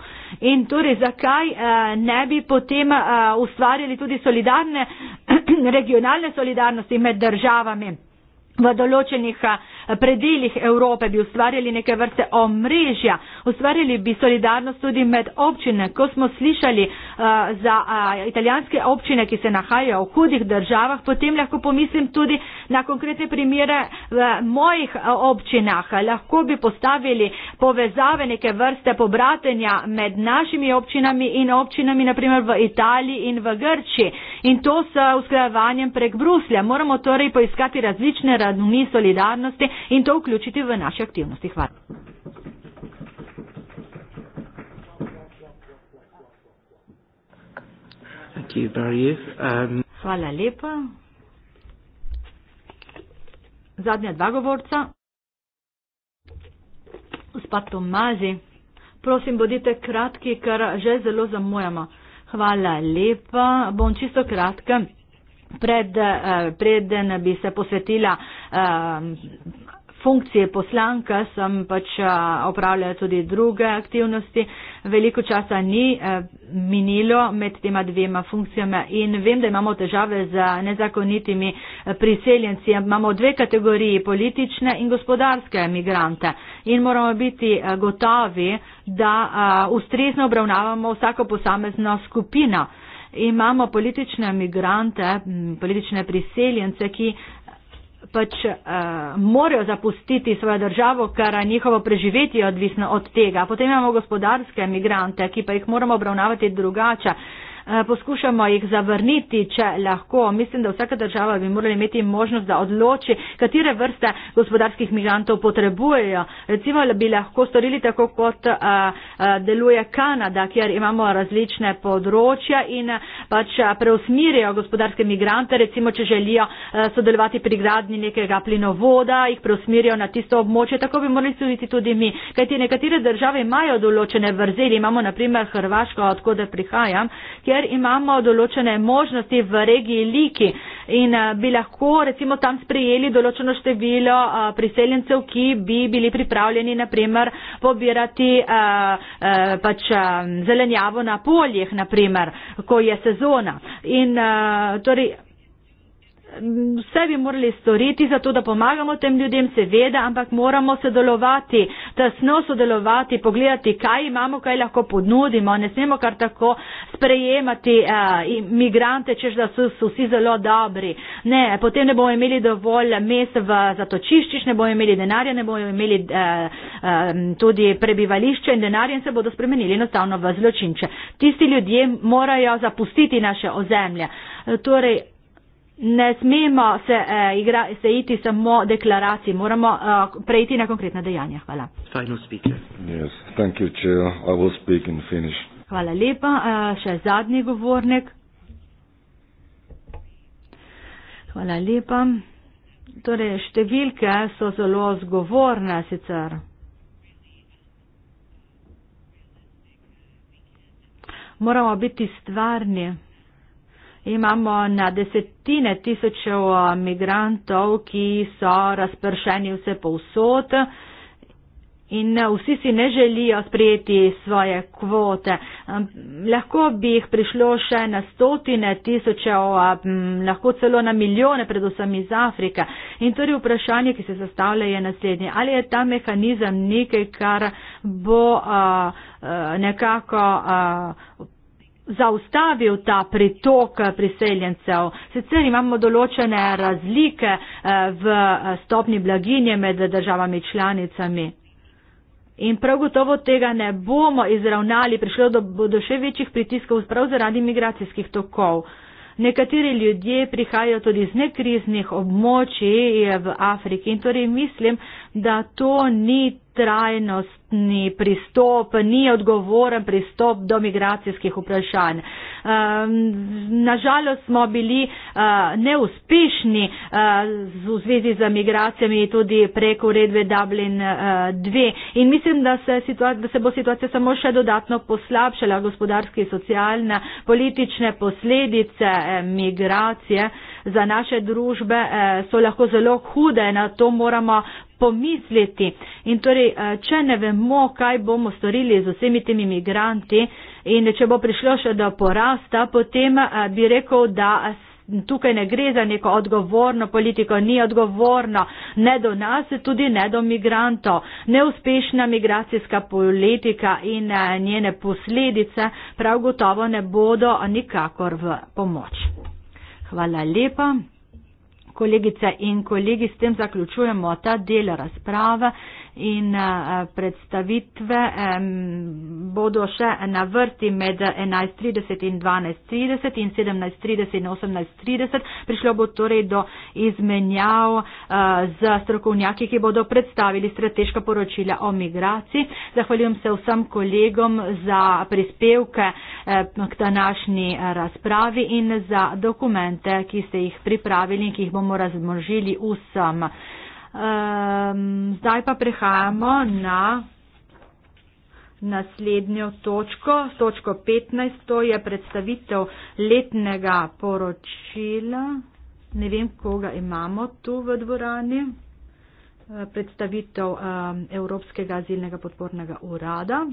In torej, zakaj uh, ne bi potem uh, ustvarjali tudi solidarne, regionalne solidarnosti med državami? v določenih predeljih Evrope bi ustvarjali neke vrste omrežja, ustvarjali bi solidarnost tudi med občine. Ko smo slišali uh, za uh, italijanske občine, ki se nahajajo v hudih državah, potem lahko pomislim tudi na konkretne primere v mojih občinah. Lahko bi postavili povezave neke vrste pobratenja med našimi občinami in občinami, naprimer v Italiji in v Grči. In to s usklajevanjem prek Bruslja. Moramo torej poiskati različne ravni solidarnosti in to vključiti v naše aktivnosti. Hvala. Um, Hvala lepa. Zadnja dva govorca. Gospod Tomazi, prosim, bodite kratki, ker že zelo zamujamo. Hvala lepa. Bom čisto kratka pred, eh, preden bi se posvetila eh, funkcije poslanka, sem pač eh, opravljala tudi druge aktivnosti. Veliko časa ni minilo med tema dvema funkcijama in vem, da imamo težave z nezakonitimi priseljenci. Imamo dve kategoriji, politične in gospodarske emigrante. In moramo biti gotovi, da ustrezno obravnavamo vsako posamezno skupino imamo politične migrante, politične priseljence, ki eh, pač uh, morajo zapustiti svojo državo, ker je njihovo preživetje odvisno od tega. Potem imamo gospodarske migrante, ki pa jih moramo obravnavati drugače. Uh, Eh, poskušamo jih zavrniti, če lahko. Mislim, da vsaka država bi morala imeti možnost, da odloči, katere vrste gospodarskih migrantov potrebujejo. Recimo, da bi lahko storili tako, kot a, eh, a, eh, deluje Kanada, kjer imamo različne področja in pač preusmirijo gospodarske migrante, recimo, če želijo a, sodelovati pri gradni nekega plinovoda, jih preusmirijo na tisto območje. Tako bi morali storiti tudi mi. Kajti nekatere države imajo določene vrzeli, imamo naprimer Hrvaško, odkud prihajam. Ki kjer imamo določene možnosti v regiji Liki in eh, bi lahko recimo tam sprejeli določeno število eh, priseljencev, ki bi bili pripravljeni naprimer pobirati eh, pač zelenjavo na poljih, naprimer, ko je sezona. In, torej, vse bi morali storiti za to, da pomagamo tem ljudem, seveda, ampak moramo sodelovati, tesno sodelovati, pogledati, kaj imamo, kaj lahko ponudimo. Ne smemo kar tako sprejemati eh, imigrante, čež da so, so vsi zelo dobri. Ne, potem ne bomo imeli dovolj mest v zatočiščih, ne bomo imeli denarja, ne bomo imeli eh, eh, tudi prebivališče in denarje in se bodo spremenili enostavno v zločinče. Tisti ljudje morajo zapustiti naše ozemlje. Eh, torej, ne smemo se, eh, igra, se iti samo deklaraciji, moramo eh, preiti na konkretna dejanja. Hvala. Yes. You, Hvala lepa. Eh, še zadnji govornik. Hvala lepa. Torej, številke so zelo zgovorne sicer. Moramo biti stvarni. Imamo na desetine tisočev eh, migrantov, ki so razpršeni vse povsod in eh, vsi si ne želijo sprijeti svoje kvote. Lahko bi jih prišlo še na stotine tisočev, lahko celo na milijone, predvsem iz Afrike. In torej vprašanje, ki se zastavlja, je naslednje. Ali je ta mehanizem nekaj, kar bo eh, nekako zaustavil ta pritok eh, priseljencev. Sicer imamo določene razlike eh, v eh, stopni blaginje med državami članicami. In prav gotovo tega ne bomo izravnali, prišlo do, do še večjih pritiskov prav zaradi migracijskih tokov. Nekateri ljudje prihajajo tudi iz nekriznih območij v Afriki in torej mislim, da to ni trajnostni pristop, ni odgovoren pristop do migracijskih vprašanj. Ehm, Nažalost smo bili eh, neuspešni eh, v zvezi z migracijami tudi preko uredbe Dublin 2 eh, in mislim, da se, situacija, da se bo situacija samo še dodatno poslabšala, gospodarske, socialne, politične posledice migracije za naše družbe so lahko zelo hude, na to moramo pomisliti. In torej, eh, če ne vemo, kaj bomo storili z vsemi temi migranti in če bo prišlo še do porasta, potem eh, bi rekel, da. Tukaj ne gre za neko odgovorno politiko, ni odgovorno ne do nas, tudi ne do migrantov. Neuspešna migracijska politika in eh, njene posledice prav gotovo ne bodo nikakor v pomoč. Hvala lepa kolegice in kolegi, s tem zaključujemo ta del razprave in eh, predstavitve bodo še na vrti med 11.30 in 12.30 in 17.30 in 18.30. Prišlo bo torej do izmenjav eh, z strokovnjaki, ki bodo predstavili strateška poročila o migraciji. Zahvaljujem se vsem kolegom za prispevke eh, k današnji razpravi in za dokumente, ki ste jih pripravili in ki jih bomo razmožili vsem. Um, zdaj pa prehajamo na naslednjo točko, točko 15, to je predstavitev letnega poročila. Ne vem, koga imamo tu v dvorani. Eh, predstavitev um, Evropskega azilnega podpornega urada.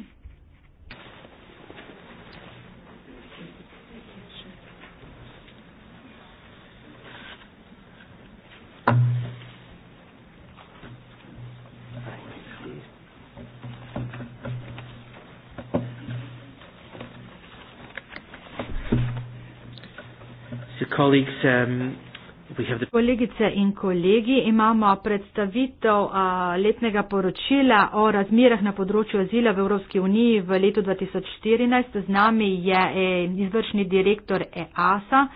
Um, Kolegice in kolegi, imamo predstavitev letnega poročila o razmirah na področju azila v Evropski uniji v letu 2014. Z nami je e, izvršni direktor EASA.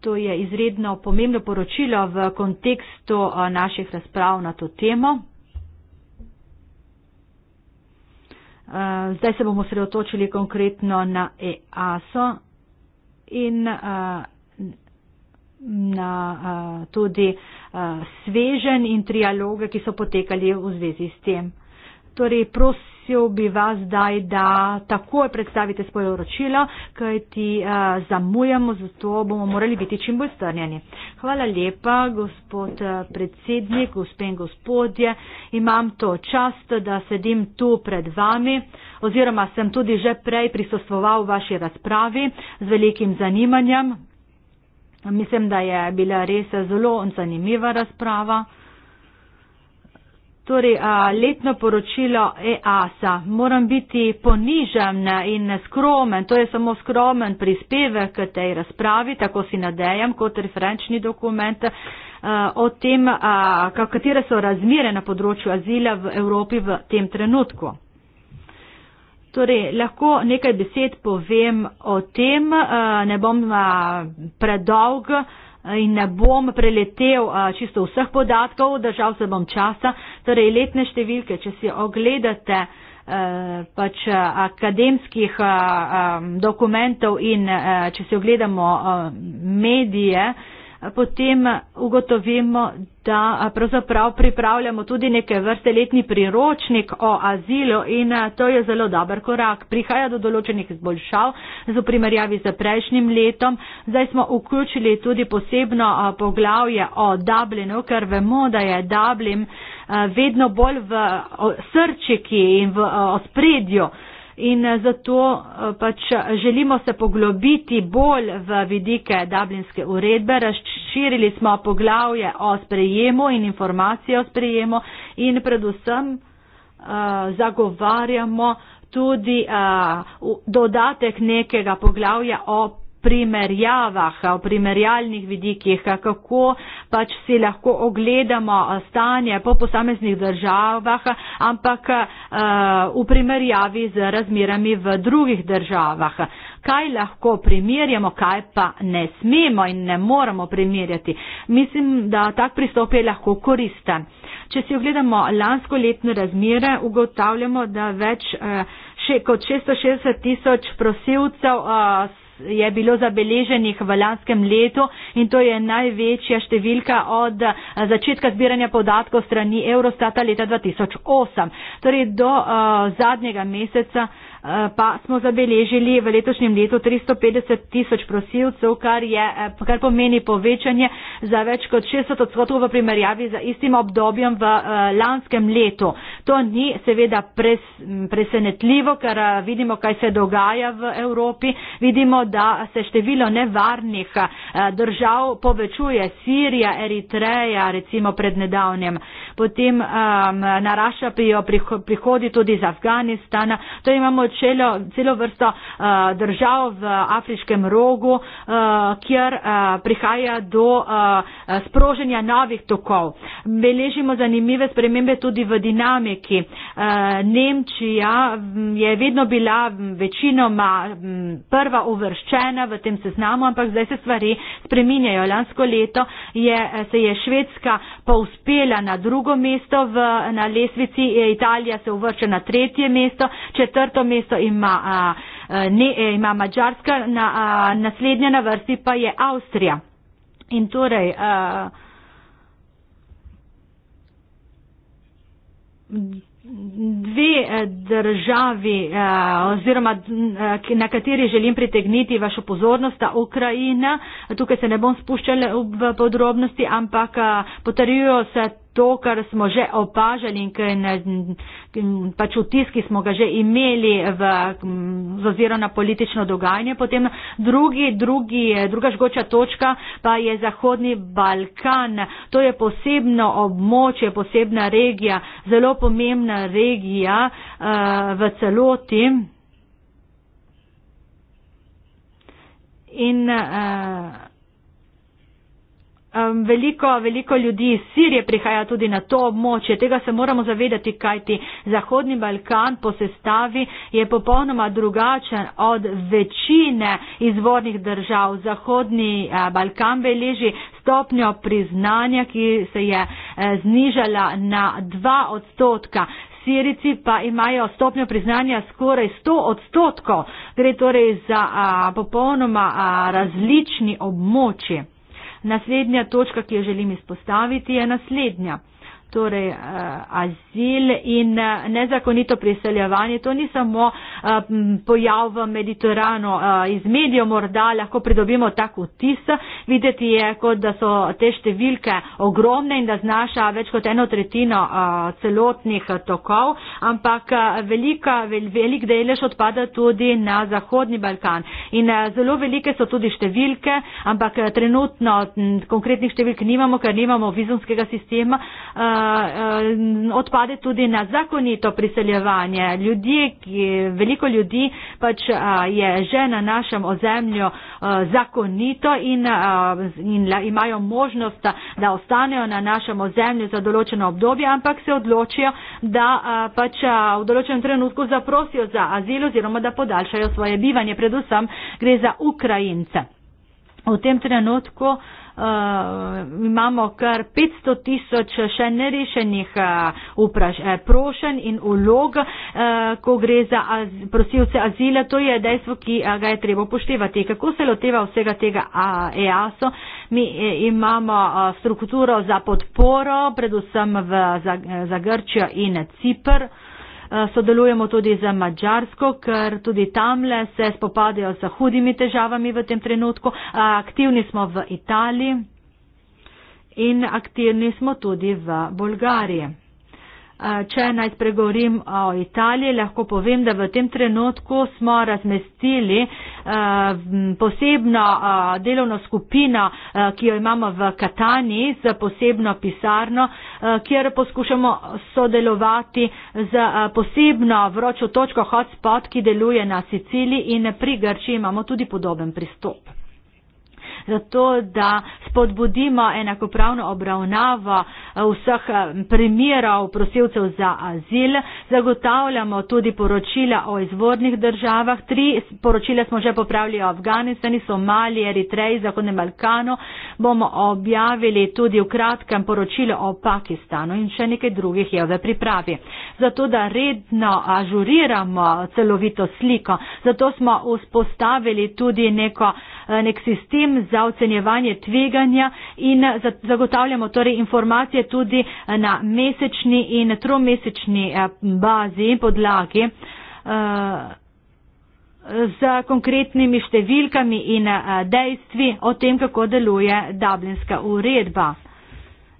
To je izredno pomembno poročilo v kontekstu naših razprav na to temo. Zdaj se bomo sredotočili konkretno na EASO in uh, na uh, tudi uh, svežen in trialoge, ki so potekali v zvezi s tem. Torej, prosim prosil bi vas zdaj, da takoj predstavite svoje uročilo, kajti uh, zamujamo, zato bomo morali biti čim bolj strnjeni. Hvala lepa, gospod eh, predsednik, gospe in gospodje. Imam to čast, da sedim tu pred vami, oziroma sem tudi že prej prisostoval v vaši razpravi z velikim zanimanjem. Mislim, da je bila res eh, zelo zanimiva razprava. Torej, letno poročilo EASA. Moram biti ponižen in skromen, to je samo skromen prispevek k tej razpravi, tako si nadejam, kot referenčni dokument o tem, katere so razmere na področju azila v Evropi v tem trenutku. Torej, lahko nekaj besed povem o tem, ne bom predolg in ne bom preletel čisto vseh podatkov, držal se bom časa, torej letne številke, če si ogledate e, pač e, akademskih e, dokumentov in če si ogledamo medije, potem ugotovimo, da pravzaprav pripravljamo tudi neke vrste letni priročnik o azilu in eh, to je zelo dober korak. Prihaja do določenih izboljšav z primerjavi z prejšnjim letom. Zdaj smo vključili tudi posebno eh, poglavje o Dublinu, ker vemo, da je Dublin eh, vedno bolj v srčiki in v ospredju in eh, zato eh, pač eh, želimo se poglobiti bolj v vidike Dublinske uredbe. Razširili smo poglavje o sprejemu in informacije o sprejemu in predvsem zagovarjamo tudi dodatek nekega poglavja o primerjavah, v primerjalnih vidikih, kako pač si lahko ogledamo eh, stanje po posameznih državah, ampak eh, v primerjavi z razmirami v drugih državah. Kaj lahko primerjamo, kaj pa ne smemo in ne moramo primerjati. Mislim, da tak pristop je lahko koristen. Če si ogledamo lansko letne razmire, ugotavljamo, da več eh, še, kot 660 tisoč prosilcev uh, je bilo zabeleženih v lanskem letu in to je največja številka od eh, začetka zbiranja podatkov strani Eurostata leta 2008. Torej do uh, zadnjega meseca uh, Eh, pa smo zabeležili v letošnjem letu 350 tisoč prosilcev, kar, je, eh, kar pomeni povečanje za več kot 600 odstotkov v primerjavi z istim obdobjem v eh, lanskem letu. To ni seveda pres, presenetljivo, ker vidimo, kaj se dogaja v Evropi. Vidimo, da se število nevarnih držav povečuje. Sirija, Eritreja, recimo pred nedavnjem potem um, narašajo priho, prihodi tudi iz Afganistana. To imamo čelo, celo vrsto uh, držav v afriškem rogu, uh, kjer uh, prihaja do uh, sproženja novih tokov. Beležimo zanimive spremembe tudi v dinamiki. Uh, Nemčija je vedno bila večinoma prva uvrščena v tem seznamu, ampak zdaj se stvari spreminjajo. Lansko leto je, se je Švedska povspela na drugo drugo mesto v, na lesvici, eh, Italija se uvršča na tretje mesto, četrto mesto ima, a, ne, e, ima Mačarska, na, naslednja na vrsti pa je Avstrija. In torej, a, Dve e, državi oziroma na kateri želim pritegniti vašo pozornost, ta Ukrajina, tukaj se ne bom spuščala v podrobnosti, ampak potrjujo se to, kar smo že opažali in kaj ne, pač vtis, ki smo ga že imeli v, v oziro na politično dogajanje. Potem drugi, drugi, druga žgoča točka pa je Zahodni Balkan. To je posebno območje, posebna regija, zelo pomembna regija uh, v celoti. In, uh, um, veliko, veliko ljudi iz Sirije prihaja tudi na to območje. Tega se moramo zavedati, kajti Zahodni Balkan po sestavi je popolnoma drugačen od večine izvornih držav. Zahodni uh, Balkan beleži stopnjo priznanja, ki se je uh, znižala na 2 odstotka. Sirici pa imajo stopnjo priznanja skoraj 100 odstotkov, gre torej za a, eh, popolnoma a, različni območji. Naslednja točka, ki jo želim izpostaviti, je naslednja torej eh, azil in eh, nezakonito priseljevanje. To ni samo eh, pojav v Mediteranu, iz medijev morda lahko pridobimo tak vtis, videti je, kot da so te številke ogromne in da znaša več kot eno tretjino celotnih tokov, ampak velika, velik delež odpada tudi na Zahodni Balkan. In zelo velike so tudi številke, ampak trenutno konkretnih številk nimamo, ker nimamo vizumskega sistema. Uh, uh, odpade tudi na zakonito priseljevanje. Ljudje, ki, veliko ljudi pač uh, je že na našem ozemlju uh, zakonito in, uh, in la, imajo možnost, da ostanejo na našem ozemlju za določeno obdobje, ampak se odločijo, da uh, pač uh, v določenem trenutku zaprosijo za azil oziroma da podaljšajo svoje bivanje. Predvsem gre za Ukrajince. V tem trenutku uh, uh, imamo kar 500 tisoč še nerešenih uh, vpraš, uh, eh, prošen in ulog, uh, ko gre za az, prosilce azila. To je dejstvo, ki uh, ga je treba upoštevati. Kako se loteva vsega tega uh, EASO? Mi uh, imamo uh, strukturo za podporo, predvsem v, za, za Grčijo in Cipr. Uh, Eh, sodelujemo tudi z Mačarsko, ker tudi tamle se spopadajo z hudimi težavami v tem trenutku. Eh, aktivni smo v Italiji in aktivni smo tudi v Bolgariji. Če naj spregovorim o Italiji, lahko povem, da v tem trenutku smo razmestili posebno delovno skupino, ki jo imamo v Kataniji z posebno pisarno, kjer poskušamo sodelovati z posebno vročo točko hotspot, ki deluje na Siciliji in pri Grči imamo tudi podoben pristop zato da spodbudimo enakopravno obravnavo eh, vseh eh, primerov prosilcev za azil. Zagotavljamo tudi poročila o izvornih državah. Tri poročila smo že popravili o Afganistani, Somaliji, Eritreji, Zahodnem Balkanu. Bomo objavili tudi v kratkem poročilo o Pakistanu in še nekaj drugih je v pripravi. Zato, da redno ažuriramo celovito sliko, zato smo vzpostavili tudi neko, eh, nek sistem za za ocenjevanje tveganja in zagotavljamo torej informacije tudi eh, na mesečni in tromesečni eh, bazi in podlagi eh, z konkretnimi številkami in dejstvi o tem, kako deluje Dublinska uredba.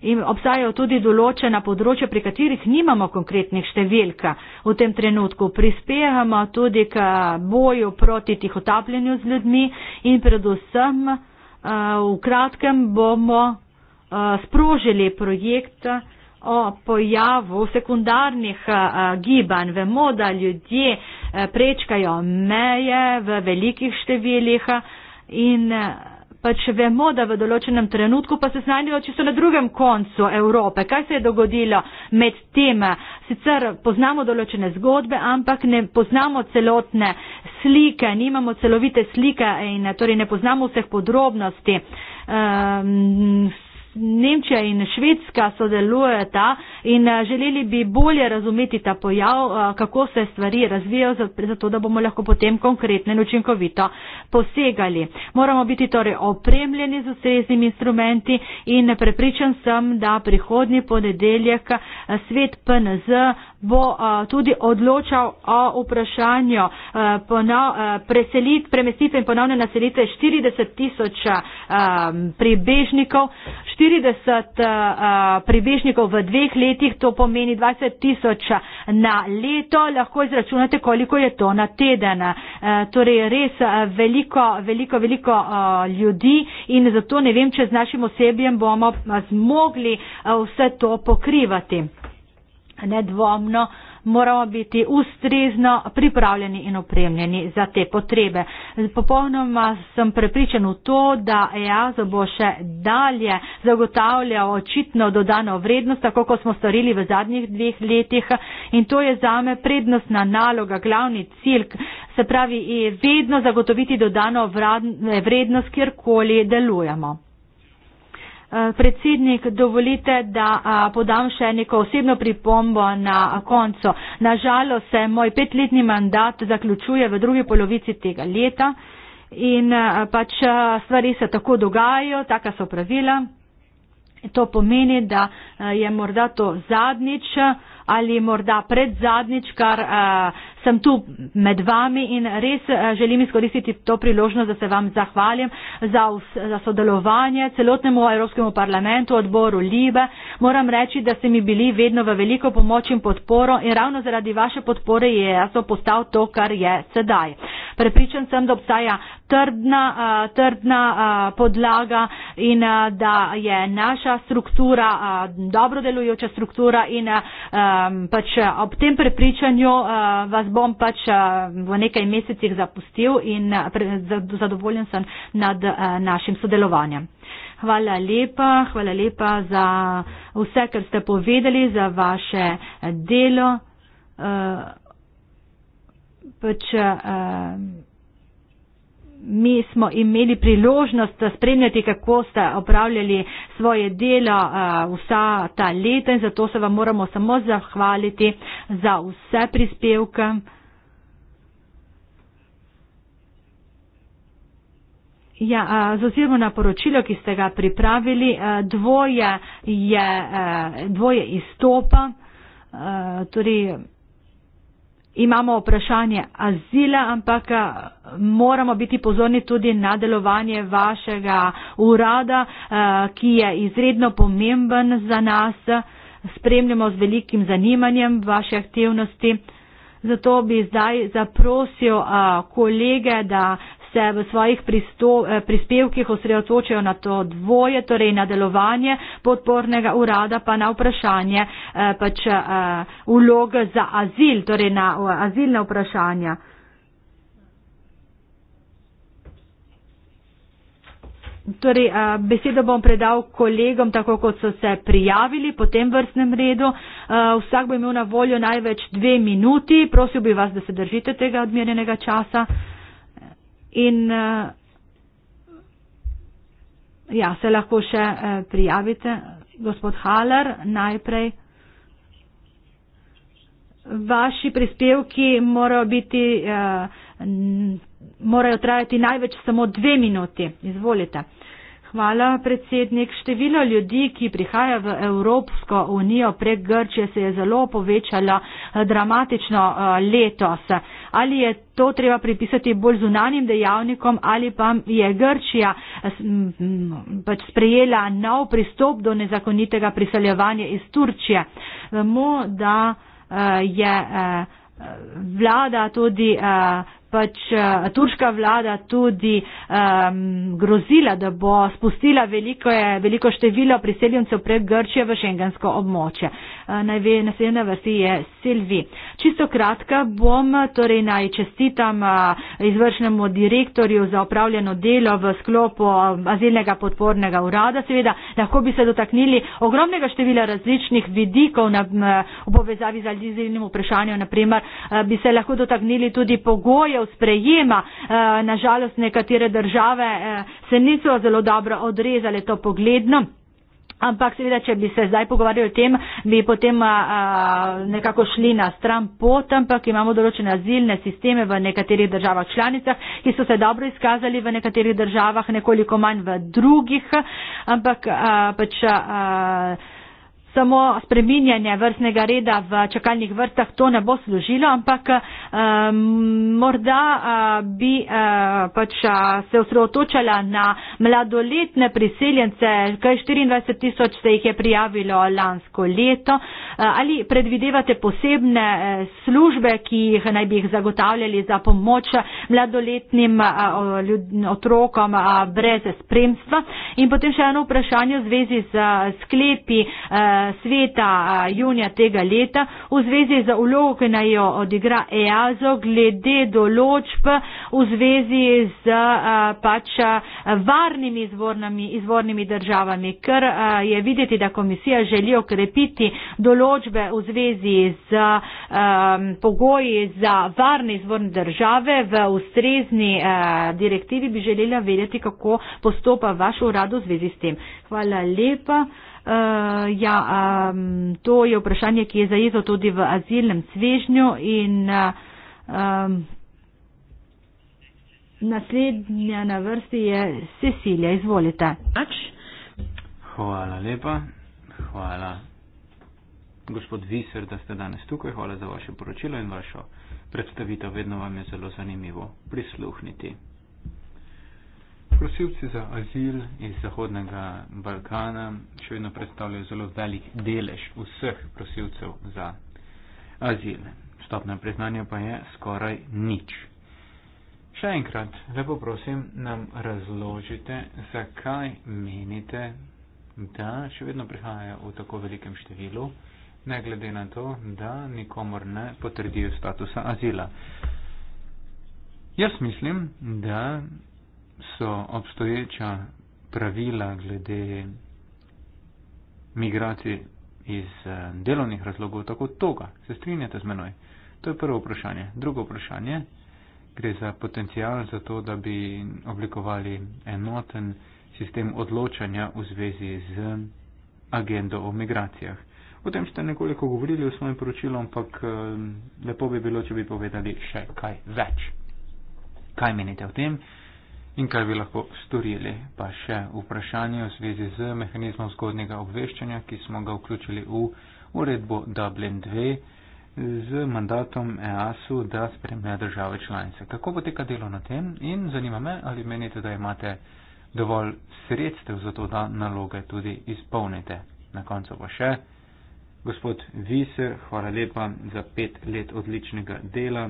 In obstajajo tudi določena področja, pri katerih nimamo konkretnih številk. V tem trenutku prispevamo tudi k boju proti tihotapljenju z ljudmi in predvsem. V kratkem bomo sprožili projekt o pojavu sekundarnih gibanj. Vemo, da ljudje prečkajo meje v velikih številih in pač vemo, da v določenem trenutku pa se znajdejo čisto na drugem koncu Evrope. Kaj se je dogodilo med tem? Sicer poznamo določene zgodbe, ampak ne poznamo celotne slike, nimamo celovite slike in torej ne poznamo vseh podrobnosti. Um, Nemčija in Švedska sodelujeta in eh, želeli bi bolje razumeti ta pojav, eh, kako se stvari razvijajo, zato da bomo lahko potem konkretno in učinkovito posegali. Moramo biti torej opremljeni z ustreznimi instrumenti in prepričan sem, da prihodnji ponedeljek eh, svet PNZ bo tudi odločal o vprašanju preselitve in ponovne naselitve 40 tisoč prebežnikov. 40 40 uh, eh, eh, prebežnikov v dveh letih, to pomeni 20 tisoč na leto, lahko izračunate, koliko je to na teden. Uh, torej res veliko, veliko, veliko uh, ljudi in zato ne vem, če z našim osebjem bomo zmogli uh, vse to pokrivati. Nedvomno. Uh, moramo biti ustrezno pripravljeni in opremljeni za te potrebe. Popolnoma sem prepričan v to, da EASO bo še dalje zagotavljal očitno dodano vrednost, tako kot smo storili v zadnjih dveh letih in to je za me prednostna naloga, glavni cilj, se pravi vedno zagotoviti dodano vrednost, kjerkoli delujemo. Predsednik, dovolite, da podam še neko osebno pripombo na koncu. Nažalost se moj petletni mandat zaključuje v drugi polovici tega leta in pač stvari se tako dogajajo, taka so pravila. To pomeni, da je morda to zadnjič ali morda pred zadnjič, kar sem tu med vami in res eh, želim izkoristiti to priložnost, da se vam zahvalim za, za sodelovanje celotnemu Evropskemu parlamentu, odboru Libe. Moram reči, da ste mi bili vedno v veliko pomoč in podporo in ravno zaradi vaše podpore je ESO postal to, kar je sedaj. Prepričan sem, da obstaja trdna, uh, trdna uh, podlaga in uh, da je naša struktura uh, dobro delujoča struktura in uh, pač ob tem prepričanju uh, vas vas bom pač eh, v nekaj mesecih zapustil in eh, zadovoljen sem nad eh, našim sodelovanjem. Hvala lepa, hvala lepa za vse, kar ste povedali, za vaše delo. Uh, pač, uh, mi smo imeli priložnost spremljati, kako ste opravljali svoje delo eh, vsa ta leta in zato se vam moramo samo zahvaliti za vse prispevke. Ja, eh, z oziroma na poročilo, ki ste ga pripravili, eh, dvoje je dvoje izstopa, torej imamo vprašanje azila, ampak eh, moramo biti pozorni tudi na delovanje vašega urada, eh, ki je izredno pomemben za nas. Spremljamo z velikim zanimanjem vaše aktivnosti. Zato bi zdaj zaprosil eh, kolege, da se v svojih eh, prispevkih osredotočajo na to dvoje, torej na delovanje podpornega urada, pa na vprašanje eh, pač ulog eh, za azil, torej na azilne vprašanja. Torej, besedo bom predal kolegom, tako kot so se prijavili po tem vrstnem redu. Vsak bo imel na voljo največ dve minuti. Prosil bi vas, da se držite tega odmerjenega časa. In eh, ja, se lahko še eh, prijavite, gospod Haler, najprej. Vaši prispevki morajo, biti, eh, morajo trajati največ samo dve minuti. Izvolite. Hvala, predsednik. Število ljudi, ki prihaja v Evropsko unijo prek Grčije, se je zelo povečalo eh, dramatično eh, letos. Ali je to treba pripisati bolj zunanjim dejavnikom ali pa je Grčija eh, pač sprejela nov pristop do nezakonitega priseljevanja iz Turčije? Vemo, da je vlada tudi pač uh, turška vlada tudi um, grozila, da bo spustila veliko, je, eh, veliko število priseljencev prek Grčije v šengensko območje. Uh, Naslednja vrsti je Silvi. Čisto kratka bom, torej naj čestitam uh, izvršnemu direktorju za opravljeno delo v sklopu azilnega podpornega urada. Seveda, lahko bi se dotaknili ogromnega števila različnih vidikov na, uh, v povezavi z azilnim vprašanjem. Naprimer, uh, bi se lahko dotaknili tudi pogojev, kriterijev sprejema. Eh, Nažalost, nekatere države eh, se niso zelo dobro odrezale to pogledno. Ampak seveda, če bi se zdaj pogovarjali o tem, bi potem a, eh, nekako šli na stran pot, ampak imamo določene azilne sisteme v nekaterih državah članicah, ki so se dobro izkazali v nekaterih državah, nekoliko manj v drugih, ampak a, pač. A, samo spreminjanje vrstnega reda v čakalnih vrstah, to ne bo služilo, ampak eh, morda eh, bi eh, pač eh, se osredotočala na mladoletne priseljence, kaj 24 tisoč se jih je prijavilo lansko leto. Eh, ali predvidevate posebne eh, službe, ki jih naj bi jih zagotavljali za pomoč mladoletnim eh, ljud, otrokom eh, brez spremstva? In potem še eno vprašanje v zvezi z eh, sklepi. Eh, sveta junija tega leta v zvezi z ulogo, ki naj jo odigra EASO glede določb v zvezi z pač varnimi izvornimi, izvornimi državami, ker je videti, da komisija želi okrepiti določbe v zvezi z um, pogoji za varne izvorne države. V ustrezni uh, direktivi bi želela vedeti, kako postopa vaš urad v zvezi s tem. Hvala lepa. Uh, ja, um, to je vprašanje, ki je zajezo tudi v azilnem svežnju in uh, um, naslednja na vrsti je Cecilija. Izvolite. Hvala lepa. Hvala, gospod Viser, da ste danes tukaj. Hvala za vaše poročilo in vašo predstavitev. Vedno vam je zelo zanimivo prisluhniti. Prosilci za azil iz Zahodnega Balkana še vedno predstavljajo zelo velik delež vseh prosilcev za azil. Stopna priznanja pa je skoraj nič. Še enkrat, lepo prosim, nam razložite, zakaj menite, da še vedno prihajajo v tako velikem številu, ne glede na to, da nikomor ne potrdijo statusa azila. Jaz mislim, da so obstoječa pravila glede migracij iz eh, delovnih razlogov tako toga. Se strinjate z menoj? To je prvo vprašanje. Drugo vprašanje gre za potencial za to, da bi oblikovali enoten sistem odločanja v zvezi z agendo o migracijah. O tem ste nekoliko govorili v svojem poročilu, ampak eh, lepo bi bilo, če bi povedali še kaj več. Kaj menite o tem? In kaj bi lahko storili? Pa še vprašanje v zvezi z mehanizmom zgodnjega obveščanja, ki smo ga vključili v uredbo Dublin 2 z mandatom EASU, da spremlja države članice. Kako poteka delo na tem in zanima me, ali menite, da imate dovolj sredstev za to, da naloge tudi izpolnite. Na koncu pa še. Gospod Viser, hvala lepa za pet let odličnega dela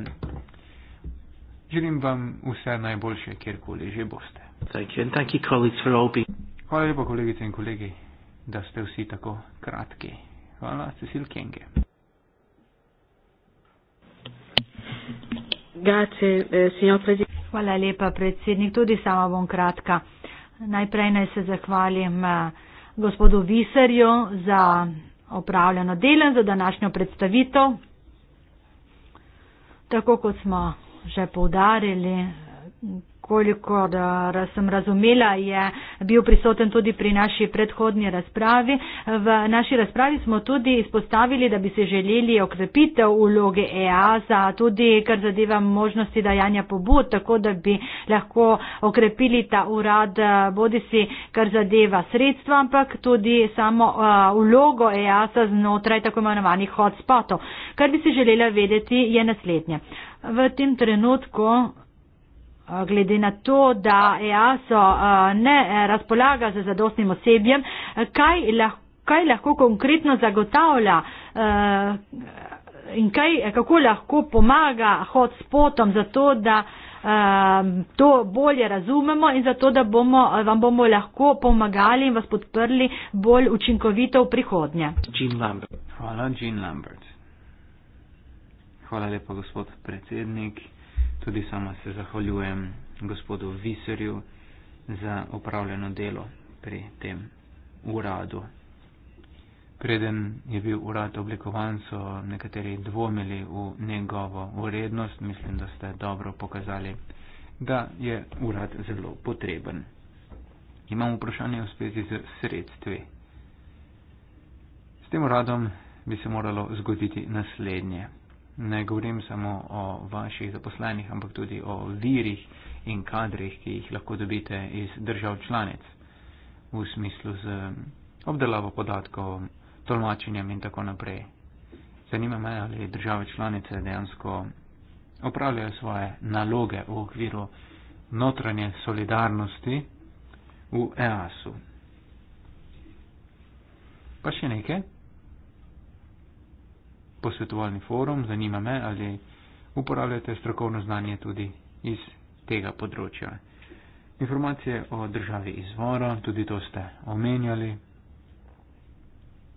Želim vam vse najboljše, kjerkoli že boste. Hvala lepa, kolegice in kolegi, da ste vsi tako kratki. Hvala, Cecil Kenge. Eh, Hvala lepa, predsednik. Tudi sama bom kratka. Najprej naj se zahvalim eh, gospodu Viserju za opravljeno delo, za današnjo predstavitev. Tako kot smo že poudarili, kolikor da sem razumela, je bil prisoten tudi pri naši predhodnji razpravi. V naši razpravi smo tudi izpostavili, da bi se želeli okrepitev vloge EASA, tudi kar zadeva možnosti dajanja pobud, tako da bi lahko okrepili ta urad, bodi si kar zadeva sredstva, ampak tudi samo vlogo EASA znotraj tako imenovanih hotspotov. Kar bi si želela vedeti je naslednje. V tem trenutku Eh, glede na to, da EASO eh, ne eh, razpolaga z zadostnim osebjem, kaj lahko, kaj lahko konkretno zagotavlja in kaj, kako lahko pomaga hotspotom za to, da to bolje razumemo in zato, da bomo, vam bomo lahko pomagali in vas podprli bolj učinkovito v prihodnje. Jean Lambert. Hvala, Jean Lambert. Hvala lepa, gospod predsednik. Tudi sama se zahvaljujem gospodu Viserju za opravljeno delo pri tem uradu. Preden je bil urad oblikovan, so nekateri dvomili v njegovo urednost. Mislim, da ste dobro pokazali, da je urad zelo potreben. Imam vprašanje v spezi z sredstvi. S tem uradom bi se moralo zgoditi naslednje ne govorim samo o vaših zaposlenih, ampak tudi o virih in kadrih, ki jih lahko dobite iz držav članic v smislu z obdelavo podatkov, tolmačenjem in tako naprej. Zanima me, ali države članice dejansko opravljajo svoje naloge v okviru notranje solidarnosti v EAS-u. Pa še nekaj posvetovalni forum, zanima me, ali uporabljate strokovno znanje tudi iz tega področja. Informacije o državi izvora, tudi to ste omenjali,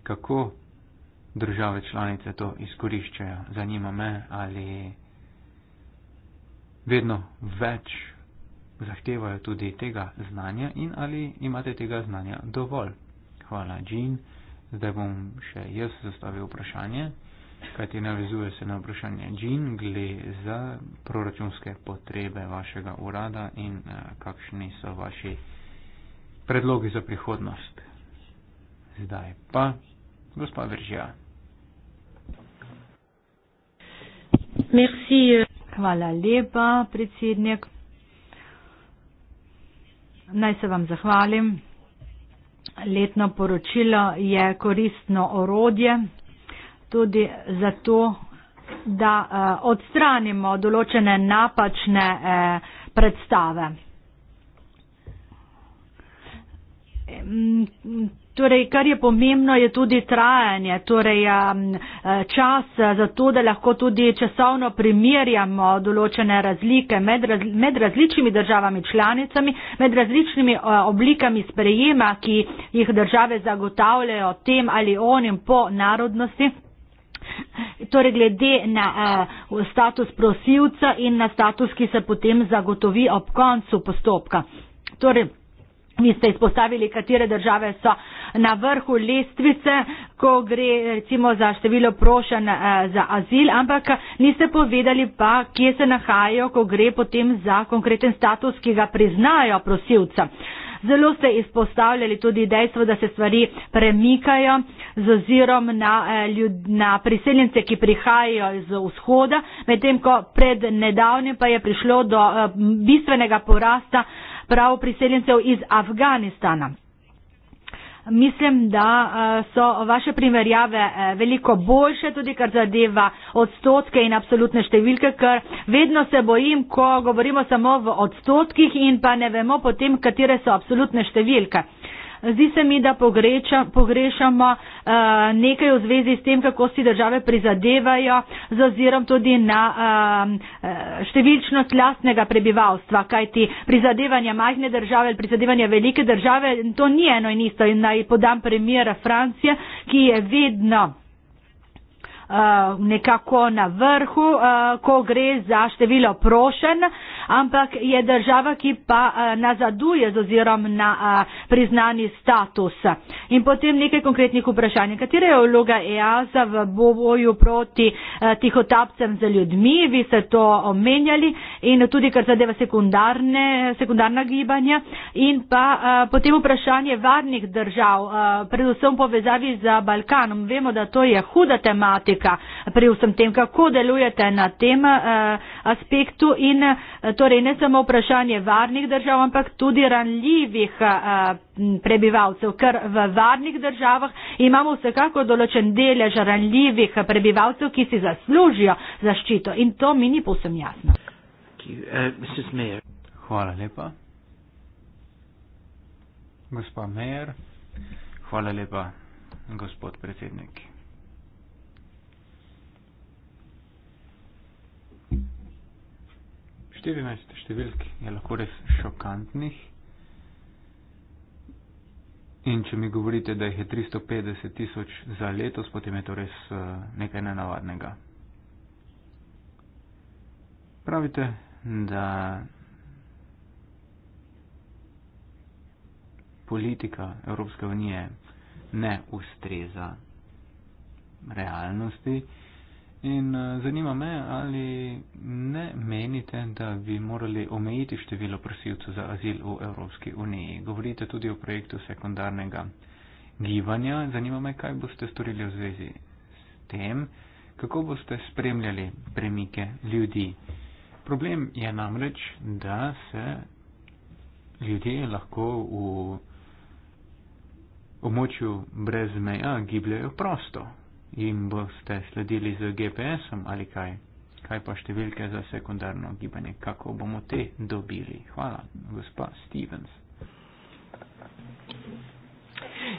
kako države članice to izkoriščajo. Zanima me, ali vedno več zahtevajo tudi tega znanja in ali imate tega znanja dovolj. Hvala, Jean. Zdaj bom še jaz zastavil vprašanje. Kajti navezuje se na vprašanje Džin, gle za proračunske potrebe vašega urada in eh, kakšni so vaši predlogi za prihodnost. Zdaj pa, gospod Veržija. Merci. Euh. Hvala lepa, predsednik. Naj se vam zahvalim. Letno poročilo je koristno orodje tudi zato, da eh, odstranimo določene napačne eh, predstave. Mm, torej, kar je pomembno, je tudi trajanje, torej eh, čas za to, da lahko tudi časovno primerjamo določene razlike med, med različnimi državami članicami, med različnimi oblikami sprejema, ki jih države zagotavljajo tem ali onim po narodnosti torej glede na uh, status prosilca in na status, ki se potem zagotovi ob koncu postopka. Torej, vi ste izpostavili, katere države so na vrhu lestvice, ko gre recimo za število prošen uh, za azil, ampak niste povedali pa, kje se nahajajo, ko gre potem za konkreten status, ki ga priznajo prosilca. Uh, Zelo ste izpostavljali tudi dejstvo, da se stvari premikajo z ozirom na, eh, na priseljence, ki prihajajo iz vzhoda, medtem ko pred nedavnim pa je prišlo do eh, bistvenega porasta prav priseljencev iz Afganistana mislim, da eh, so vaše primerjave eh, veliko boljše, tudi kar zadeva odstotke in absolutne številke, ker vedno se bojim, ko govorimo samo v odstotkih in pa ne vemo potem, katere so absolutne številke. Zdi se mi, da pogreča, pogrešamo uh, nekaj v zvezi s tem, kako si države prizadevajo z ozirom tudi na uh, številčnost lastnega prebivalstva, kajti prizadevanja majhne države ali prizadevanja velike države, to ni eno in isto. In naj podam primer Francije, ki je vedno nekako na vrhu, ko gre za število prošen, ampak je država, ki pa eh, nazaduje z ozirom na eh, priznani status. In potem nekaj konkretnih vprašanj. Katera je vloga EASA v boju proti eh, tihotapcem za ljudmi? Vi ste to omenjali in tudi kar zadeva sekundarna gibanja. In pa potem vprašanje varnih držav, predvsem povezavi z Balkanom. Vemo, da to je huda tematika pri vsem tem, kako delujete na tem aspektu in torej ne samo vprašanje varnih držav, ampak tudi ranljivih a, eh, prebivalcev, ker v varnih državah imamo vsekako določen delež ranljivih prebivalcev, ki si zaslužijo zaščito in to mi ni posem jasno. Eh, Hvala lepa. Gospa Mejer. Hvala lepa, gospod predsednik. 14 številk je lahko res šokantnih. In če mi govorite, da jih je 350 tisoč za letos, potem je to res eh, nekaj nenavadnega. Pravite, da politika Evropske unije ne ustreza realnosti. In eh, zanima me, ali ne menite, da bi morali omejiti število prosilcev za azil v Evropski uniji. Govorite tudi o projektu sekundarnega gibanja. Zanima me, kaj boste storili v zvezi s tem, kako boste spremljali premike ljudi. Problem je namreč, da se ljudje lahko v območju brez meja gibljajo prosto jim boste sledili z GPS-om ali kaj? Kaj pa številke za sekundarno gibanje? Kako bomo te dobili? Hvala, gospa Stevens.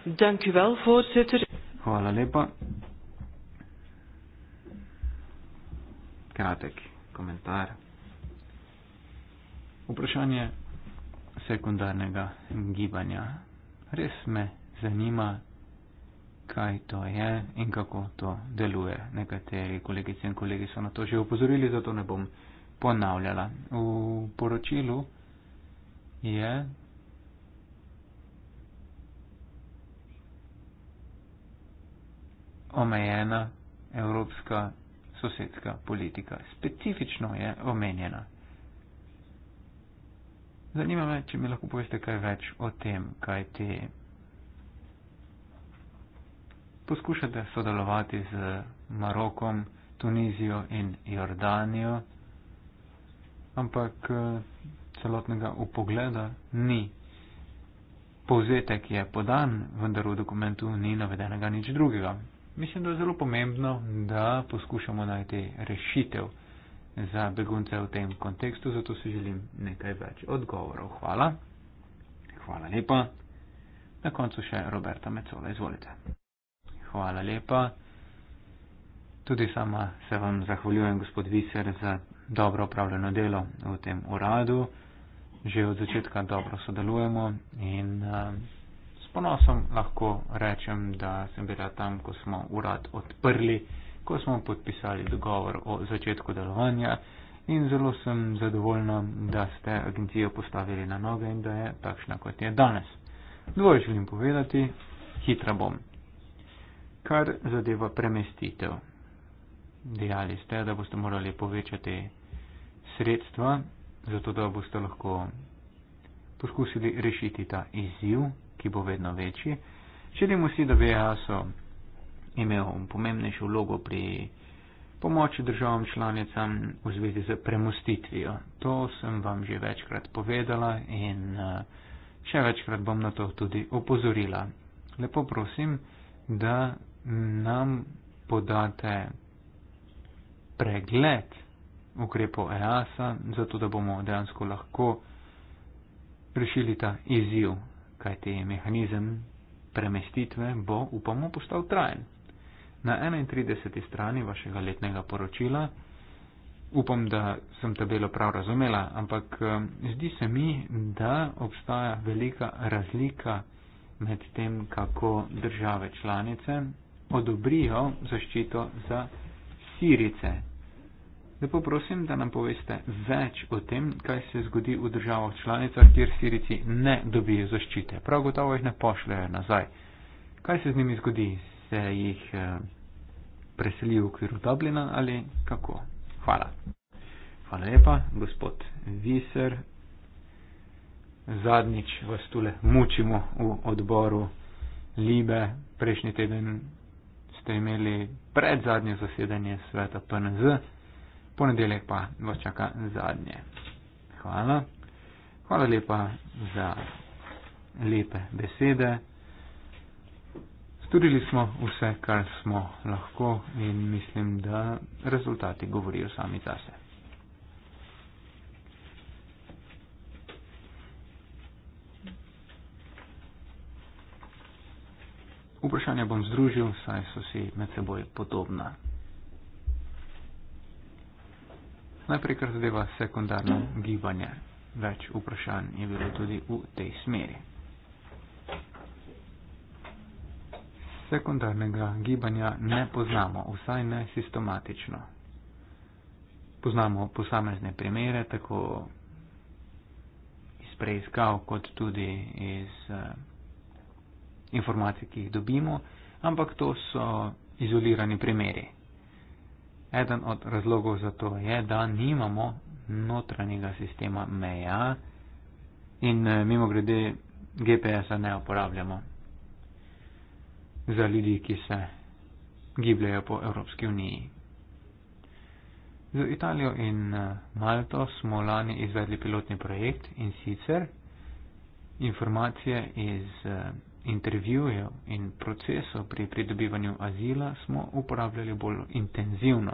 Dankjewel, voorzitter. Hvala lepa. Kratek komentar. Vprašanje sekundarnega gibanja. Res me zanima, kaj to je in kako to deluje. Nekateri kolegice in kolegi so na to že upozorili, zato ne bom ponavljala. V poročilu je. Omejena evropska sosedska politika. Specifično je omenjena. Zanima me, če mi lahko poveste kaj več o tem, kaj te poskušate sodelovati z Marokom, Tunizijo in Jordanijo, ampak eh, celotnega upogleda ni. Povzetek je podan, vendar v dokumentu ni navedenega nič drugega. Mislim, da je zelo pomembno, da poskušamo najti rešitev za begunce v tem kontekstu, zato si želim nekaj več odgovorov. Hvala. Hvala lepa. Na koncu še Roberta Mecola, izvolite hvala lepa. Tudi sama se vam zahvaljujem, gospod Viser, za dobro upravljeno delo v tem uradu. Že od začetka dobro sodelujemo in uh, s ponosom lahko rečem, da sem bila tam, ko smo urad odprli, ko smo podpisali dogovor o začetku delovanja in zelo sem zadovoljna, da ste agencijo postavili na noge in da je takšna, kot je danes. Dvoje želim povedati, hitra bom kar zadeva premestitev. Dejali ste, da boste morali povečati sredstva, zato da boste lahko poskusili rešiti ta izziv, ki bo vedno večji. Želimo si, da bi ASO imel pomembnejšo vlogo pri pomoči državam članicam v zvezi z premustitvijo. To sem vam že večkrat povedala in eh, še večkrat bom na to tudi opozorila. Lepo prosim, da nam podate pregled ukrepov EASA, zato da bomo dejansko lahko rešili ta izziv, kajti mehanizem premestitve bo, upamo, postal trajen. Na 31. strani vašega letnega poročila, upam, da sem tabelo prav razumela, ampak zdi se mi, da obstaja velika razlika med tem, kako države članice odobrijo zaščito za sirice. Lepo prosim, da nam poveste več o tem, kaj se zgodi v državah članicah, kjer sirici ne dobijo zaščite. Prav gotovo jih ne pošljajo nazaj. Kaj se z njimi zgodi? Se jih eh, preseli v okviru Dublina ali kako? Hvala. Hvala lepa, gospod Viser. Zadnjič vas tule mučimo v odboru Libe. Prejšnji teden ste imeli pred zadnje zasedanje sveta PNZ, ponedeljek pa vas čaka zadnje. Hvala. Hvala lepa za lepe besede. Storili smo vse, kar smo lahko in mislim, da rezultati govorijo sami zase. vprašanja bom združil, saj so vsi med seboj podobna. Najprej, kar zadeva sekundarno gibanje, več vprašanj je bilo tudi v tej smeri. Sekundarnega gibanja ne poznamo, vsaj ne sistematično. Poznamo posamezne primere, tako iz preiskav, kot tudi iz. Eh, informacij, ki jih dobimo, ampak to so izolirani primeri. Eden od razlogov za to je, da nimamo notranjega sistema meja in eh, mimo grede GPS-a ne uporabljamo za ljudi, ki se gibljajo po Evropski uniji. Z Italijo in eh, Malto smo lani izvedli pilotni projekt in sicer informacije iz eh, intervjuju in procesu pri pridobivanju azila smo uporabljali bolj intenzivno.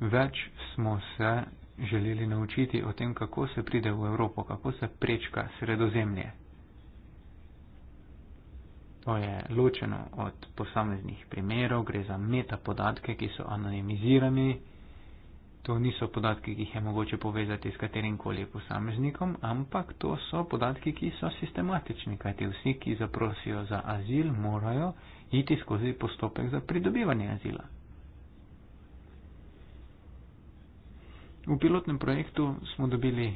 Več smo se želeli naučiti o tem, kako se pride v Evropo, kako se prečka sredozemlje. To je ločeno od posameznih primerov, gre za meta podatke, ki so anonimizirani to niso podatki, ki jih je mogoče povezati s katerim koli posameznikom, ampak to so podatki, ki so sistematični, kajti vsi, ki zaprosijo za azil, morajo iti skozi postopek za pridobivanje azila. V pilotnem projektu smo dobili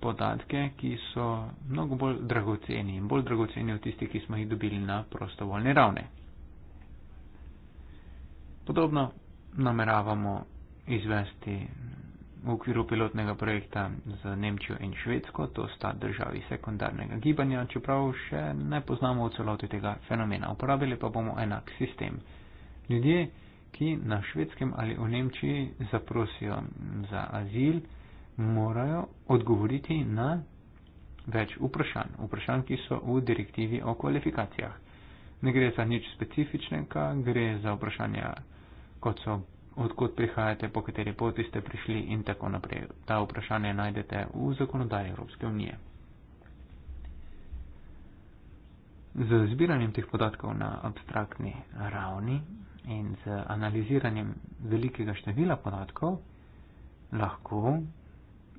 podatke, ki so mnogo bolj dragoceni in bolj dragoceni od tistih, ki smo jih dobili na prostovoljne ravne. Podobno nameravamo izvesti v okviru pilotnega projekta z Nemčijo in Švedsko, to sta državi sekundarnega gibanja, čeprav še ne poznamo v celoti tega fenomena. Uporabili pa bomo enak sistem. Ljudje, ki na švedskem ali v Nemčiji zaprosijo za azil, morajo odgovoriti na več vprašanj. Vprašanj, ki so v direktivi o kvalifikacijah. Ne gre za nič specifičnega, gre za vprašanja, kot so odkud prihajate, po kateri poti ste prišli in tako naprej. Ta vprašanja najdete v zakonodaji Evropske unije. Z zbiranjem teh podatkov na abstraktni ravni in z analiziranjem velikega števila podatkov lahko,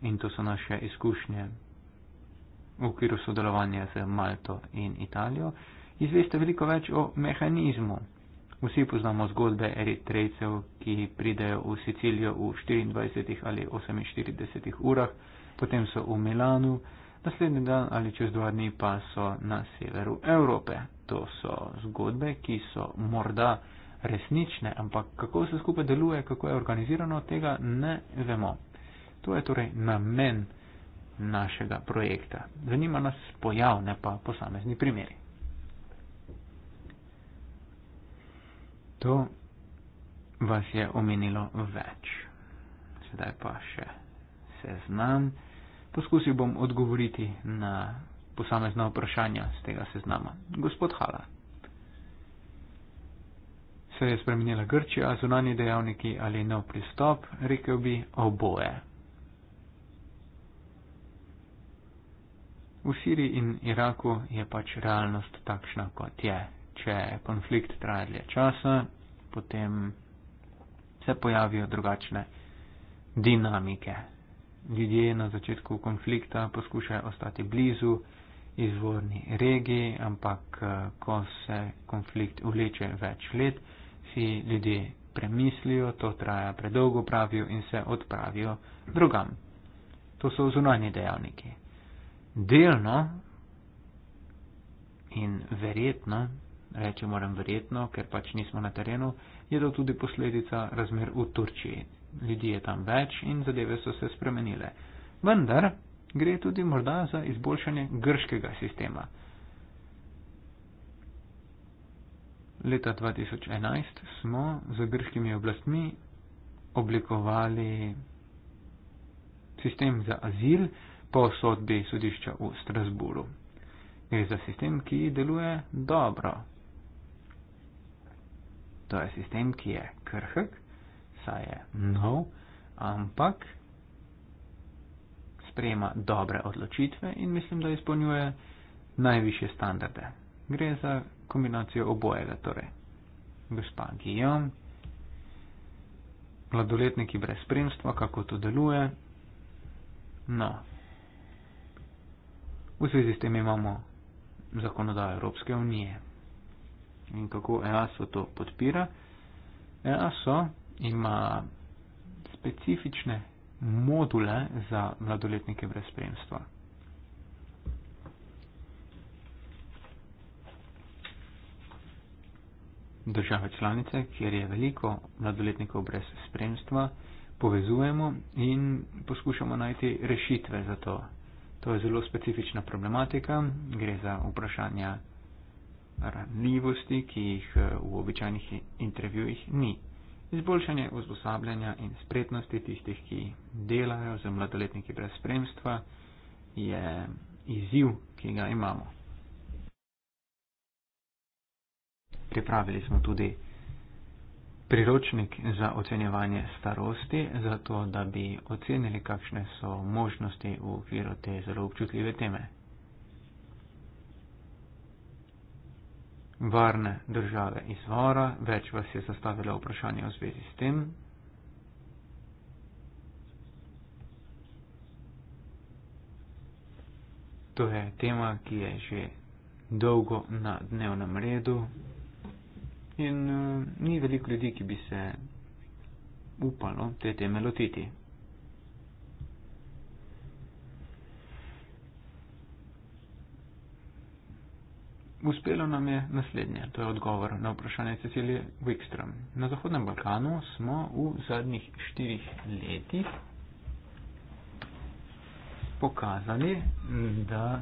in to so naše izkušnje v okviru sodelovanja z Malto in Italijo, izveste veliko več o mehanizmu Vsi poznamo zgodbe eritrejcev, ki pridejo v Sicilijo v 24 ali 48 urah, potem so v Milanu, naslednji dan ali čez dva dni pa so na severu Evrope. To so zgodbe, ki so morda resnične, ampak kako se skupaj deluje, kako je organizirano, tega ne vemo. To je torej namen našega projekta. Zanima nas pojav, ne pa posamezni primeri. To vas je omenilo več. Sedaj pa še seznam. Poskusil bom odgovoriti na posamezna vprašanja z tega seznama. Gospod Hala. Se je spremenila Grčija, zunani dejavniki ali nov pristop? Rekel bi oboje. V Siriji in Iraku je pač realnost takšna, kot je če konflikt traja dlje časa, potem se pojavijo drugačne dinamike. Ljudje na začetku konflikta poskušajo ostati blizu izvorni regiji, ampak eh, ko se konflikt vleče več let, si ljudje premislijo, to traja predolgo, pravijo in se odpravijo drugam. To so zunanji dejavniki. Delno in verjetno reče moram verjetno, ker pač nismo na terenu, je to tudi posledica razmer v Turčiji. Ljudi je tam več in zadeve so se spremenile. Vendar gre tudi morda za izboljšanje grškega sistema. Leta 2011 smo z grškimi oblastmi oblikovali sistem za azil po sodbi sodišča v Strasburu. Gre za sistem, ki deluje dobro, to je sistem, ki je krhk, saj je nov, ampak sprejema dobre odločitve in mislim, da izpolnjuje najviše standarde. Gre za kombinacijo obojega, torej gospa Gijom, mladoletniki brez spremstva, kako to deluje. No. V zvezi s tem imamo zakonodajo Evropske unije, in kako EASO to podpira. EASO ima specifične module za mladoletnike brez spremstva. Države članice, kjer je veliko mladoletnikov brez spremstva, povezujemo in poskušamo najti rešitve za to. To je zelo specifična problematika, gre za vprašanja ranljivosti, ki jih eh, v običajnih intervjujih ni. Izboljšanje usposabljanja in spretnosti tistih, ki delajo z mladoletniki brez spremstva, je izziv, ki ga imamo. Pripravili smo tudi priročnik za ocenjevanje starosti, zato da bi ocenili, kakšne so možnosti v okviru te zelo občutljive teme. varne države izvora, več vas je zastavilo vprašanje v zvezi s tem. To je tema, ki je že dolgo na dnevnem redu in uh, ni veliko ljudi, ki bi se upalo te teme lotiti. Uspelo nam je naslednje, to je odgovor na vprašanje Cecilije Wikström. Na Zahodnem Balkanu smo v zadnjih štirih letih pokazali, da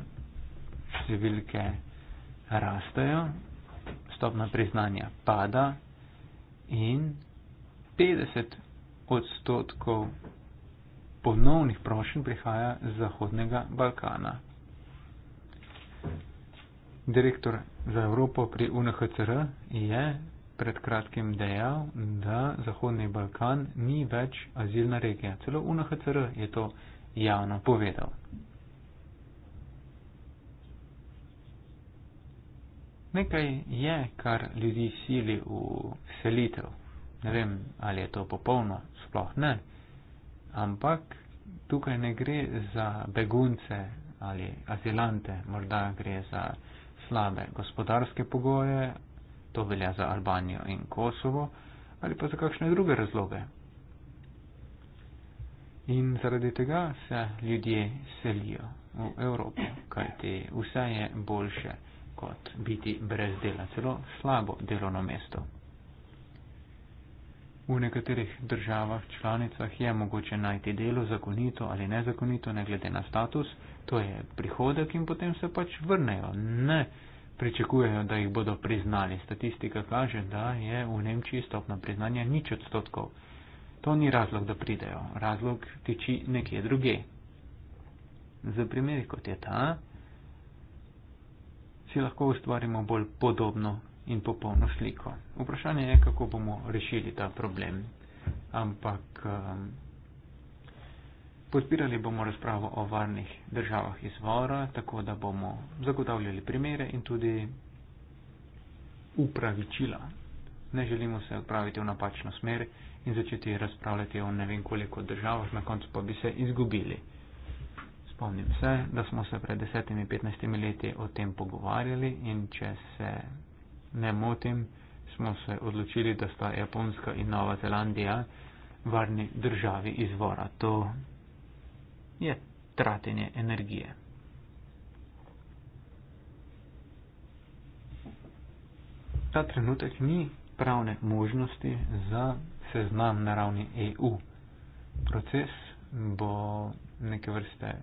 številke rastejo, stopna priznanja pada in 50 odstotkov ponovnih prošenj prihaja z Zahodnega Balkana direktor za Evropo pri UNHCR je pred kratkim dejal, da Zahodni Balkan ni več azilna regija. Celo UNHCR je to javno povedal. Nekaj je, kar ljudi sili v selitev. Ne vem, ali je to popolno, sploh ne. Ampak tukaj ne gre za begunce ali azilante, morda gre za slabe gospodarske pogoje, to velja za Albanijo in Kosovo, ali pa za kakšne druge razloge. In zaradi tega se ljudje selijo v Evropo, kajti vse je boljše kot biti brez dela, celo slabo delovno mesto. V nekaterih državah članicah je mogoče najti delo zakonito ali nezakonito, ne glede na status, to je prihodek in potem se pač vrnejo. Ne pričakujejo, da jih bodo priznali. Statistika kaže, da je v Nemčiji stopna priznanja nič odstotkov. To ni razlog, da pridejo. Razlog tiči nekje druge. Za primeri kot je ta, si lahko ustvarimo bolj podobno in popolno sliko. Vprašanje je, kako bomo rešili ta problem. Ampak. Um, Podpirali bomo razpravo o varnih državah izvora, tako da bomo zagotavljali primere in tudi upravičila. Ne želimo se odpraviti v napačno smer in začeti razpravljati o ne vem koliko državah, na koncu pa bi se izgubili. Spomnim se, da smo se pred 10-15 leti o tem pogovarjali in če se ne motim, smo se odločili, da sta Japonska in Nova Zelandija varni državi izvora. To je tratenje energije. Ta trenutek ni pravne možnosti za seznam na ravni EU. Proces bo neke vrste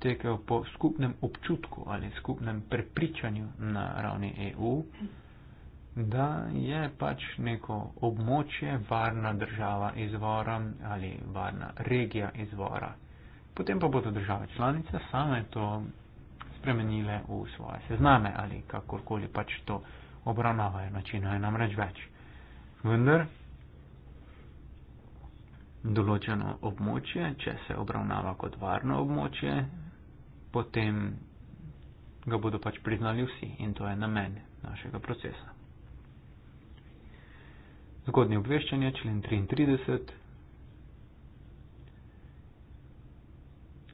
tekel po skupnem občutku ali skupnem prepričanju na ravni EU, da je pač neko območje varna država izvora ali varna regija izvora. Potem pa bodo države članice same to spremenile v svoje sezname ali kakorkoli pač to obravnavajo. Načina je namreč več. Vendar določeno območje, če se obravnava kot varno območje, potem ga bodo pač priznali vsi in to je namen našega procesa. Zgodnje obveščanje, člen 33.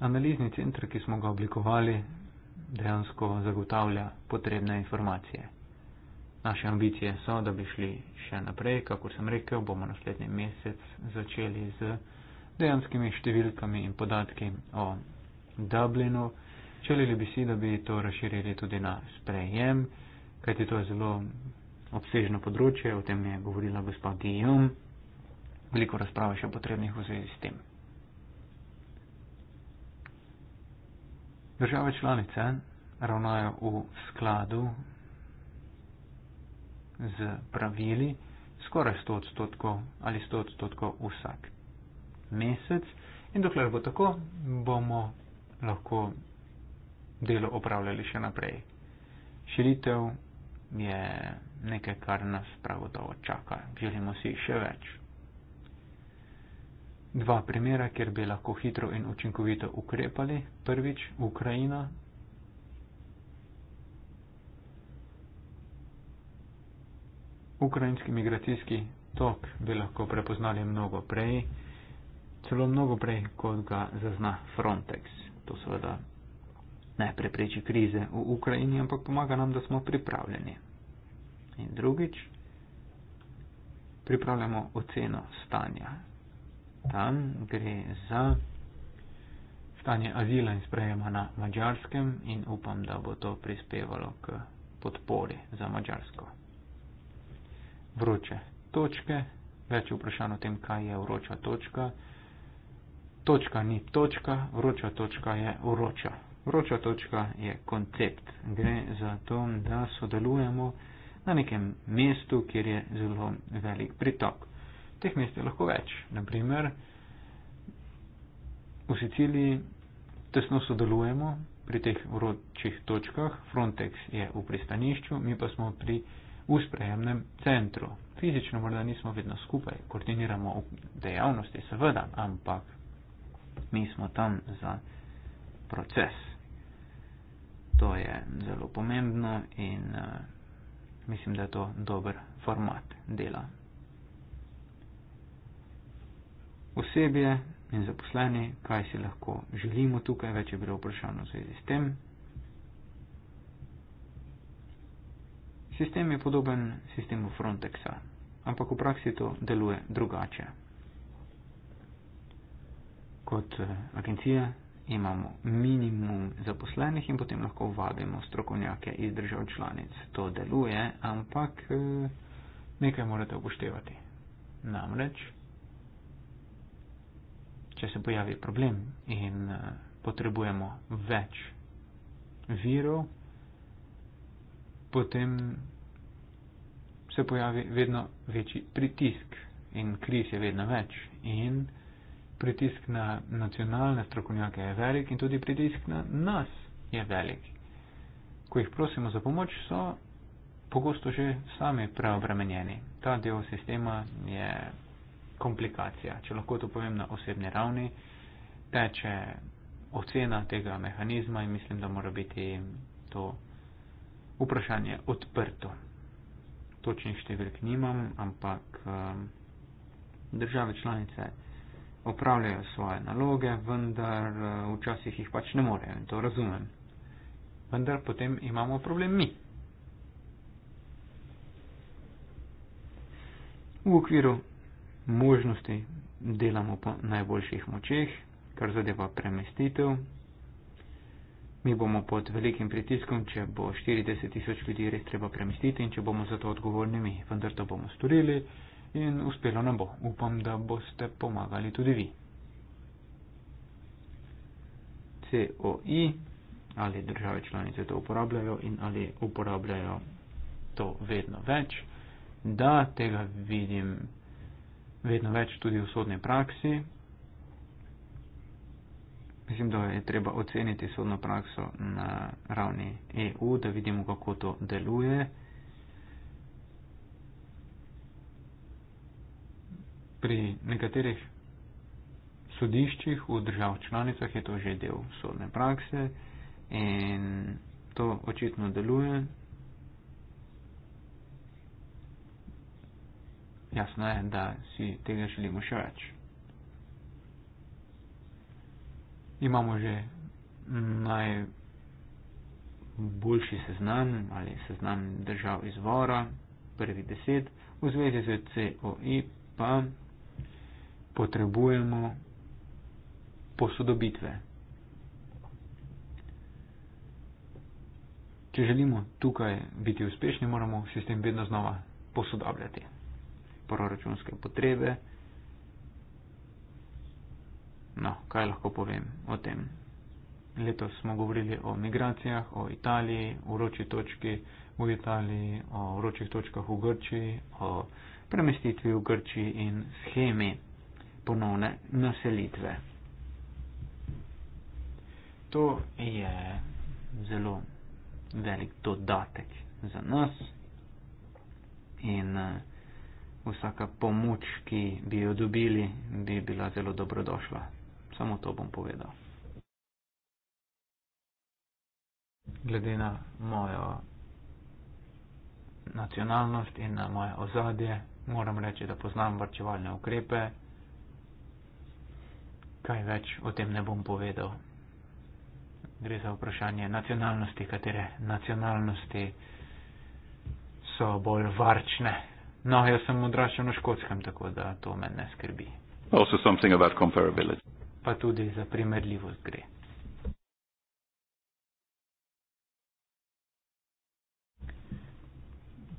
analizni center, ki smo ga oblikovali, dejansko zagotavlja potrebne informacije. Naše ambicije so, da bi šli še naprej, kako sem rekel, bomo naslednji mesec začeli z dejanskimi številkami in podatki o Dublinu. Želeli bi si, da bi to razširili tudi na sprejem, kajti to je zelo obsežno področje, o tem je govorila gospod Dijon, veliko razprave še potrebnih v zvezi s tem. Države članice ravnajo v skladu z pravili skoraj 100 odstotkov ali 100 odstotkov vsak mesec in dokler bo tako, bomo lahko delo opravljali še naprej. Širitev je nekaj, kar nas pravo dolgo čaka. Želimo si še več dva primera, kjer bi lahko hitro in učinkovito ukrepali. Prvič, Ukrajina. Ukrajinski migracijski tok bi lahko prepoznali mnogo prej, celo mnogo prej, kot ga zazna Frontex. To seveda ne prepreči krize v Ukrajini, ampak pomaga nam, da smo pripravljeni. In drugič, pripravljamo oceno stanja, tam gre za stanje azila in sprejema na mačarskem in upam, da bo to prispevalo k podpori za mačarsko. Vroče točke, več vprašanj o tem, kaj je vroča točka. Točka ni točka, vroča točka je vroča. Vroča točka je koncept. Gre za to, da sodelujemo na nekem mestu, kjer je zelo velik pritok. Teh mest je lahko več. Naprimer, v Siciliji tesno sodelujemo pri teh vročih točkah, Frontex je v pristanišču, mi pa smo pri usprejemnem centru. Fizično morda nismo vedno skupaj, koordiniramo dejavnosti, seveda, ampak mi smo tam za proces. To je zelo pomembno in uh, mislim, da je to dober format dela. osebje in zaposleni, kaj si lahko želimo tukaj, več je bilo vprašano v zvezi s tem. Sistem je podoben sistemu Frontexa, ampak v praksi to deluje drugače. Kot eh, agencija imamo minimum zaposlenih in potem lahko vabimo strokovnjake iz držav članic. To deluje, ampak eh, nekaj morate upoštevati. Namreč če se pojavi problem in eh, potrebujemo več virov, potem se pojavi vedno večji pritisk in kriz je vedno več in pritisk na nacionalne strokovnjake je velik in tudi pritisk na nas je velik. Ko jih prosimo za pomoč, so pogosto že sami preobremenjeni. Ta del sistema je komplikacija. Če lahko to povem na osebni ravni, teče ocena tega mehanizma in mislim, da mora biti to vprašanje odprto. Točnih številk nimam, ampak um, države članice opravljajo svoje naloge, vendar uh, včasih jih pač ne morejo in to razumem. Vendar potem imamo problem mi. V okviru možnosti, delamo po najboljših močeh, kar zadeva premestitev. Mi bomo pod velikim pritiskom, če bo 40 tisoč ljudi res treba premestiti in če bomo za to odgovorni mi, vendar to bomo storili in uspelo nam bo. Upam, da boste pomagali tudi vi. COI ali države članice to uporabljajo in ali uporabljajo to vedno več, da tega vidim vedno več tudi v sodni praksi. Mislim, da je treba oceniti sodno prakso na ravni EU, da vidimo, kako to deluje. Pri nekaterih sodiščih v držav članicah je to že del sodne prakse in to očitno deluje, jasno je, da si tega želimo še več. Imamo že najboljši seznam ali seznam držav izvora, prvi deset, v zvezi z COI e pa potrebujemo posodobitve. Če želimo tukaj biti uspešni, moramo sistem vedno znova posodabljati proračunske potrebe. No, kaj lahko povem o tem? Letos smo govorili o migracijah, o Italiji, o vroči točki v Italiji, o vročih točkah v Grčiji, o premestitvi v Grčiji in schemi ponovne naselitve. To je zelo velik dodatek za nas in eh, vsaka pomoč, ki bi jo dobili, bi bila zelo dobrodošla. Samo to bom povedal. Glede na mojo nacionalnost in na moje ozadje, moram reči, da poznam varčevalne ukrepe. Kaj več o tem ne bom povedal. Gre za vprašanje nacionalnosti, katere nacionalnosti so bolj varčne. No, jaz sem odraščal na škotskem, tako da to me ne skrbi. Pa tudi za primerljivost gre.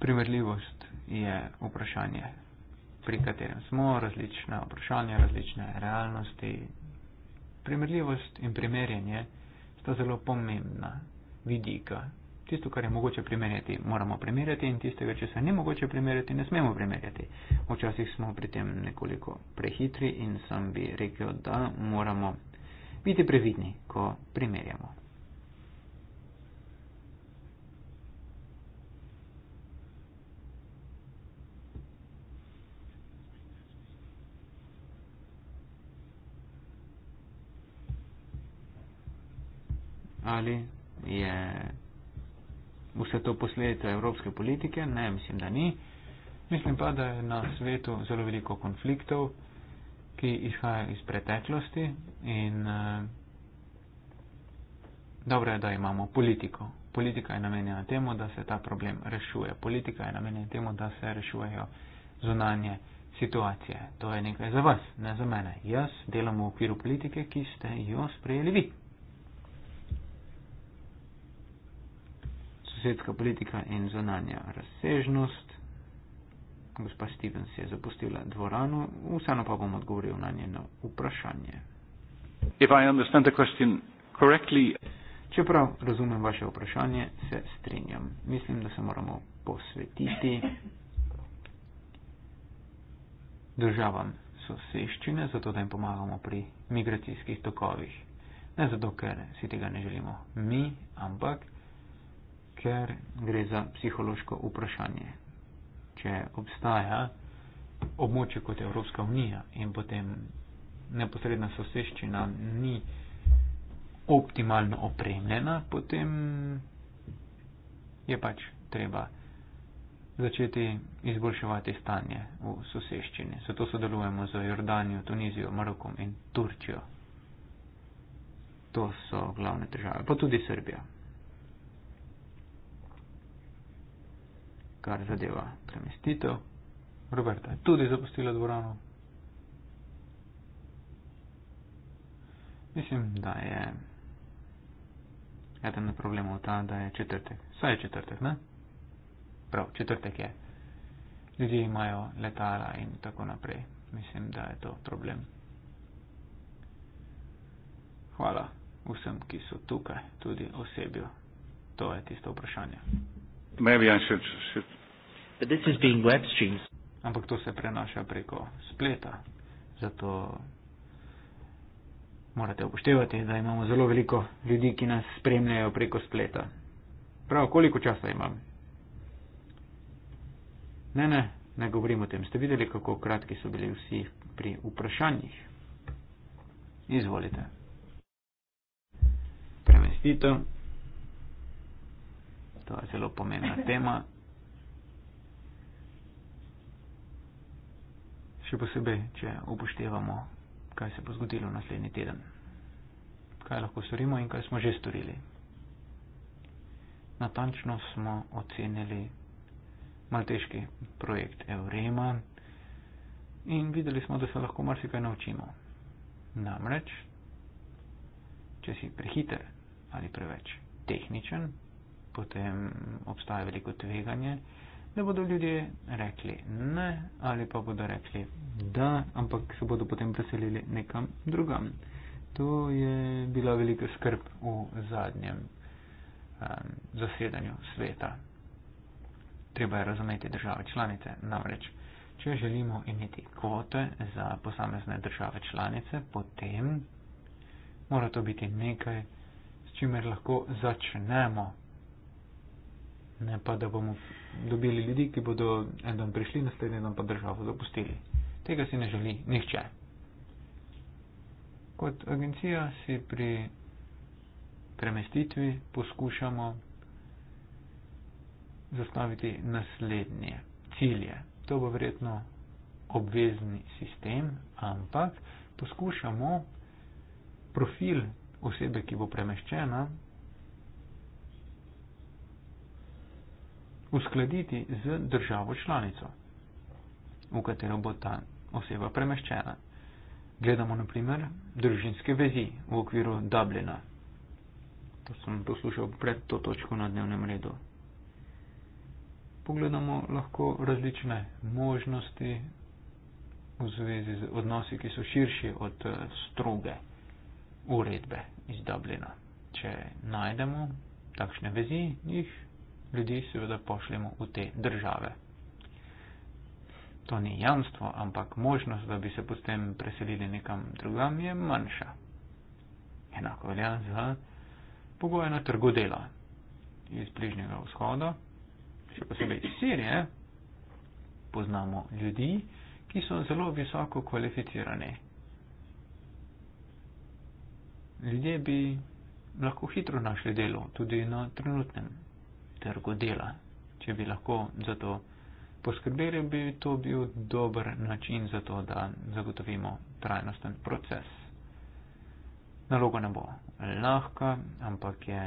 Primerljivost je vprašanje, pri katerem smo, različna vprašanja, različne realnosti. Primerljivost in primerjanje sta zelo pomembna vidika tisto, kar je mogoče primerjati, moramo primerjati in tistega, če se ni mogoče primerjati, ne smemo primerjati. Včasih smo pri tem nekoliko prehitri in sem bi rekel, da moramo biti previdni, ko primerjamo. Ali je yeah vse to posledica evropske politike? Ne, mislim, da ni. Mislim pa, da je na svetu zelo veliko konfliktov, ki izhajajo iz preteklosti in uh, dobro je, da imamo politiko. Politika je namenjena temu, da se ta problem rešuje. Politika je namenjena temu, da se rešujejo zunanje situacije. To je nekaj za vas, ne za mene. Jaz delam v okviru politike, ki ste jo sprejeli vi. svetska politika in zunanja razsežnost. Gospa Stevens je zapustila dvorano, vseeno pa bom odgovoril na njeno vprašanje. Če prav razumem vaše vprašanje, se strinjam. Mislim, da se moramo posvetiti državam soseščine, zato da jim pomagamo pri migracijskih tokovih. Ne zato, ker si tega ne želimo mi, ampak ker gre za psihološko vprašanje. Če obstaja območje kot Evropska unija in potem neposredna soseščina ni optimalno opremljena, potem je pač treba začeti izboljševati stanje v soseščini. Zato sodelujemo z Jordanijo, Tunizijo, Marokom in Turčijo. To so glavne države, pa tudi Srbija. kar zadeva premestitev. Roberta je tudi zapustila dvorano. Mislim, da je eden od problemov ta, da je četrtek. Saj je četrtek, ne? Prav, četrtek je. Ljudje imajo letala in tako naprej. Mislim, da je to problem. Hvala vsem, ki so tukaj, tudi osebju. To je tisto vprašanje. Ampak to se prenaša preko spleta. Zato morate upoštevati, da imamo zelo veliko ljudi, ki nas spremljajo preko spleta. Prav, koliko časa imam? Ne, ne, ne govorim o tem. Ste videli, kako kratki so bili vsi pri vprašanjih? Izvolite. Premestitev to je zelo pomembna tema. Še posebej, če upoštevamo, kaj se bo zgodilo naslednji teden, kaj lahko storimo in kaj smo že storili. Natančno smo ocenili malteški projekt Eurema in videli smo, da se lahko marsikaj naučimo. Namreč, če si prehiter ali preveč tehničen, potem obstaja veliko tveganje, da bodo ljudje rekli ne ali pa bodo rekli da, ampak se bodo potem preselili nekam drugam. To je bila velika skrb v zadnjem um, zasedanju sveta. Treba je razumeti države članice. Namreč, če želimo imeti kvote za posamezne države članice, potem mora to biti nekaj, s čimer lahko začnemo ne pa da bomo dobili ljudi, ki bodo en dan prišli, naslednji dan pa državo zapustili. Tega si ne želi nihče. Kot agencija si pri premestitvi poskušamo zastaviti naslednje cilje. To bo verjetno obvezni sistem, ampak poskušamo profil osebe, ki bo premeščena, uskladiti z državo članico, v katero bo ta oseba premeščena. Gledamo naprimer družinske vezi v okviru Dublina. To sem poslušal pred to točko na dnevnem redu. Pogledamo lahko različne možnosti v zvezi z odnosi, ki so širši od eh, stroge uredbe iz Dublina. Če najdemo takšne vezi, jih ljudi seveda pošljemo v te države. To ni jamstvo, ampak možnost, da bi se potem preselili nekam drugam, je manjša. Enako velja za pogoje na trgu dela iz bližnjega vzhoda, še posebej iz Sirije, poznamo ljudi, ki so zelo visoko kvalificirani. Ljudje bi lahko hitro našli delo tudi na trenutnem trgu dela. Če bi lahko za to poskrbeli, bi to bil dober način za to, da zagotovimo trajnosten proces. Naloga ne bo lahka, ampak je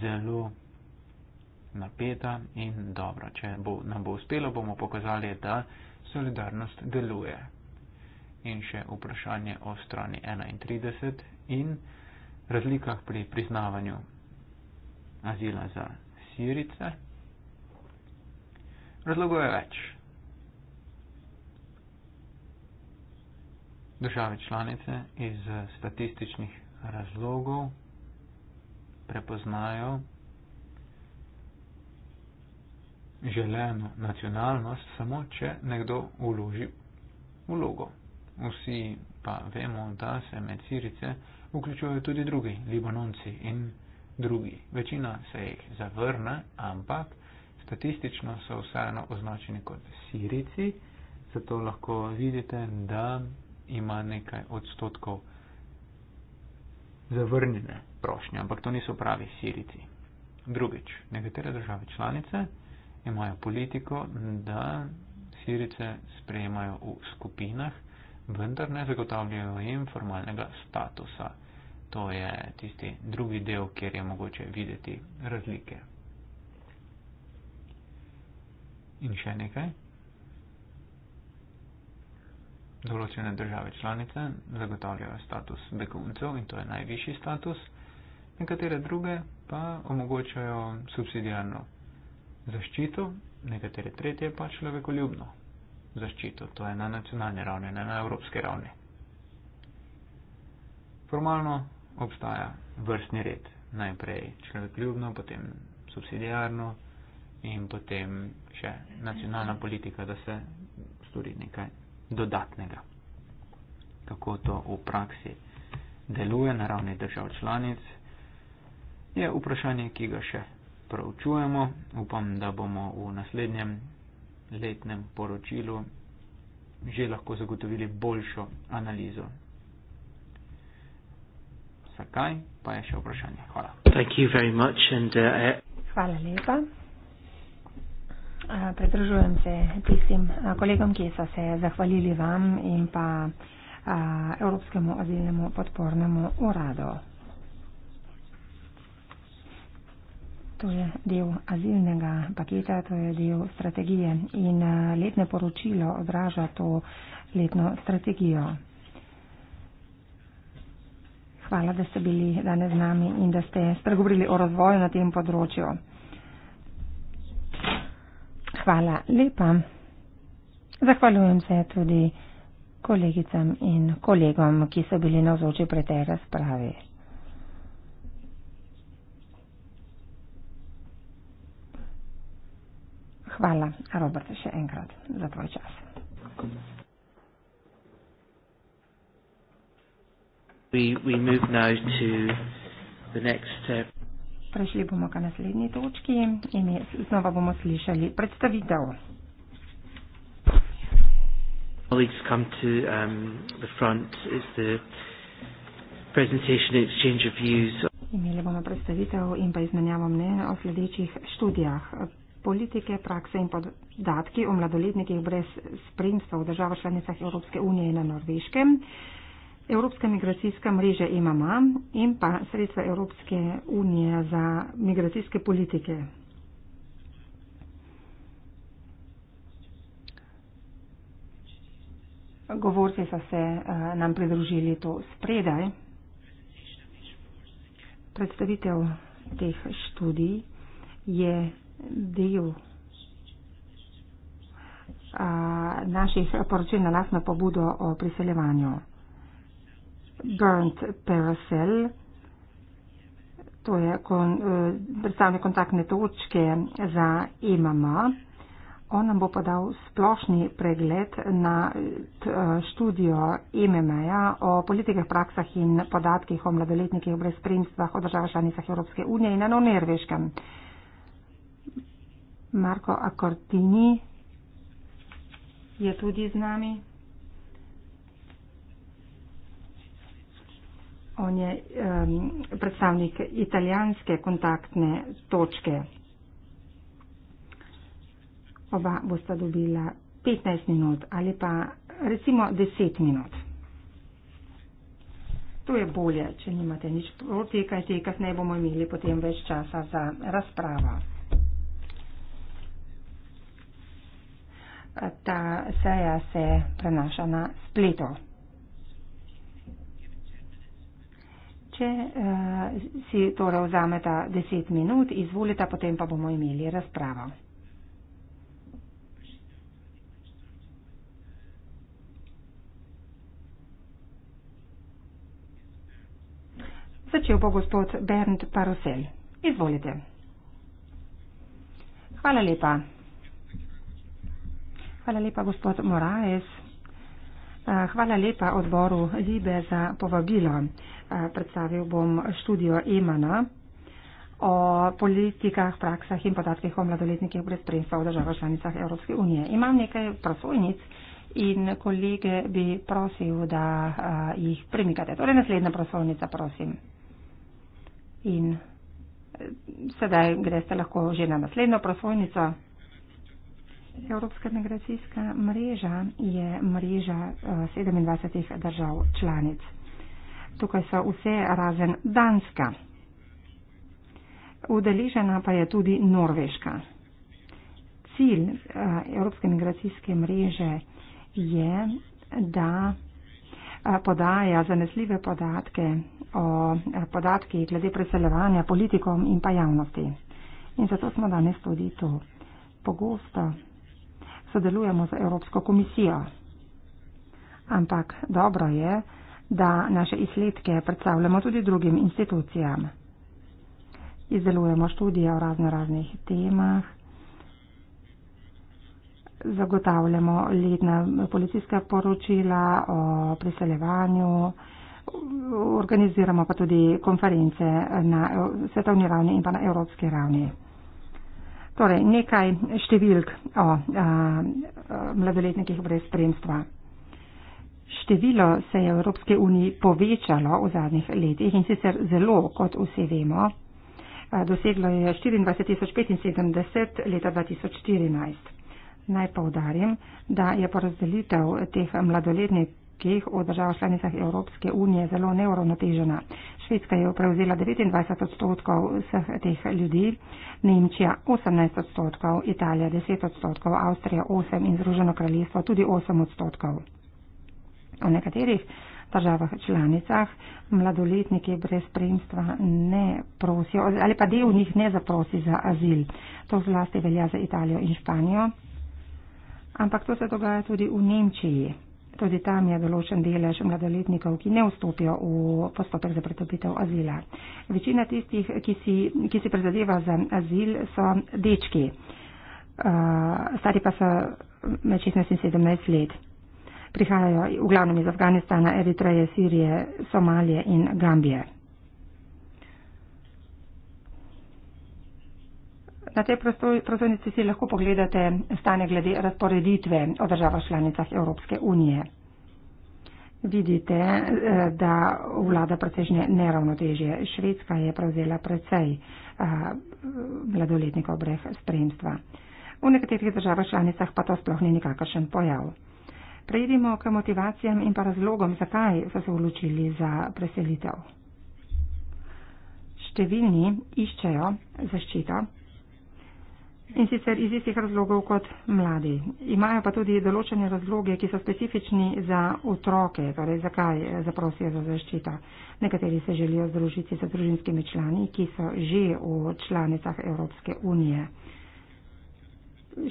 zelo napeta in dobra. Če bo, nam bo uspelo, bomo pokazali, da solidarnost deluje. In še vprašanje o strani 31 in razlikah pri priznavanju azila za štirice. Razlogov je več. Države članice iz statističnih razlogov prepoznajo želeno nacionalnost samo, če nekdo uloži vlogo. Vsi pa vemo, da se med Sirice vključujejo tudi drugi, Libanonci in Libanonci drugi. Večina se jih zavrne, ampak statistično so vseeno označeni kot sirici, zato lahko vidite, da ima nekaj odstotkov zavrnjene prošnje, ampak to niso pravi sirici. Drugič, nekatere države članice imajo politiko, da sirice sprejemajo v skupinah, vendar ne zagotavljajo jim formalnega statusa to je tisti drugi del, kjer je mogoče videti razlike. In še nekaj. Določene države članice zagotavljajo status beguncev in to je najvišji status, nekatere druge pa omogočajo subsidijarno zaščito, nekatere tretje pa človekoljubno zaščito, to je na nacionalni ravni, ne na evropski ravni. Formalno obstaja vrstni red. Najprej človekljubno, potem subsidijarno in potem še nacionalna politika, da se stori nekaj dodatnega. Kako to v praksi deluje na ravni držav članic, je vprašanje, ki ga še proučujemo. Upam, da bomo v naslednjem letnem poročilu že lahko zagotovili boljšo analizo zakaj, pa je še vprašanje. Hvala. Much, and, uh, Hvala lepa. Pridružujem se tistim kolegom, ki so se zahvalili vam in pa Evropskemu azilnemu podpornemu uradu. To je del azilnega paketa, to je del strategije in letne poročilo odraža to letno strategijo. Hvala, da ste bili danes z nami in da ste spregovorili o razvoju na tem področju. Hvala lepa. Zahvaljujem se tudi kolegicam in kolegom, ki so bili na vzoči pri tej razpravi. Hvala, Robert, še enkrat za tvoj čas. We, we move now to the next, uh, Prešli bomo k naslednji točki in znova bomo slišali predstavitev. Um, Imeli bomo predstavitev in pa izmenjavo mnenja o sledečih študijah politike, prakse in podatki o mladoletnikih brez spremstva v državah članicah Evropske unije in na Norveškem. Uh, Evropska migracijska mreža EMAMA in pa sredstva Evropske unije za migracijske politike. Govorci so se uh, nam pridružili to spredaj. Predstavitev teh študij je del uh, naših poročil na lasno pobudo o priseljevanju. Burnt Paracel, to je kon, eh, predstavne kontaktne točke za EMA. On nam bo podal splošni pregled na eh, študijo e MMA o politikah, praksah in podatkih o mladoletnikih v brezprinstvah v državah članicah Evropske unije in na Norveškem. Marko Akortini je tudi z nami. on je um, predstavnik italijanske kontaktne točke. Oba bosta dobila 15 minut ali pa recimo 10 minut. To je bolje, če nimate nič proti, kaj te, kaj ne bomo imeli potem več časa za razpravo. Ta seja se prenaša na spletu. če uh, si torej vzameta 10 minut, izvolite, potem pa bomo imeli razpravo. Začel bo gospod Bernd Parosel. Izvolite. Hvala lepa. Hvala lepa, gospod Moraes. Hvala lepa odboru Libe za povabilo. Predstavil bom študijo Emana o politikah, praksah in podatkih o mladoletnikih brez spremstva v državah članicah Evropske unije. Imam nekaj prosojnic in kolege bi prosil, da jih premikate. Torej naslednja prosojnica, prosim. In e, sedaj greste lahko že na naslednjo prosojnico. Evropska migracijska mreža je mreža 27 eh, držav članic. Tukaj so vse razen Danska. Udeležena pa je tudi Norveška. Cilj eh, Evropske migracijske mreže je, da eh, podaja zanesljive podatke o podatkih glede preseljevanja politikom in pa javnosti. In zato smo danes tudi tu. Pogosto sodelujemo z Evropsko komisijo. Ampak dobro je, da naše izsledke predstavljamo tudi drugim institucijam. Izdelujemo študije o razno raznih temah, zagotavljamo letna policijska poročila o priseljevanju, organiziramo pa tudi konference na eh, svetovni ravni in pa na evropski ravni. Torej, nekaj številk o a, a, mladoletnikih brez spremstva. Število se je v Evropske uniji povečalo v zadnjih letih in sicer zelo, kot vse vemo. Doseglo je 24.075 leta 2014. Naj poudarim, da je porazdelitev teh mladoletnikov podatkih o državah članicah Evropske unije zelo neuravnotežena. Švedska je prevzela 29 odstotkov vseh teh ljudi, Nemčija 18 odstotkov, Italija 10 odstotkov, Avstrija 8 in Združeno kraljestvo tudi 8 odstotkov. V nekaterih državah članicah mladoletniki brez spremstva ne prosijo ali pa del njih ne zaprosi za azil. To zlasti velja za Italijo in Španijo. Ampak to se dogaja tudi v Nemčiji. Tudi tam je določen delež mladoletnikov, ki ne vstopijo v postopek za pretopitev azila. Večina tistih, ki si, ki si prizadeva za azil, so dečki. Uh, stari pa so med 16 in 17 let. Prihajajo v glavnem iz Afganistana, Eritreje, Sirije, Somalije in Gambije. Na tej prosojnici si lahko pogledate stanje glede razporeditve o državah članicah Evropske unije. Vidite, eh, da vlada precejšnje neravnotežje. Švedska je prevzela precej eh, mladoletnikov breh spremstva. V nekaterih državah članicah pa to sploh ni nikakršen pojav. Prejdimo k motivacijam in pa razlogom, zakaj so se odločili za preselitev. Številni iščejo zaščito In sicer iz istih razlogov kot mladi. Imajo pa tudi določene razloge, ki so specifični za otroke, torej zakaj eh, zaprosijo za zaščito. Nekateri se želijo združiti s družinskimi člani, ki so že v članicah Evropske unije.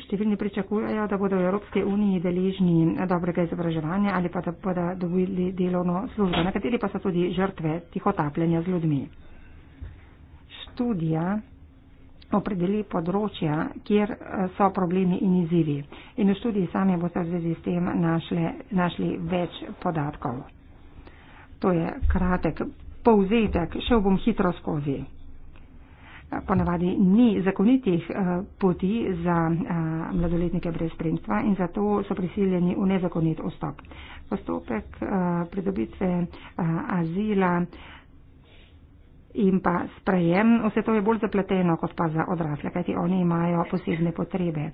Številni pričakujejo, da bodo v Evropske uniji deležni dobrega izobraževanja ali pa da bodo dobili delovno službo. Nekateri pa so tudi žrtve tihotapljanja z ljudmi. Študija opredeli področja, kjer eh, so problemi in izzivi. In v študiji sami boste v zvezi s tem našle, našli več podatkov. To je kratek povzetek, šel bom hitro skozi. Eh, ponavadi ni zakonitih eh, poti za mladoletnike brez spremstva in zato so prisiljeni v nezakonit vstop. Postopek pridobitve azila in pa sprejem, vse to je bolj zapleteno kot pa za odrasle, kajti oni imajo posebne potrebe.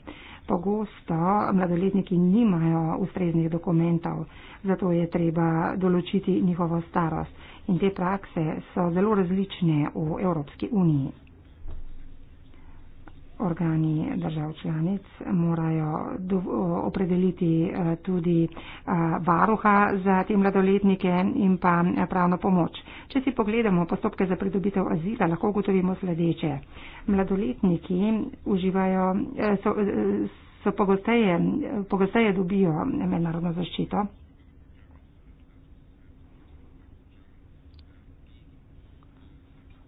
Pogosto mladoletniki nimajo ustreznih dokumentov, zato je treba določiti njihovo starost. In te prakse so zelo različne v Evropski uniji organi držav članic morajo opredeliti eh, tudi eh, varuha za te mladoletnike in pa eh, pravno pomoč. Če si pogledamo postopke za pridobitev azila, lahko ugotovimo sledeče. Mladoletniki uživajo, so, so pogosteje, pogosteje dobijo mednarodno zaščito.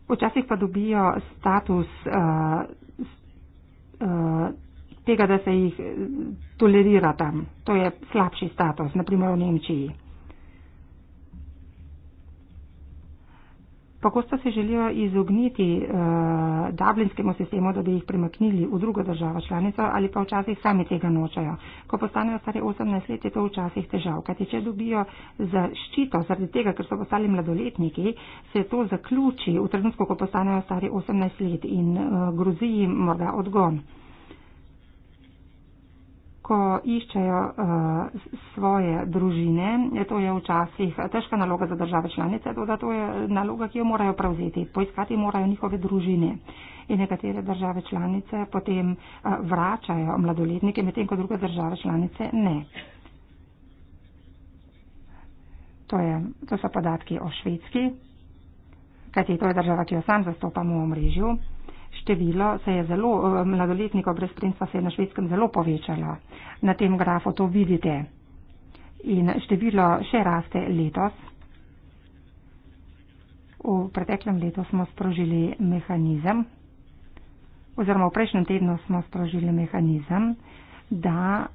Včasih pa dobijo status uh, Eh, tega, da se jih tolerira tam. To je slabši status, naprimer v Nemčiji. Pogosto se želijo izogniti uh, dublinskemu sistemu, da bi jih premaknili v drugo državo članico ali pa včasih sami tega nočajo. Ko postanejo stare 18 let, je to včasih težav. Kajti, če dobijo zaščito zaradi tega, ker so postali mladoletniki, se to zaključi v trenutku, ko postanejo stare 18 let in uh, grozi jim morda odgon ko iščejo eh, svoje družine. To je včasih težka naloga za države članice, to, to je naloga, ki jo morajo prevzeti. Poiskati morajo njihove družine. In nekatere države članice potem eh, vračajo mladoletnike, medtem ko druge države članice ne. To, je, to so podatki o Švedski, kajti to je država, ki jo sam zastopamo v omrežju število se je zelo, eh, mladoletnikov brez spremstva se je na švedskem zelo povečalo. Na tem grafu to vidite. In število še raste letos. V preteklem letu smo sprožili mehanizem, oziroma v prejšnjem tednu smo sprožili mehanizem, da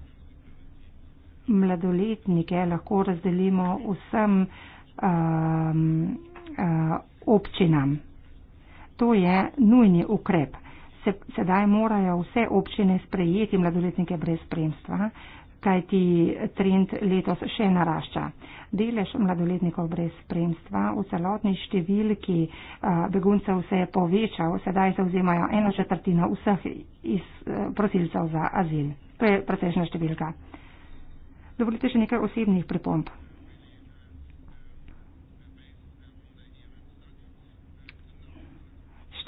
mladoletnike lahko razdelimo vsem um, um, občinam to je nujni ukrep. Sedaj morajo vse občine sprejeti mladoletnike brez spremstva, kajti trend letos še narašča. Delež mladoletnikov brez spremstva v celotni številki beguncev se je povečal, sedaj zauzemajo eno četrtino vseh iz prosilcev za azil. To je presežna številka. Dovolite še nekaj osebnih pripomp.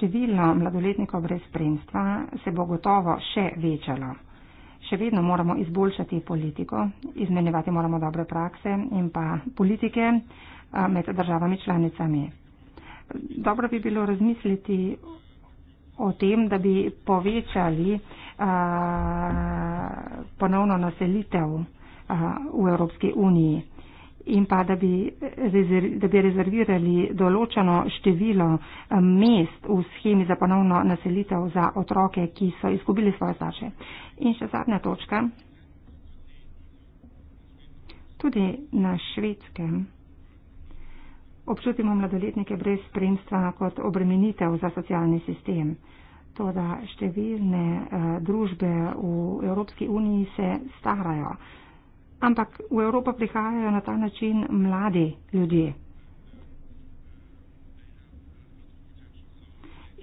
Število mladoletnikov brez spremstva se bo gotovo še večalo. Še vedno moramo izboljšati politiko, izmenjevati moramo dobre prakse in pa politike med državami članicami. Dobro bi bilo razmisliti o tem, da bi povečali a, ponovno naselitev a, v Evropski uniji in pa da bi, rezer, da bi rezervirali določeno število eh, mest v schemi za ponovno naselitev za otroke, ki so izgubili svoje starše. In še zadnja točka. Tudi na švedskem občutimo mladoletnike brez spremstva kot obremenitev za socialni sistem. To, da številne eh, družbe v Evropski uniji se starajo. Ampak v Evropo prihajajo na ta način mladi ljudje.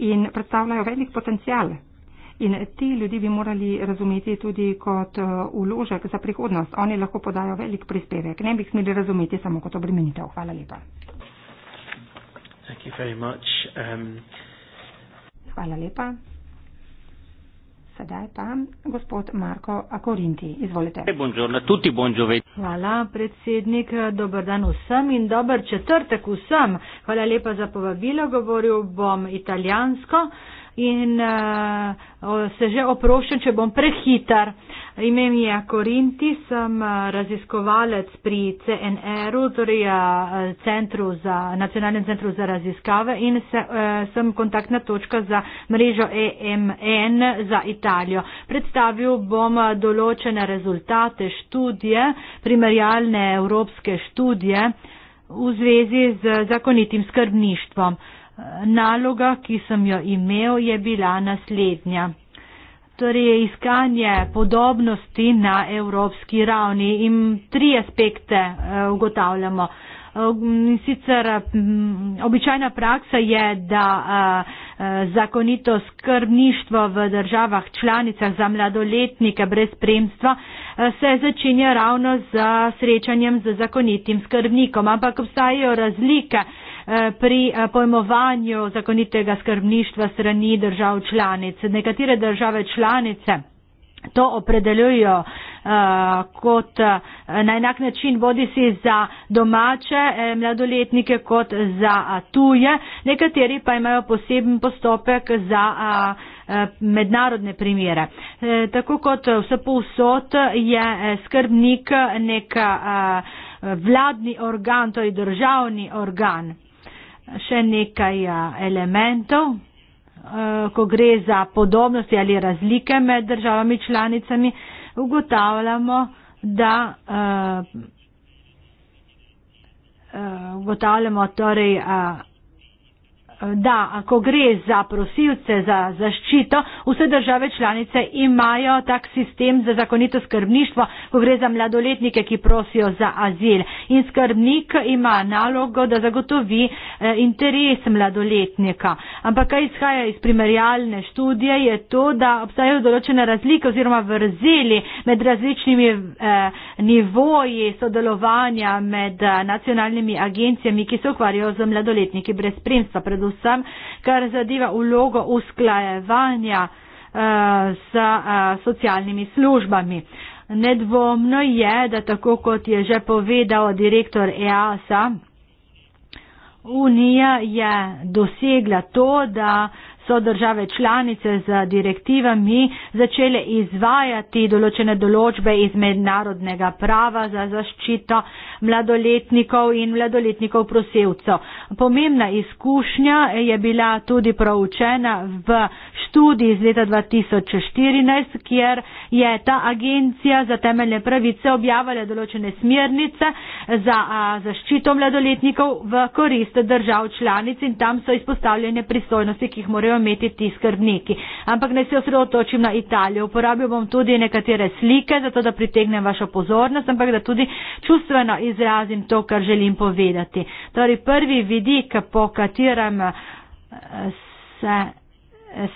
In predstavljajo velik potencial. In ti ljudi bi morali razumeti tudi kot uložek eh, za prihodnost. Oni lahko podajo velik prispevek. Ne bi jih smeli razumeti samo kot obremenitev. Hvala lepa. Um, Hvala lepa. Sedaj pa gospod Marko Akorinti. Izvolite. E, Hvala, predsednik. Dobar dan vsem in dober četrtek vsem. Hvala lepa za povabilo. Govoril bom italijansko in uh, se že oprošen, če bom prehitar. Ime mi je Korinti, sem eh, raziskovalec pri CNR-u, torej eh, centru za, nacionalnem centru za raziskave in se, uh, sem kontaktna točka za mrežo EMN za Italijo. Predstavil bom določene rezultate študije, primerjalne evropske študije v zvezi z zakonitim skrbništvom. Uh, naloga, ki sem jo imel, je bila naslednja. Torej je iskanje podobnosti na evropski ravni in tri aspekte eh, ugotavljamo. Eh, sicer mm, običajna praksa je, da eh, zakonito skrbništvo v državah članicah za mladoletnike brez spremstva se začenja ravno z srečanjem z zakonitim skrbnikom, ampak obstajajo razlike. Eh, pri eh, pojmovanju zakonitega skrbništva strani držav članic. Nekatere države članice to opredeljujo eh, kot na enak način bodi si za domače mladoletnike kot za tuje. Nekateri pa imajo poseben postopek za mednarodne primere. Tako kot vse povsod je skrbnik nek vladni organ, to je državni organ še nekaj elementov, e, ko gre za podobnosti ali razlike med državami članicami, ugotavljamo, da e, e, ugotavljamo torej. A, da ko gre za prosilce za zaščito, vse države članice imajo tak sistem za zakonito skrbništvo, ko gre za mladoletnike, ki prosijo za azil. In skrbnik ima nalogo, da zagotovi eh, interes mladoletnika. Ampak kaj izhaja iz primerjalne študije je to, da obstajajo določene razlike oziroma vrzeli med različnimi eh, nivoji sodelovanja med eh, nacionalnimi agencijami, ki se ukvarjajo z mladoletniki brez spremstva. Predvsem predvsem, kar zadeva ulogo usklajevanja eh, s eh, socialnimi službami. Nedvomno je, da tako kot je že povedal direktor EASA, Unija je dosegla to, da uh, so države članice z direktivami začele izvajati določene določbe iz mednarodnega prava za zaščito mladoletnikov in mladoletnikov prosevcev. Pomembna izkušnja je bila tudi proučena v študiji iz leta 2014, kjer je ta agencija za temeljne pravice objavila določene smernice za zaščito mladoletnikov v korist držav članic in tam so izpostavljene pristojnosti, ki jih morajo imeti ti skrbniki. Ampak naj se osredotočim na Italijo. Uporabil bom tudi nekatere slike, zato da pritegnem vašo pozornost, ampak da tudi čustveno izrazim to, kar želim povedati. Torej, prvi vidik, po katerem eh, se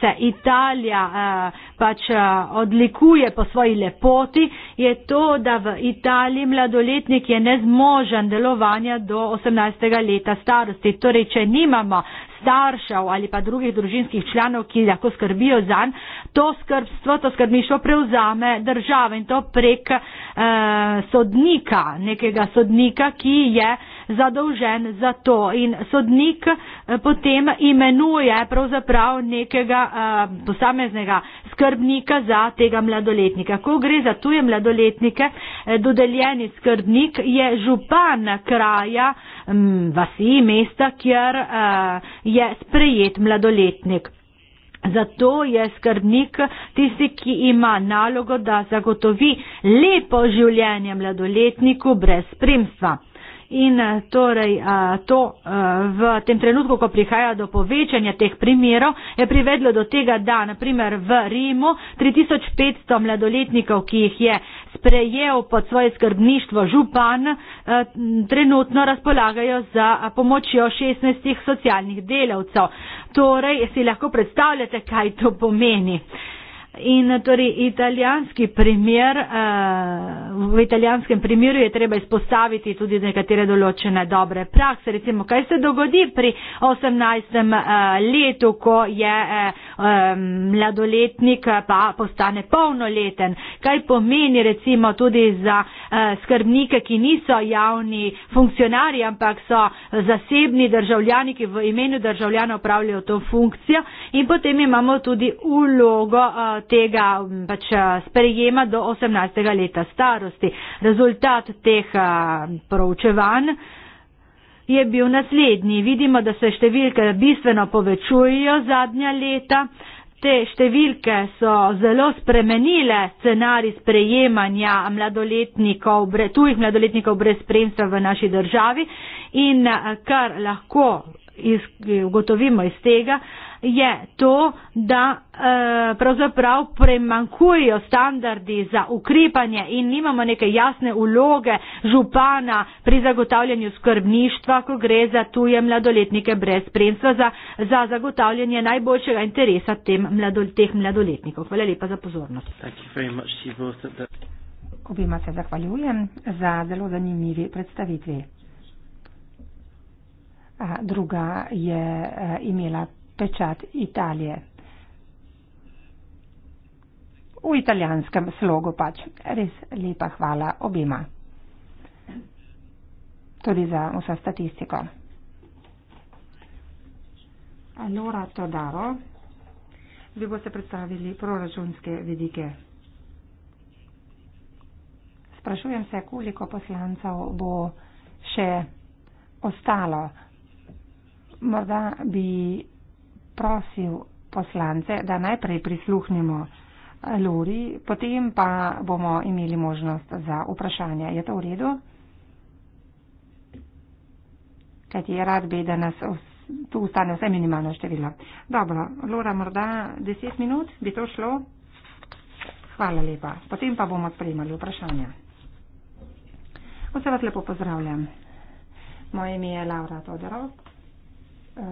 se Italija eh, pač eh, odlikuje po svoji lepoti, je to, da v Italiji mladoletnik je nezmožen delovanja do 18. leta starosti. Torej, če nimamo staršev ali pa drugih družinskih članov, ki lahko skrbijo za to skrbstvo, to skrbništvo prevzame država in to prek eh, sodnika, nekega sodnika, ki je zadolžen za to. In sodnik eh, potem imenuje pravzaprav nekega eh, posameznega skrbnika za tega mladoletnika. Ko gre za tuje mladoletnike, eh, dodeljeni skrbnik je župan kraja, eh, vasi, mesta, kjer je sprejet mladoletnik. Zato je skrbnik tisti, ki ima nalogo, da zagotovi lepo življenje mladoletniku brez spremstva in eh, torej eh, to eh, v tem trenutku, ko prihaja do povečanja teh primerov, je privedlo do tega, da naprimer v Rimu 3500 mladoletnikov, ki jih je sprejel pod svoje skrbništvo župan, trenutno razpolagajo za pomočjo 16 socialnih delavcev. Torej si lahko predstavljate, kaj to pomeni. In torej italijanski primer, eh, v italijanskem primeru je treba izpostaviti tudi nekatere določene dobre prakse. Recimo, kaj se dogodi pri 18. Eh, letu, ko je eh, mladoletnik pa postane polnoleten. Kaj pomeni recimo tudi za skrbnike, ki niso javni funkcionarji, ampak so zasebni državljani, ki v imenu državljana upravljajo to funkcijo. In potem imamo tudi ulogo tega mm, pač eh, sprejema do 18. leta starosti. Rezultat teh eh, proučevanj je bil naslednji. Vidimo, da se številke bistveno povečujejo zadnja leta. Te številke so zelo spremenile scenarij sprejemanja mladoletnikov, tujih mladoletnikov brez spremstva v naši državi in eh, kar lahko ugotovimo iz tega, je to, da uh, pravzaprav premankujejo standardi za ukrepanje in nimamo neke jasne uloge župana pri zagotavljanju skrbništva, ko gre za tuje mladoletnike brez spremstva, za, za zagotavljanje najboljšega interesa tem mladol, teh mladoletnikov. Hvala lepa za pozornost. Obima se zahvaljujem za zelo zanimivi predstavitvi. Druga je eh, imela pečat Italije. V italijanskem slogu pač. Res lepa hvala obima. Tudi za vso statistiko. Alora Todaro, vi boste predstavili proračunske vidike. Sprašujem se, koliko poslancev bo še ostalo. Morda bi prosil poslance, da najprej prisluhnimo Lori, potem pa bomo imeli možnost za vprašanja. Je to v redu? Kajti rad bi, da nas tu ustane vse minimalno število. Dobro, Lora, morda 10 minut bi to šlo. Hvala lepa. Potem pa bomo sprejemali vprašanja. Vse vas lepo pozdravljam. Moje ime je Laura Todorov. Eh,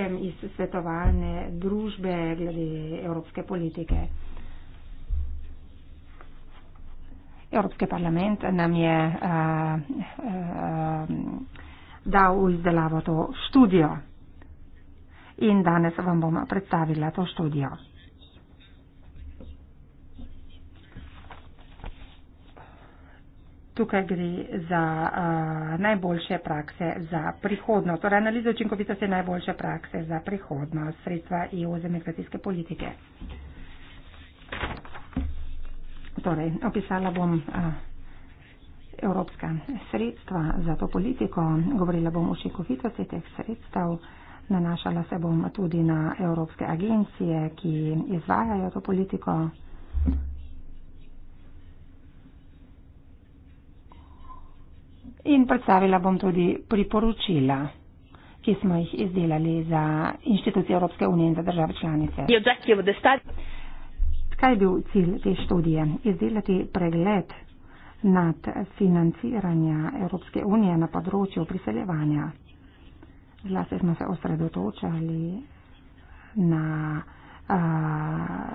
gostem iz svetovalne družbe glede evropske politike. Evropski parlament nam je a, eh, a, eh, dal v izdelavo to študijo in danes vam bom predstavila to študijo. tukaj gre za uh, najboljše prakse za prihodnost. Torej, analiza učinkovitosti najboljše prakse za prihodnost sredstva EU za migracijske politike. Torej, opisala bom uh, evropska sredstva za to politiko, govorila bom o učinkovitosti teh sredstev, nanašala se bom tudi na evropske agencije, ki izvajajo to politiko. in predstavila bom tudi priporočila ki smo jih izdelali za inštitucije Evropske unije in za države članice. Kaj je bil cilj te študije? Izdelati pregled nad financiranja Evropske unije na področju priseljevanja. Zlasti smo se osredotočali na a,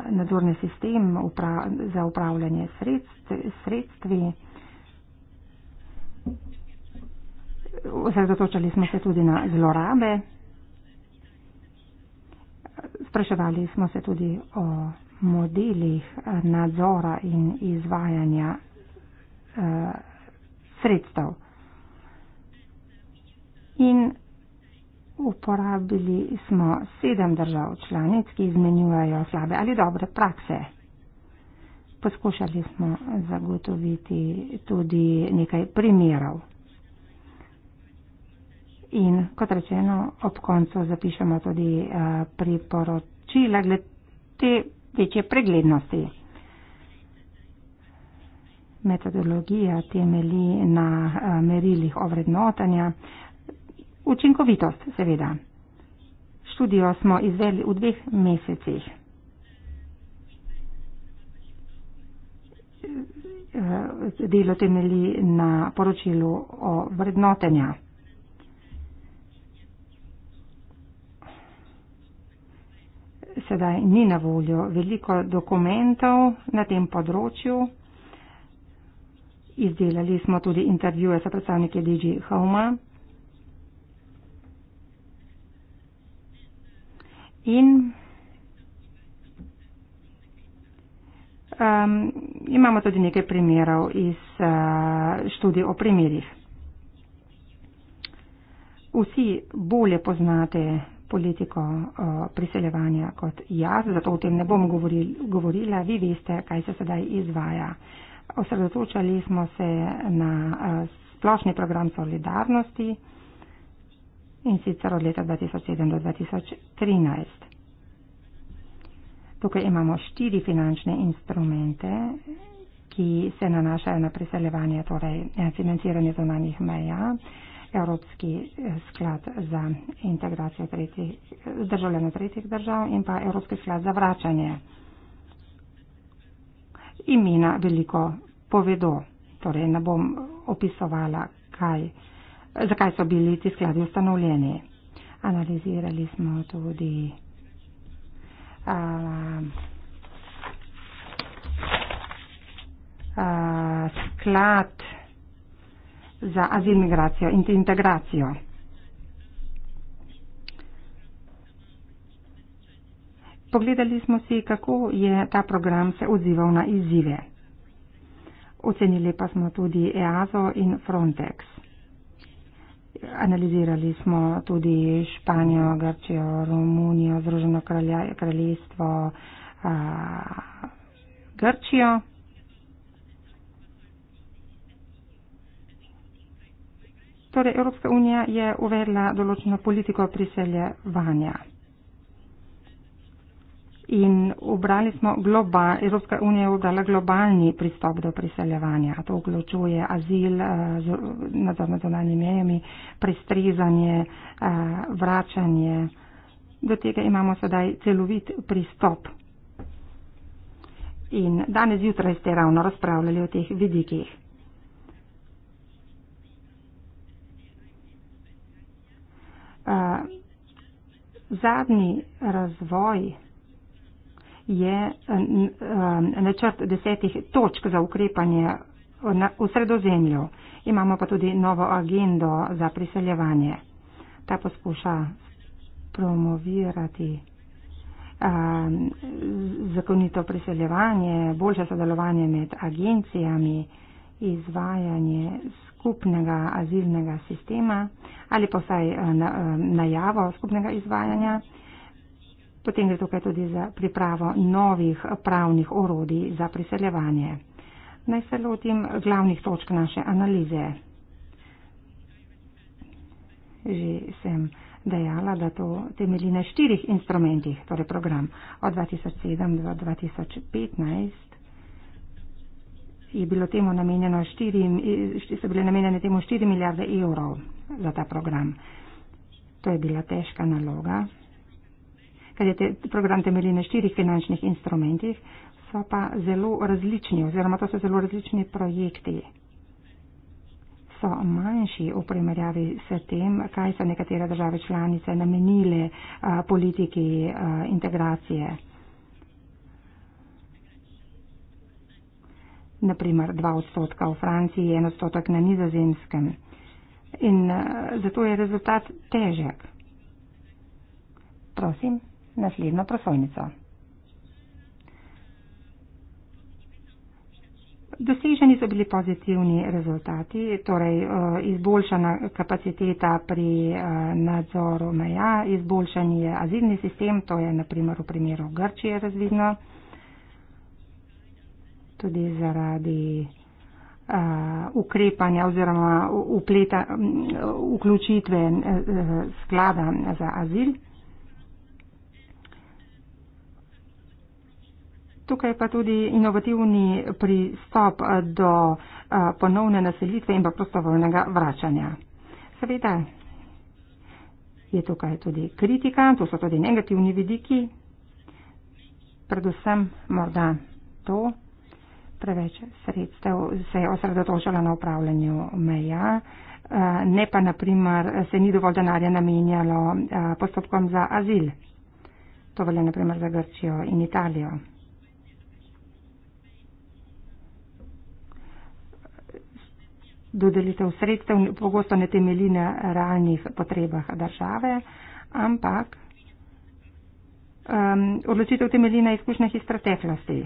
nadzorni sistem upra za upravljanje sredst, sredstvi. osredotočali smo se tudi na zlorabe, spraševali smo se tudi o modelih nadzora in izvajanja uh, sredstev. In uporabili smo sedem držav članic, ki izmenjujejo slabe ali dobre prakse. Poskušali smo zagotoviti tudi nekaj primerov. In kot rečeno, ob koncu zapišemo tudi eh, priporočila glede večje preglednosti. Metodologija temeli na eh, merilih ovrednotanja. Učinkovitost, seveda. Študijo smo izvedli v dveh mesecih. Eh, delo temelji na poročilu o vrednotenjah. sedaj ni na voljo veliko dokumentov na tem področju. Izdelali smo tudi intervjuje sa predstavniki DG Homa. In um, imamo tudi nekaj primerov iz uh, študij o primerih. Vsi bolje poznate politiko eh, priseljevanja kot jaz, zato o tem ne bom govoril, govorila. Vi veste, kaj se sedaj izvaja. Osredotočali smo se na eh, splošni program solidarnosti in sicer od leta 2007 do 2013. Tukaj imamo štiri finančne instrumente, ki se nanašajo na priseljevanje, torej eh, financiranje zunanjih meja. Evropski eh, sklad za integracijo državljanov tretjih držav in pa Evropski sklad za vračanje. Imena veliko povedo, torej ne bom opisovala, kaj, zakaj so bili ti skladi ustanovljeni. Analizirali smo tudi a, a, sklad za azil, migracijo in integracijo. Pogledali smo si, kako je ta program se odzival na izzive. Ocenili pa smo tudi EASO in Frontex. Analizirali smo tudi Španijo, Grčijo, Romunijo, Združeno kraljestvo, Grčijo. Torej, Evropska unija je uvedla določeno politiko priseljevanja. In obrali smo globa, Evropska unija je obrala globalni pristop do priseljevanja. To vključuje azil, eh, nadzor nad zonanjimi mejami, prestrezanje, eh, vračanje. Do tega imamo sedaj celovit pristop. In danes jutraj ste ravno razpravljali o teh vidikih. Eh, zadnji razvoj je eh, eh, načrt desetih točk za ukrepanje v sredozemlju. Imamo pa tudi novo agendo za priseljevanje. Ta poskuša promovirati zakonito priseljevanje, boljše sodelovanje med agencijami izvajanje skupnega azilnega sistema ali pa vsaj eh, na, eh, najavo skupnega izvajanja. Potem gre tukaj tudi za pripravo novih pravnih orodij za priseljevanje. Naj se lotim glavnih točk naše analize. Že sem dejala, da to temelji na štirih instrumentih, torej program od 2007 do 2015 je bilo temu namenjeno 4, so bile namenjene temu 4 milijarde evrov za ta program. To je bila težka naloga, ker je te, program temelji na štirih finančnih instrumentih, so pa zelo različni oziroma to so zelo različni projekti. So manjši v primerjavi s tem, kaj so nekatere države članice namenile a, politiki a, integracije. naprimer 2 odstotka v Franciji, 1 odstotek na nizozemskem. In eh, zato je rezultat težek. Prosim, naslednjo prosojnico. Doseženi so bili pozitivni rezultati, torej eh, izboljšana kapaciteta pri eh, nadzoru meja, izboljšan je azilni sistem, to je naprimer v primeru Grčije razvidno tudi zaradi uh, ukrepanja oziroma upleta, um, vključitve uh, sklada za azil. Tukaj pa tudi inovativni pristop do ponovne naselitve in pa prostovoljnega vračanja. Seveda je tukaj tudi kritika, tu so tudi negativni vidiki, predvsem morda to, preveč sredstev, se je osredotočala na upravljanju meja, eh, ne pa naprimer se ni dovolj denarja namenjalo eh, postopkom za azil. To velja naprimer za Grčijo in Italijo. Dodelitev sredstev pogosto ne temelji na realnih potrebah države, ampak um, odločitev temelji na izkušnjah iz preteklosti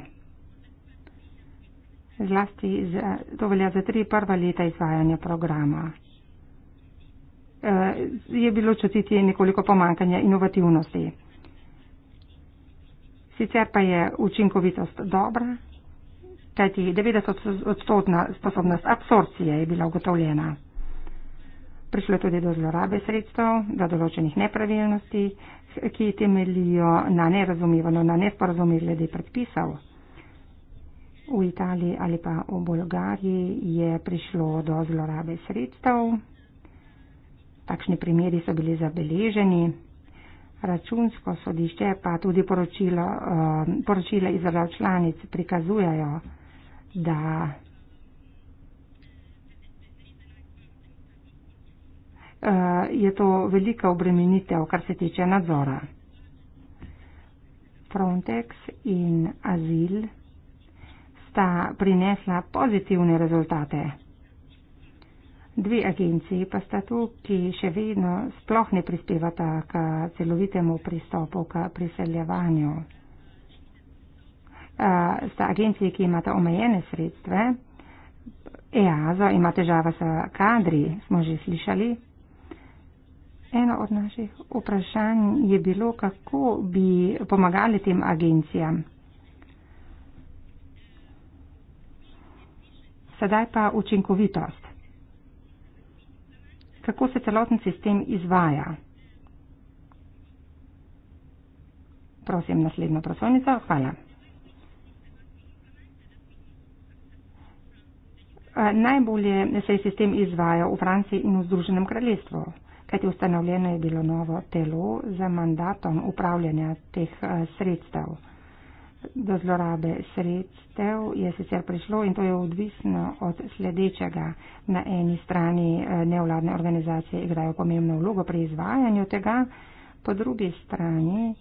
zlasti za, to velja za tri prva leta izvajanja programa. E, je bilo čutiti nekoliko pomankanja inovativnosti. Sicer pa je učinkovitost dobra, kajti 90 odstotna sposobnost absorpcije je bila ugotovljena. Prišlo je tudi do zlorabe sredstev, do določenih nepravilnosti, ki temelijo na nerazumivanju, na nesporazumih glede predpisov. V Italiji ali pa v Bolgariji je prišlo do zlorabe sredstev. Takšni primeri so bili zabeleženi. Računsko sodišče pa tudi poročilo, eh, poročila iz držav članic prikazujejo, da eh, je to velika obremenitev, kar se tiče nadzora. Frontex in azil sta prinesla pozitivne rezultate. Dve agenciji pa sta tu, ki še vedno sploh ne prispevata k celovitemu pristopu k priseljevanju. Uh, sta agenciji, ki imata omejene sredstve. EASO ima težava s kadri, smo že slišali. Eno od naših vprašanj je bilo, kako bi pomagali tem agencijam. Sedaj pa učinkovitost. Kako se celoten sistem izvaja? Prosim, naslednjo prosojnico. Hvala. Najbolje se je sistem izvajal v Franciji in v Združenem kraljestvu, kajti ustanovljeno je bilo novo telo z mandatom upravljanja teh sredstev. Do zlorabe sredstev je sicer prišlo in to je odvisno od sledečega. Na eni strani eh, nevladne organizacije igrajo pomembno vlogo pri izvajanju tega, po drugi strani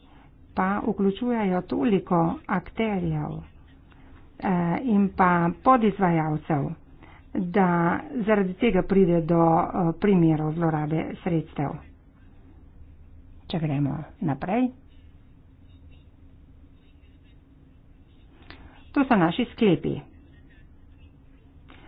pa vključujejo toliko akterjev eh, in pa podizvajalcev, da zaradi tega pride do eh, primerov zlorabe sredstev. Če gremo naprej. To so naši sklepi.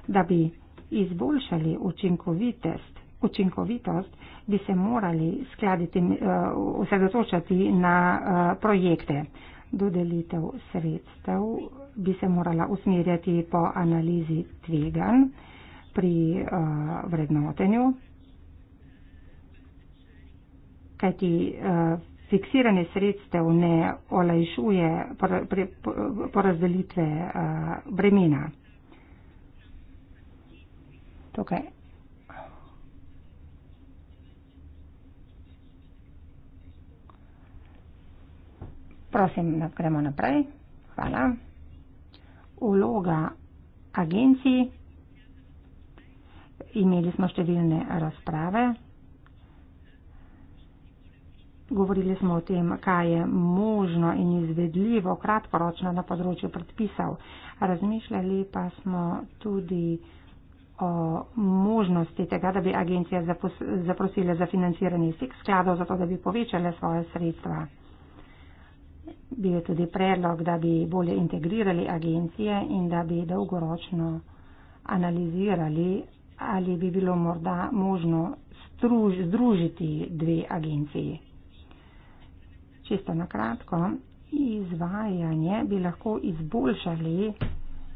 Da bi izboljšali učinkovitost, učinkovitost bi se morali skladiti, uh, osredotočati na uh, projekte. Dodelitev sredstev bi se morala usmerjati po analizi tvegan pri uh, vrednotenju, kajti uh, fiksiranje sredstev ne olajšuje porazdelitve bremena. Tukaj. Prosim, gremo naprej. Hvala. Uloga agencij. Imeli smo številne razprave. Govorili smo o tem, kaj je možno in izvedljivo kratkoročno na področju predpisov. Razmišljali pa smo tudi o možnosti tega, da bi agencija zaprosila za financiranje vseh skladov, zato da bi povečale svoje sredstva. Bil je tudi predlog, da bi bolje integrirali agencije in da bi dolgoročno analizirali, ali bi bilo morda možno združiti dve agencije. Čisto na kratko, izvajanje bi lahko izboljšali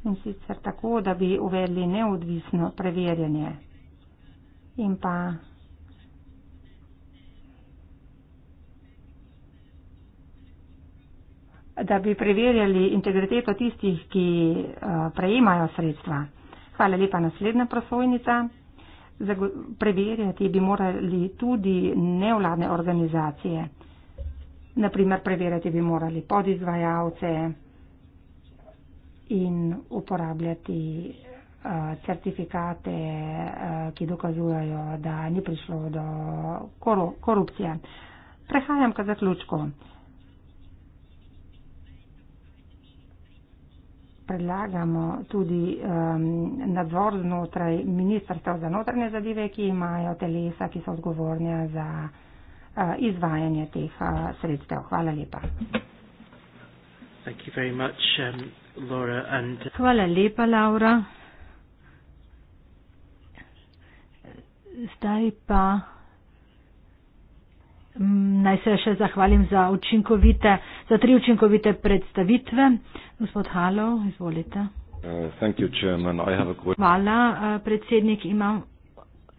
in sicer tako, da bi uvedli neodvisno preverjanje in pa da bi preverjali integriteto tistih, ki eh, prejemajo sredstva. Hvala lepa, naslednja prosojnica. Preverjati bi morali tudi nevladne organizacije. Naprimer, preverjati bi morali podizvajalce in uporabljati uh, certifikate, uh, ki dokazujejo, da ni prišlo do koru korupcije. Prehajam k zaključku. Predlagamo tudi um, nadzor znotraj ministrstva za notranje zadeve, ki imajo telesa, ki so odgovorne za. Eh, izvajanje teh eh, sredstev. Hvala lepa. Much, um, Laura, and... Hvala lepa, Laura. Zdaj pa mm, naj se še zahvalim za, učinkovite, za tri učinkovite predstavitve. Gospod Halov, izvolite. Uh, you, good... Hvala, eh, predsednik. Imam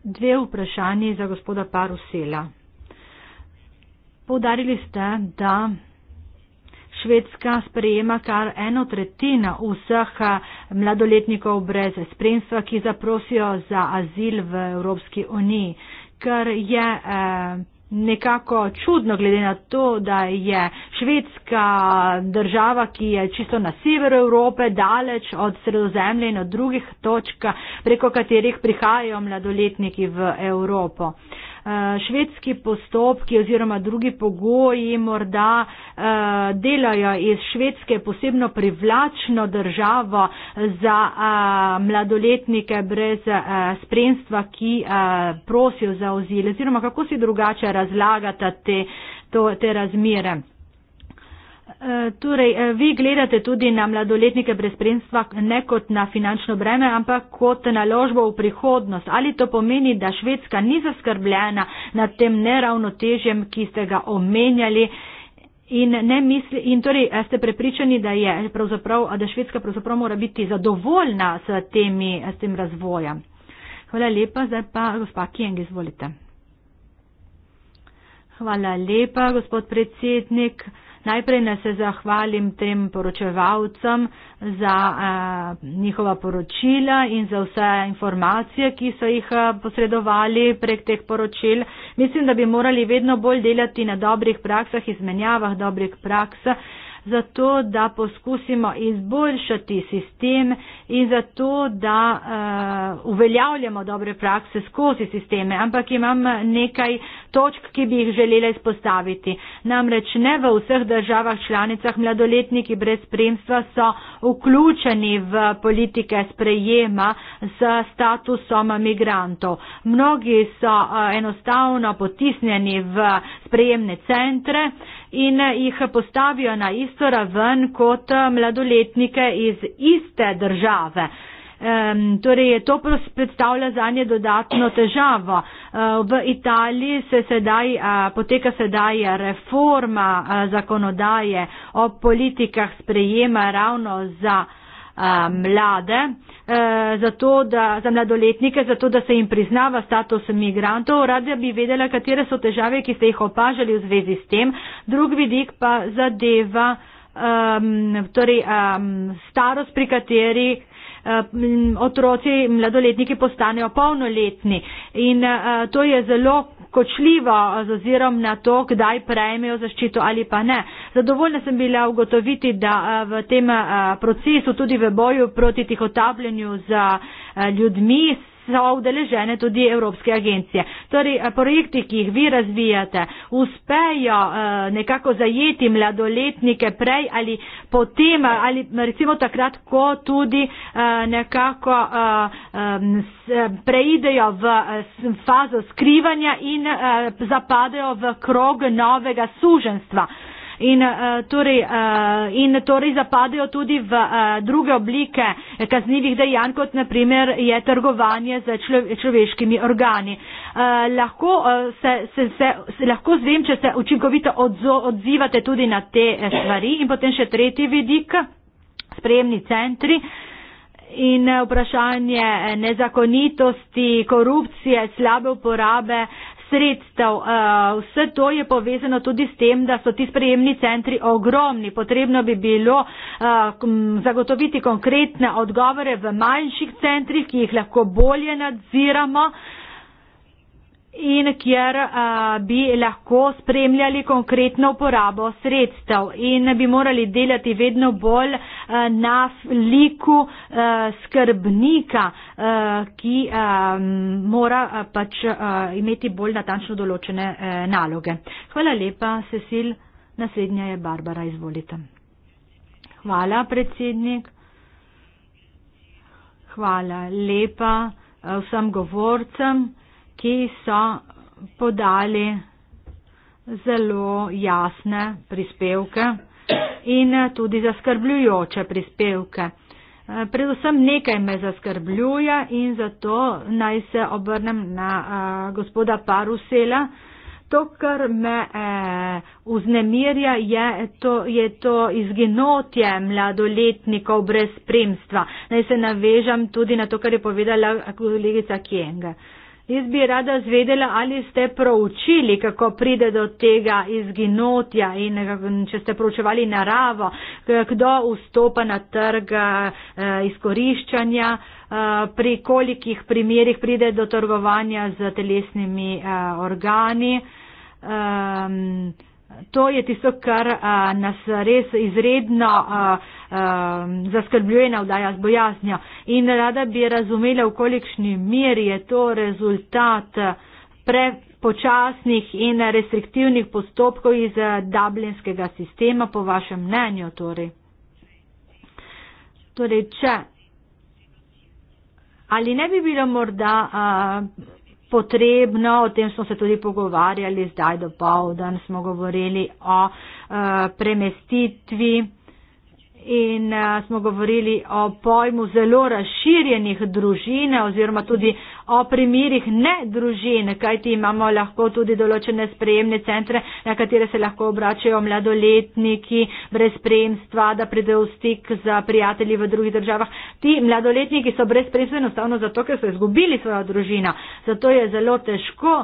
dve vprašanje za gospoda Parusela. Poudarili ste, da Švedska sprejema kar eno tretjino vseh eh, mladoletnikov brez spremstva, ki zaprosijo za azil v Evropski uniji, kar je eh, nekako čudno, glede na to, da je Švedska država, ki je čisto na severu Evrope, daleč od sredozemlja in od drugih točk, preko katerih prihajajo mladoletniki v Evropo. Eh, švedski postopki oziroma drugi pogoji morda eh, delajo iz švedske posebno privlačno državo za eh, mladoletnike brez spremstva, ki prosijo za ozile oziroma kako si drugače razlagata te, to, te razmire. Eh, torej, eh, vi gledate tudi na mladoletnike brez spremstva ne kot na finančno breme, ampak kot naložbo v prihodnost. Ali to pomeni, da Švedska ni zaskrbljena nad tem neravnotežjem, ki ste ga omenjali? In, misli, in torej ste prepričani, da, je, da Švedska pravzaprav mora biti zadovoljna s, temi, s tem razvojem. Hvala lepa, zdaj pa gospa Kieng, izvolite. Hvala lepa, gospod predsednik. Najprej naj se zahvalim trem poročevalcem za a, eh, njihova poročila in za vse informacije, ki so jih a, eh, posredovali prek teh poročil. Mislim, da bi morali vedno bolj delati na dobrih praksah, izmenjavah dobrih praksah zato da poskusimo izboljšati sistem in zato da uh, uveljavljamo dobre prakse skozi sisteme. Ampak imam nekaj točk, ki bi jih želela izpostaviti. Namreč ne v vseh državah članicah mladoletniki brez spremstva so vključeni v politike sprejema s statusom migrantov. Mnogi so uh, enostavno potisnjeni v sprejemne centre in eh, jih postavijo na isto raven kot eh, mladoletnike iz iste države. Um, torej je to predstavlja za nje dodatno težavo. Uh, v Italiji se sedaj, uh, poteka sedaj reforma uh, zakonodaje o politikah sprejema ravno za uh, mlade, e, zato da, za mladoletnike, zato da se jim priznava status migrantov. Rada bi vedela, katere so težave, ki ste jih opažali v zvezi s tem. Drug vidik pa zadeva um, torej, um, starost, pri kateri um, otroci, mladoletniki postanejo polnoletni. In uh, to je zelo kočljivo z ozirom na to, kdaj prejmejo zaščito ali pa ne. Zadovoljna sem bila ugotoviti, da eh, v tem eh, procesu, tudi v boju proti tihotapljenju za eh, ljudmi, so udeležene tudi evropske agencije. Torej, eh, projekti, ki jih vi razvijate, uspejo eh, nekako zajeti mladoletnike prej ali potem eh, ali recimo takrat, ko tudi nekako preidejo v fazo skrivanja in zapadejo v krog novega suženstva in, uh, torej, uh, in torej zapadajo tudi v uh, druge oblike kaznivih dejanj, kot naprimer je trgovanje z člo človeškimi organi. Uh, lahko, uh, se, se, se, se, lahko zvem, če se učinkovito odzivate tudi na te stvari in potem še tretji vidik, spremni centri. In vprašanje nezakonitosti, korupcije, slabe uporabe sredstev. Eh, vse to je povezano tudi s tem, da so ti sprejemni centri ogromni. Potrebno bi bilo eh, zagotoviti konkretne odgovore v manjših centrih, ki jih lahko bolje nadziramo in kjer uh, bi lahko spremljali konkretno uporabo sredstev in bi morali delati vedno bolj uh, na liku uh, skrbnika, uh, ki uh, mora uh, pač uh, imeti bolj natančno določene uh, naloge. Hvala lepa, Cecil. Naslednja je Barbara, izvolite. Hvala, predsednik. Hvala lepa uh, vsem govorcem ki so podali zelo jasne prispevke in tudi zaskrbljujoče prispevke. Eh, predvsem nekaj me zaskrbljuje in zato naj se obrnem na uh, gospoda Parusela. To, kar me uh, eh, uznemirja, je to, je to izginotje mladoletnikov brez spremstva. Naj se navežam tudi na to, kar je povedala kolegica Kjenge. Uh, Jaz bi rada zvedela, ali ste proučili, kako pride do tega izginotja in eh, če ste proučevali naravo, kdo vstopa na trg eh, izkoriščanja, eh, pri kolikih primerjih pride do trgovanja z telesnimi organi. Um, To je tisto, kar a, nas res izredno a, a, zaskrbljuje na vdaja z bojaznjo. In rada bi razumela, v kolikšni meri je to rezultat prepočasnih in restriktivnih postopkov iz dublinskega sistema, po vašem mnenju. Torej. Torej, če, ali ne bi bilo morda. A, potrebno, o tem smo se tudi pogovarjali zdaj do povdan, smo govorili o uh, premestitvi in uh, smo govorili o pojmu zelo razširjenih družin oziroma tudi o primirih ne družin, kajti imamo lahko tudi določene sprejemne centre, na katere se lahko obračajo mladoletniki brez spremstva, da pridejo v stik z prijatelji v drugih državah. Ti mladoletniki so brez spremstva enostavno zato, ker so izgubili svojo družino. Zato je zelo težko,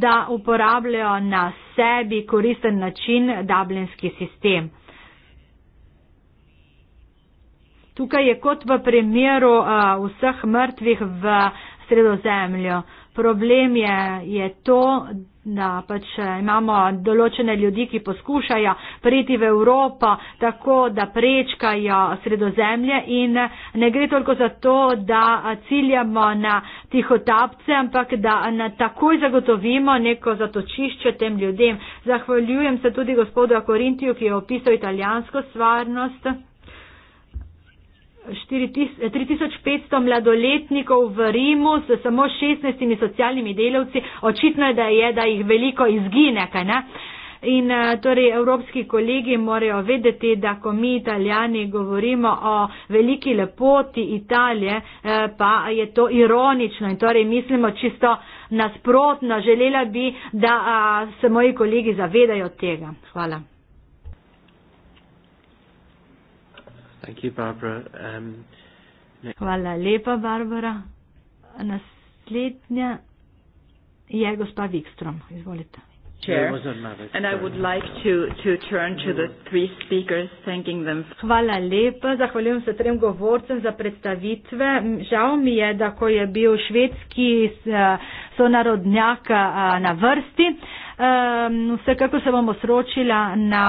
da uporabljajo na sebi koristen način dublinski sistem. Tukaj je kot v primeru a, vseh mrtvih v sredozemlju. Problem je, je to, da pač imamo določene ljudi, ki poskušajo priti v Evropo tako, da prečkajo sredozemlje in ne gre toliko za to, da ciljamo na tihotapce, ampak da na takoj zagotovimo neko zatočišče tem ljudem. Zahvaljujem se tudi gospodu Akorintiju, ki je opisal italijansko stvarnost. 3500 eh, mladoletnikov v Rimu s samo 16 socialnimi delavci, očitno je, da, je, da jih veliko izgine. In eh, torej evropski kolegi morajo vedeti, da ko mi italijani govorimo o veliki lepoti Italije, eh, pa je to ironično in torej mislimo čisto nasprotno. Želela bi, da se moji kolegi zavedajo tega. Hvala. Thank you, um, Hvala lepa, Barbara. Naslednja je gospa Wikstrom. Izvolite. Hvala lepa, zahvaljujem se trem govorcem za predstavitve. Žal mi je, da ko je bil švedski sonarodnjak na vrsti, uh, Ehm, Vsekako se bom osročila na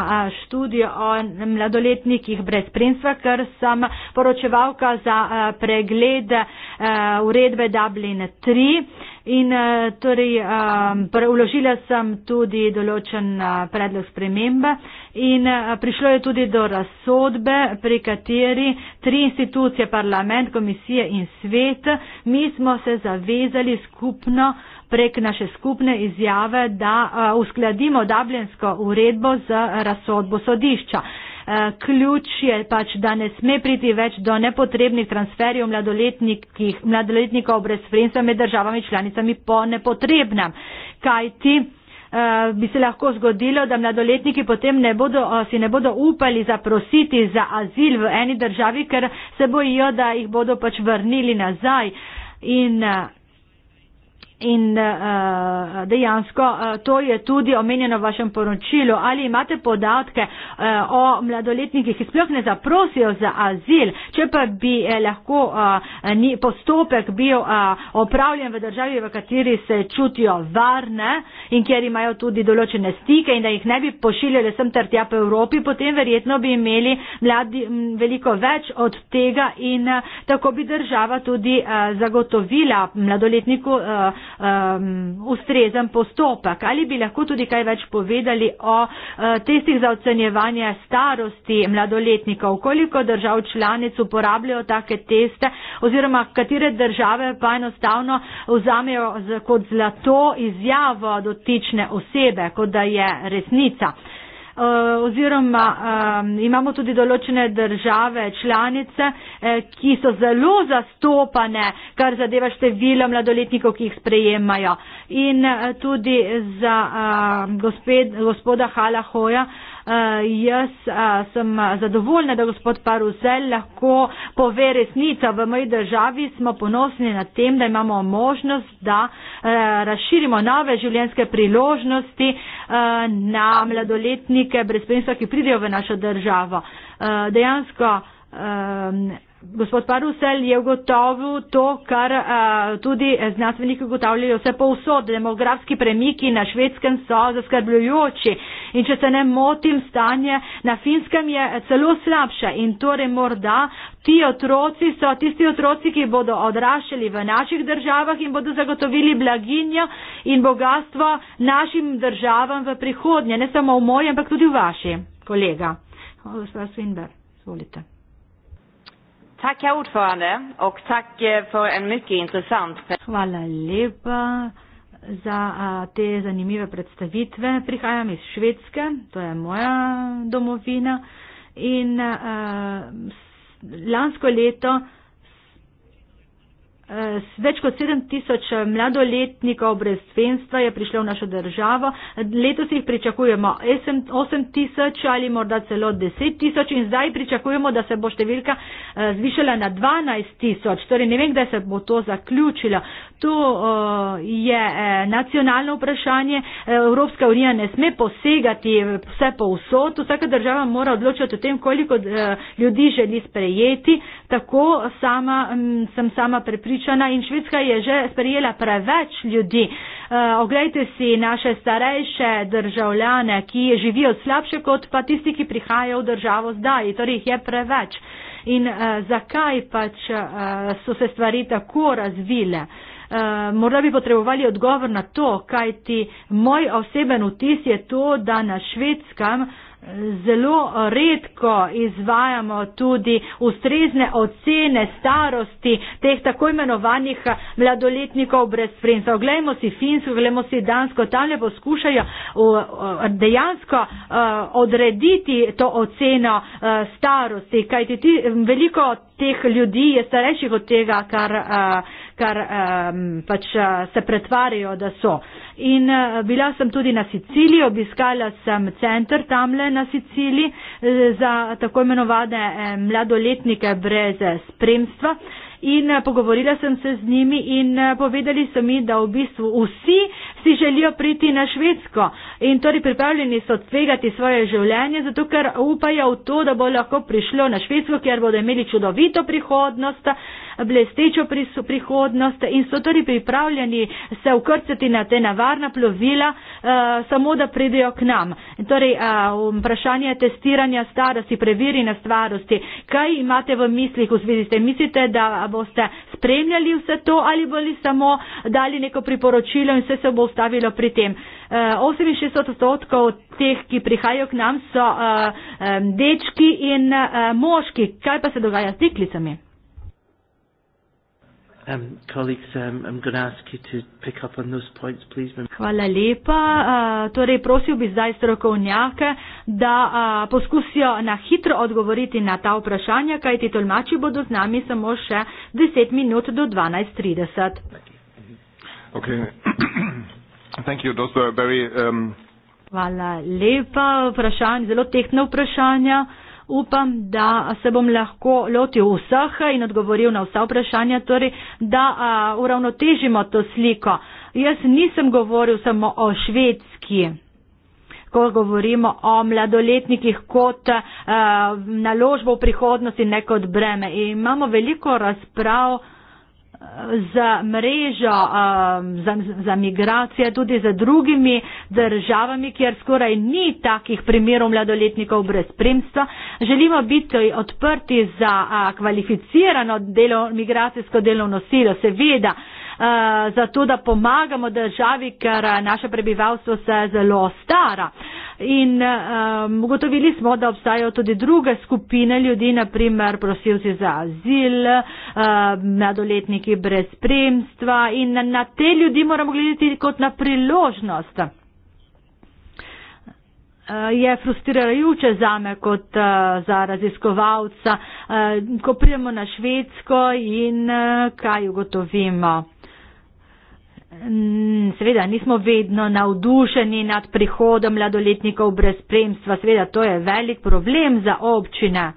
študijo o mladoletnikih brez spremstva, ker sem poročevalka za pregled uredbe Dublin 3 in torej uložila sem tudi določen predlog spremembe in prišlo je tudi do razsodbe, pri kateri tri institucije, parlament, komisije in svet, mi smo se zavezali skupno, prek naše skupne izjave, da eh, uskladimo Dubljansko uredbo z eh, razsodbo sodišča. Eh, ključ je pač, da ne sme priti več do nepotrebnih transferjev mladoletnikov brez spremstva med državami članicami po nepotrebnem. Kaj ti? bi se lahko zgodilo, da mladoletniki potem ne bodo, si ne bodo upali zaprositi za azil v eni državi, ker se bojijo, da jih bodo pač vrnili nazaj. In In uh, dejansko uh, to je tudi omenjeno v vašem poročilu. Ali imate podatke uh, o mladoletnikih, ki sploh ne zaprosijo za azil, če pa bi eh, lahko uh, ni, postopek bil uh, opravljen v državi, v kateri se čutijo varne in kjer imajo tudi določene stike in da jih ne bi pošiljali sem ter tja po Evropi, potem verjetno bi imeli mladi m, veliko več od tega in uh, tako bi država tudi uh, zagotovila mladoletniku. Uh, um, ustrezen postopek. Ali bi lahko tudi kaj več povedali o uh, testih za ocenjevanje starosti mladoletnikov? Koliko držav članic uporabljajo take teste oziroma katere države pa enostavno vzamejo kot zlato izjavo dotične osebe, kot da je resnica? Eh, oziroma imamo tudi določene države, članice, eh, ki so zelo zastopane, kar zadeva število mladoletnikov, ki jih sprejemajo. In eh, tudi za gospoda Hala Hoja uh, jaz uh, sem eh, zadovoljna, da gospod Parusel lahko pove resnico. V moji državi smo ponosni na tem, da imamo možnost, da uh, razširimo nove življenjske priložnosti uh, na mladoletnike brez penstva, ki pridejo v našo državo. Uh, dejansko. Uh, Gospod Parusel je ugotovil to, kar a, eh, tudi znanstveniki ugotavljajo vse povsod. Demografski premiki na švedskem so zaskrbljujoči in če se ne motim, stanje na finskem je eh, celo slabše in torej morda ti otroci so tisti otroci, ki bodo odraščali v naših državah in bodo zagotovili blaginjo in bogatstvo našim državam v prihodnje, ne samo v moji, ampak tudi v vaši, kolega. Gospod Svinber, izvolite. Tack herr ordförande och tack eh, för en mycket intressant za a, te zanimive predstavitve. Prihajam iz Švedske, to je moja domovina. In a, s, lansko leto a, Eh, več kot 7 tisoč eh, mladoletnikov brez svenstva je prišlo v našo državo. Letos jih pričakujemo 8 tisoč ali morda celo 10 tisoč in zdaj pričakujemo, da se bo številka eh, zvišala na 12 tisoč. Torej ne vem, kdaj se bo to zaključilo. To je nacionalno vprašanje. Evropska unija ne sme posegati vse po vso. Vsaka država mora odločati o tem, koliko ljudi želi sprejeti tako sama, sem sama prepričana in Švedska je že sprejela preveč ljudi. E, oglejte si naše starejše državljane, ki živijo slabše kot pa tisti, ki prihajajo v državo zdaj. Torej jih je preveč. In e, zakaj pač e, so se stvari tako razvile? Morda bi potrebovali odgovor na to, kaj ti moj oseben vtis je to, da na švedskem uh, zelo redko izvajamo tudi ustrezne ocene starosti teh tako imenovanih mladoletnikov brez spremstva. Oglejmo si Finsko, oglejmo si Dansko, tam le poskušajo dejansko odrediti to oceno starosti, kajti ti, veliko teh ljudi je starejših od tega, kar uh, kar um, pač eh, se pretvarjajo, da so. In uh, bila sem tudi na Siciliji, obiskala sem center tamle na Siciliji eh, za tako imenovane eh, mladoletnike brez spremstva in eh, pogovorila sem se z njimi in eh, povedali so mi, da v bistvu vsi si želijo priti na Švedsko in torej pripravljeni so tvegati svoje življenje, zato ker upajo v to, da bo lahko prišlo na Švedsko, ker bodo imeli čudovito prihodnost, blestečo prihodnost in so torej pripravljeni se ukrcati na te navarna plovila, eh, samo da pridejo k nam. Torej, vprašanje testiranja starosti, preveri na starosti, kaj imate v mislih v zvezi s tem? Mislite, da boste spremljali vse to ali boli samo dali neko priporočilo in vse se bo ustavilo pri tem. 68 eh, odstotkov teh, ki prihajajo k nam, so eh, dečki in eh, moški. Kaj pa se dogaja s ciklicami? um, colleagues, um, I'm going to ask you to pick up on those points, please. Hvala lepa. Uh, torej, prosil bi zdaj strokovnjake, da uh, poskusijo na hitro odgovoriti na ta vprašanja, kaj ti tolmači bodo z nami samo še 10 minut do 12.30. Okay. Thank you. Those were very, um... Hvala lepa. Vprašanje, zelo tehtno vprašanje upam, da se bom lahko lotil vseh in odgovoril na vsa vprašanja, torej, da a, uravnotežimo to sliko. Jaz nisem govoril samo o švedski ko govorimo o mladoletnikih kot uh, naložbo v prihodnosti, ne kot breme. In imamo veliko razprav uh, za mrežo um, za, za migracije, tudi za drugimi državami, kjer skoraj ni takih primerov mladoletnikov brez spremstva. Želimo biti odprti za a, kvalificirano delo, migracijsko delovno silo, seveda, a, zato da pomagamo državi, ker naše prebivalstvo se zelo stara. A, in um, ugotovili smo, da obstajajo tudi druge skupine ljudi, naprimer prosilci za azil, um, nadoletniki brez spremstva in na te ljudi moramo gledati kot na priložnost. Uh, je frustrirajoče za me kot uh, za raziskovalca, uh, ko pridemo na Švedsko in kaj ugotovimo. Mm, seveda nismo vedno navdušeni nad prihodom mladoletnikov brez spremstva, seveda to je velik problem za občine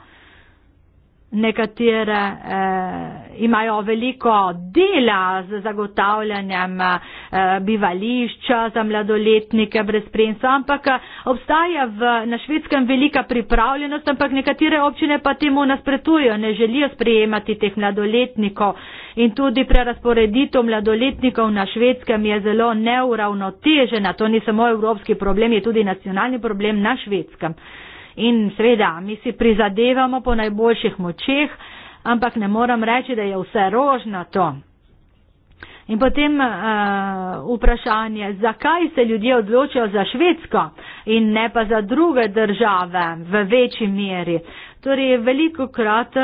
nekatere eh, imajo veliko dela z zagotavljanjem eh, bivališča za mladoletnike brez spremstva, ampak eh, obstaja v, na švedskem velika pripravljenost, ampak nekatere občine pa temu nasprotujo, ne želijo sprejemati teh mladoletnikov. In tudi prerasporeditev mladoletnikov na švedskem je zelo neuravnotežena. To ni samo evropski problem, je tudi nacionalni problem na švedskem. Eh, In seveda, mi si prizadevamo po najboljših močeh, ampak ne moram reči, da je vse rožna to. In potem uh, vprašanje, zakaj se ljudje odločijo za Švedsko in ne pa za druge države v večji meri. Torej, veliko krat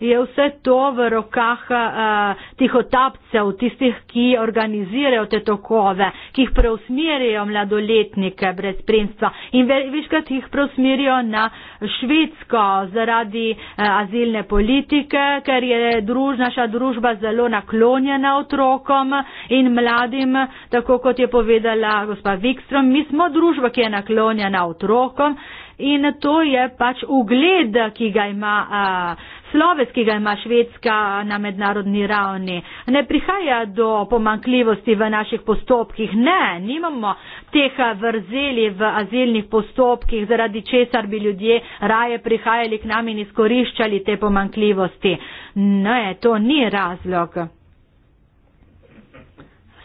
je vse to v rokah uh, eh, tih otapcev, tistih, ki organizirajo te tokove, ki jih preusmerijo mladoletnike brez spremstva in ve, večkrat jih preusmerijo na Švedsko zaradi uh, azilne politike, ker je druž, naša družba zelo naklonjena otrokom in mladim, tako kot je povedala gospa Vikstrom, mi smo družba, ki je naklonjena otrokom in to je pač ugled, ki ga ima. Uh, sloves, ki ga ima Švedska na mednarodni ravni. Ne prihaja do pomankljivosti v naših postopkih. Ne, nimamo teh vrzeli v azilnih postopkih, zaradi česar bi ljudje raje prihajali k nam in izkoriščali te pomankljivosti. Ne, to ni razlog.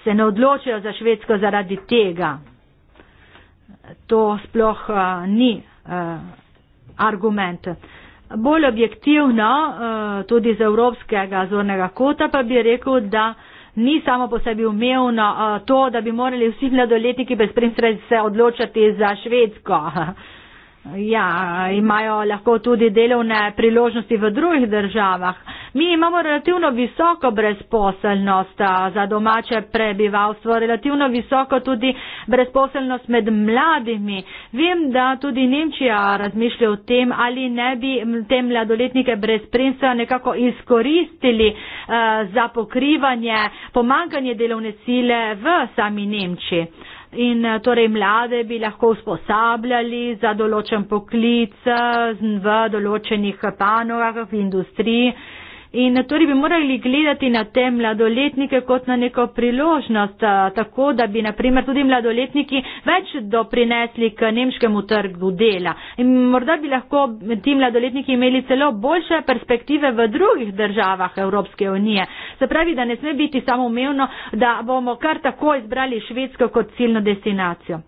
Se ne odločijo za Švedsko zaradi tega. To sploh uh, ni uh, argument. Bolj objektivno, eh, tudi z evropskega zornega kota, pa bi rekel, da ni samo po sebi umevno eh, to, da bi morali vsi mladoletniki brez primstra se odločati za švedsko. Ja, imajo lahko tudi delovne priložnosti v drugih državah. Mi imamo relativno visoko brezposelnost za domače prebivalstvo, relativno visoko tudi brezposelnost med mladimi. Vem, da tudi Nemčija razmišlja o tem, ali ne bi te mladoletnike brez spremstva nekako izkoristili uh, za pokrivanje pomankanje delovne sile v sami Nemčiji. Uh, in eh, torej mlade bi lahko usposabljali za določen poklic eh, v določenih panogah v industriji. In torej bi morali gledati na te mladoletnike kot na neko priložnost, tako da bi naprimer tudi mladoletniki več doprinesli k nemškemu trgu dela. In morda bi lahko ti mladoletniki imeli celo boljše perspektive v drugih državah Evropske unije. Se pravi, da ne sme biti samo umevno, da bomo kar tako izbrali Švedsko kot ciljno destinacijo.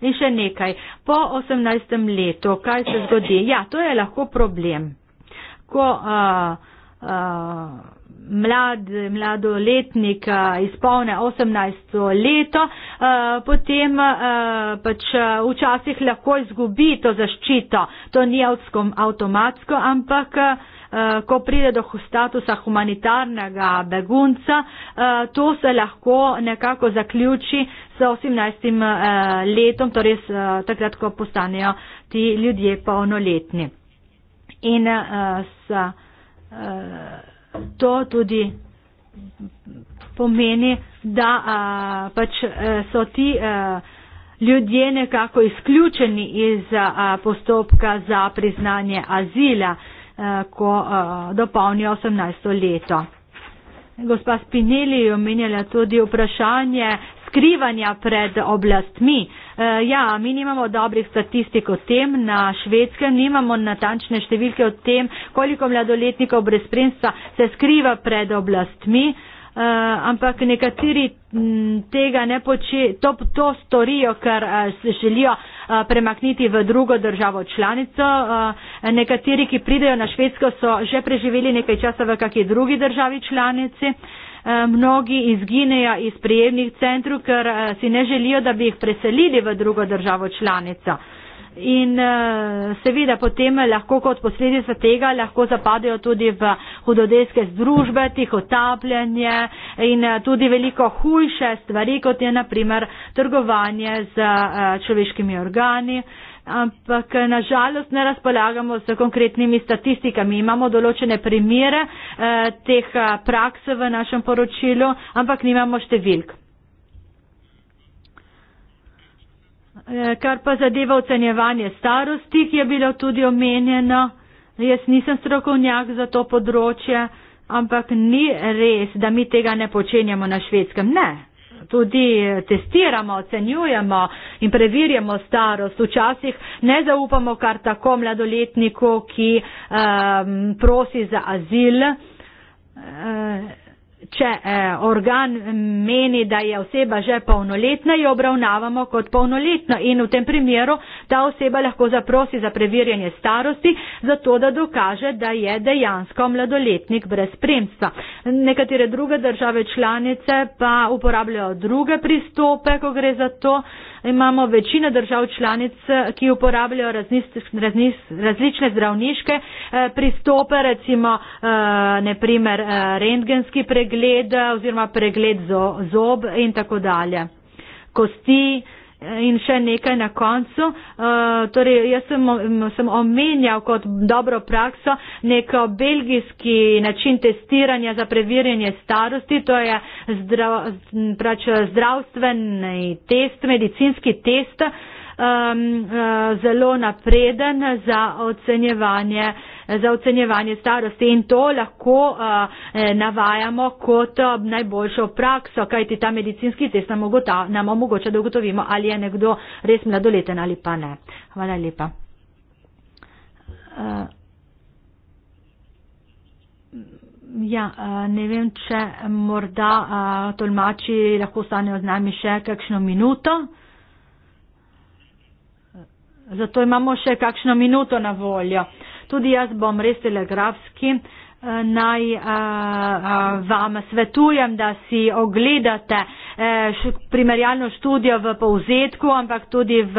In še nekaj. Po 18. letu, kaj se zgodi? Ja, to je lahko problem. Ko, uh, uh, mlad, mladoletnika uh, izpolne 18 leto, uh, potem uh, pač uh, včasih lahko izgubi to zaščito. To ni avtomatsko, ampak. Uh, Ko pride do statusa humanitarnega begunca, uh, to se lahko nekako zaključi s 18 letom, torej takrat, ko postanejo ti ljudje polnoletni. In s Eh, to tudi pomeni, da a, eh, pač a, eh, so ti a, ljudje nekako izključeni iz a, postopka za priznanje azila, a, ko dopolnijo 18. leto. Gospa Spinelli je omenjala tudi vprašanje skrivanja pred oblastmi. A, Eh, ja, mi nimamo dobrih statistik o tem, na švedskem nimamo natančne številke o tem, koliko mladoletnikov brez spremstva se skriva pred oblastmi. Uh, ampak nekateri tega ne poče, to, to storijo, ker uh, eh, se želijo uh, premakniti v drugo državo članico. Uh, nekateri, ki pridejo na Švedsko, so že preživeli nekaj časa v kakšni drugi državi članici. Uh, Eh, mnogi izginejo iz prijemnih centrov, ker eh, si ne želijo, da bi jih preselili v drugo državo članico. In eh, seveda potem lahko kot posledica tega lahko zapadajo tudi v hudodeske združbe, tih otapljanje in tudi veliko hujše stvari, kot je naprimer trgovanje z človeškimi organi ampak nažalost ne razpolagamo s konkretnimi statistikami. Imamo določene primere eh, teh eh, praks v našem poročilu, ampak nimamo številk. Eh, kar pa zadeva ocenjevanje starosti, ki je bilo tudi omenjeno, jaz nisem strokovnjak za to področje, ampak ni res, da mi tega ne počenjamo na švedskem. Ne, tudi testiramo, ocenjujemo in preverjamo starost. Včasih ne zaupamo kar tako mladoletniku, ki um, prosi za azil. Uh, Če eh, organ meni, da je oseba že polnoletna, jo obravnavamo kot polnoletno in v tem primeru ta oseba lahko zaprosi za preverjanje starosti, zato da dokaže, da je dejansko mladoletnik brez spremstva. Nekatere druge države članice pa uporabljajo druge pristope, ko gre za to. Eh, imamo večino držav članic, ki uporabljajo raznis, raznis, različne zdravniške eh, pristope, recimo eh, neprimer eh, rentgenski pregled oziroma pregled zob in tako dalje. Kosti, In še nekaj na koncu. Uh, torej, jaz sem, sem omenjal kot dobro prakso neko belgijski način testiranja za preverjanje starosti. To je zdrav, prač, zdravstveni test, medicinski test, um, uh, zelo napreden za ocenjevanje uh, za ocenjevanje starosti in to lahko e, navajamo kot najboljšo prakso, kajti ta medicinski test nam, ogota, nam omogoča, da ugotovimo, ali je nekdo res mladoleten ali pa ne. Hvala lepa. Ja, ne vem, če morda tolmači lahko ostanejo z nami še kakšno minuto. Zato imamo še kakšno minuto na voljo tudi jaz bom res telegrafski. Eh, naj a, eh, a, eh, vam svetujem, da si ogledate e, š, primerjalno študijo v povzetku, ampak tudi v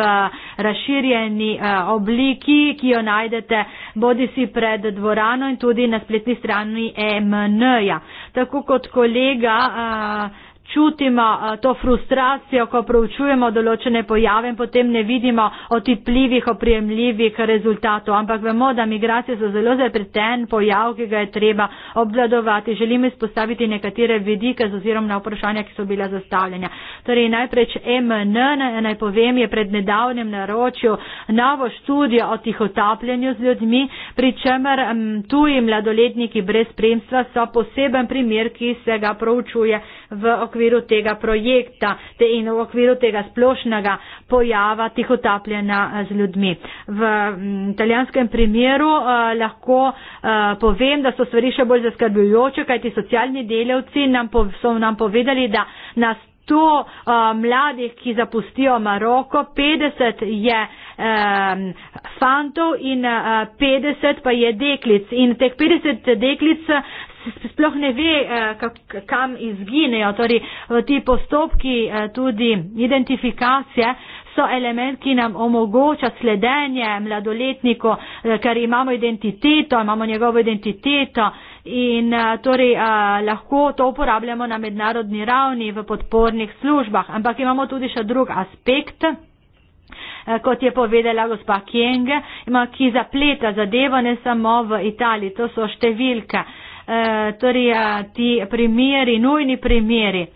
razširjeni a, obliki, ki jo najdete bodi si pred dvorano in tudi na spletni strani e MN-ja. Tako kot kolega. A, čutimo eh, to frustracijo, ko proučujemo določene pojave in potem ne vidimo otipljivih, oprijemljivih rezultatov. Ampak vemo, da migracije so zelo zapreten pojav, ki ga je treba obvladovati. Želim izpostaviti nekatere vidike z ozirom na vprašanja, ki so bila zastavljena. Torej, najprej MN, naj povem, je pred nedavnem naročil novo študijo o tihotapljenju z ljudmi, pri čemer tuji mladoletniki brez spremstva so poseben primer, ki se ga proučuje v okviru okviru tega projekta te in v okviru tega splošnega pojava tihotapljena eh, z ljudmi. V mm, italijanskem primeru eh, lahko eh, povem, da so stvari še bolj zaskrbljujoče, kajti socialni delavci nam po, so nam povedali, da nas. To uh, eh, mladih, ki zapustijo Maroko, 50 je um, fantov in uh, 50 pa je deklic. In teh 50 deklic sploh ne ve, eh, kam izginejo. Torej, ti postopki, eh, tudi identifikacije, so element, ki nam omogoča sledenje mladoletniku, eh, ker imamo identiteto, imamo njegovo identiteto in torej lahko to uporabljamo na mednarodni ravni v podpornih službah. Ampak imamo tudi še drug aspekt kot je povedala gospa Kjeng, ki zapleta zadevo ne samo v Italiji, to so številke eh, torej, eh, ti primeri, nujni primeri.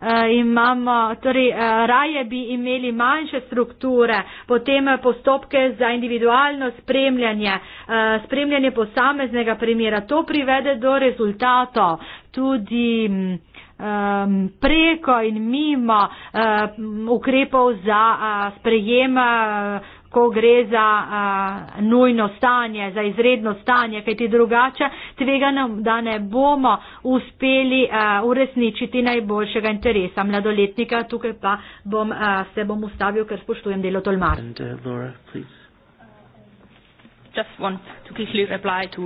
Uh, imamo, torej, uh, raje bi imeli manjše strukture, potem postopke za individualno spremljanje, uh, spremljanje posameznega primera. To privede do rezultatov tudi um, preko in mimo uh, ukrepov za uh, sprejem. Uh, ko gre za a, nujno stanje, za izredno stanje, kajti drugače tvegano, da ne bomo uspeli a, uresničiti najboljšega interesa mladoletnika. Tukaj pa bom, a, se bom ustavil, ker spoštujem delo Tolmar. And, uh, Laura,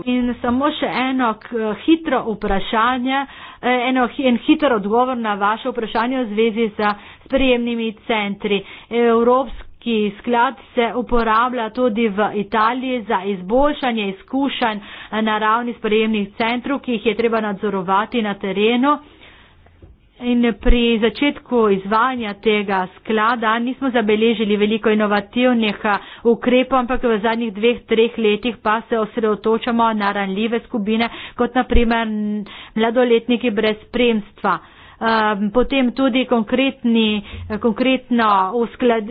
In samo še eno hitro vprašanje, e, eno, en hitro odgovor na vaše vprašanje v zvezi z prijemnimi centri. Evropska ki sklad se uporablja tudi v Italiji za izboljšanje izkušenj na ravni sprejemnih centrov, ki jih je treba nadzorovati na terenu. In pri začetku izvajanja tega sklada nismo zabeležili veliko inovativnih eh, ukrepov, ampak v zadnjih dveh, treh letih pa se osredotočamo na ranljive skupine, kot naprimer mladoletniki brez spremstva. Ehm, potem tudi konkretni, konkretno, usklad,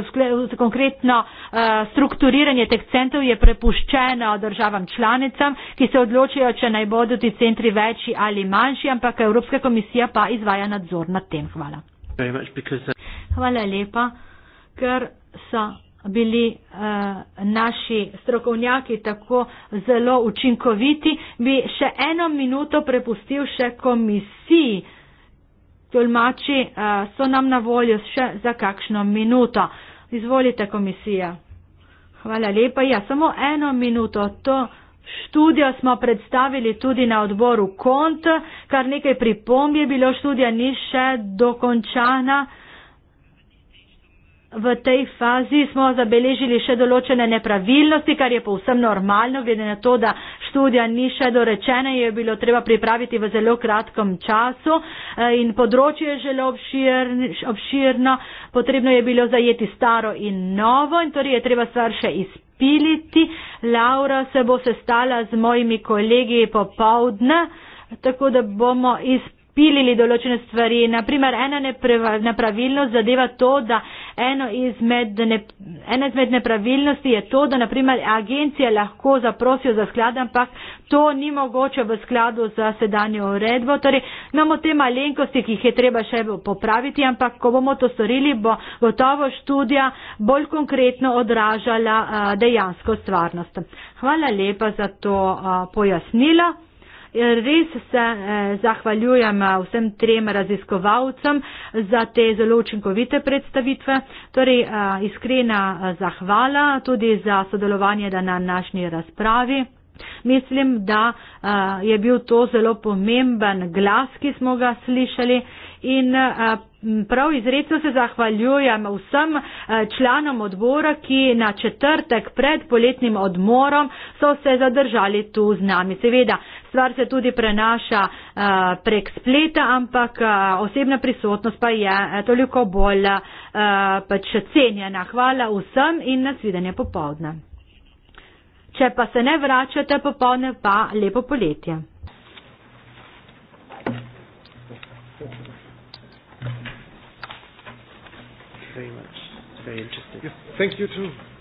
uskla, konkretno uh, strukturiranje teh centrov je prepuščeno državam članicam, ki se odločijo, če naj bodo ti centri večji ali manjši, ampak Evropska komisija pa izvaja nadzor nad tem. Hvala. Uh, Hvala lepa, ker so bili uh, naši strokovnjaki tako zelo učinkoviti, bi še eno minuto prepustil še komisiji tolmači eh, so nam na voljo še za kakšno minuto. Izvolite, komisija. Hvala lepa. Ja, samo eno minuto. To študijo smo predstavili tudi na odboru KONT, kar nekaj pripomb je bilo, študija ni še dokončana. V tej fazi smo zabeležili še določene nepravilnosti, kar je povsem normalno, glede na to, da študija ni še dorečena, je bilo treba pripraviti v zelo kratkem času e, in področje je želo obširno, potrebno je bilo zajeti staro in novo in torej je treba stvar še izpiliti. Laura se bo sestala z mojimi kolegi popovdne, tako da bomo izpiliti pilili določene stvari. Naprimer, ena nepreva, nepravilnost zadeva to, da eno izmed, ne, ena izmed nepravilnosti je to, da naprimer agencije lahko zaprosijo za sklad, ampak to ni mogoče v skladu z sedanjo uredbo. Torej, imamo te malenkosti, ki jih je treba še popraviti, ampak ko bomo to storili, bo gotovo študija bolj konkretno odražala a, eh, dejansko stvarnost. Hvala lepa za to a, eh, pojasnilo res se eh, zahvaljujem eh, vsem trem raziskovalcem za te zelo učinkovite predstavitve. Torej, eh, iskrena zahvala tudi za sodelovanje na današnji razpravi. Mislim, da je bil to zelo pomemben glas, ki smo ga slišali in Mm, prav izredno se zahvaljujem vsem eh, članom odbora, ki na četrtek pred poletnim odmorom so se zadržali tu z nami. Seveda, stvar se tudi prenaša eh, prek spleta, ampak eh, osebna prisotnost pa je toliko bolj pač cenjena. Hvala vsem in nasvidenje popovdne. Če pa se ne vračate popovdne, pa lepo poletje. Israel. Just yeah, thank you too.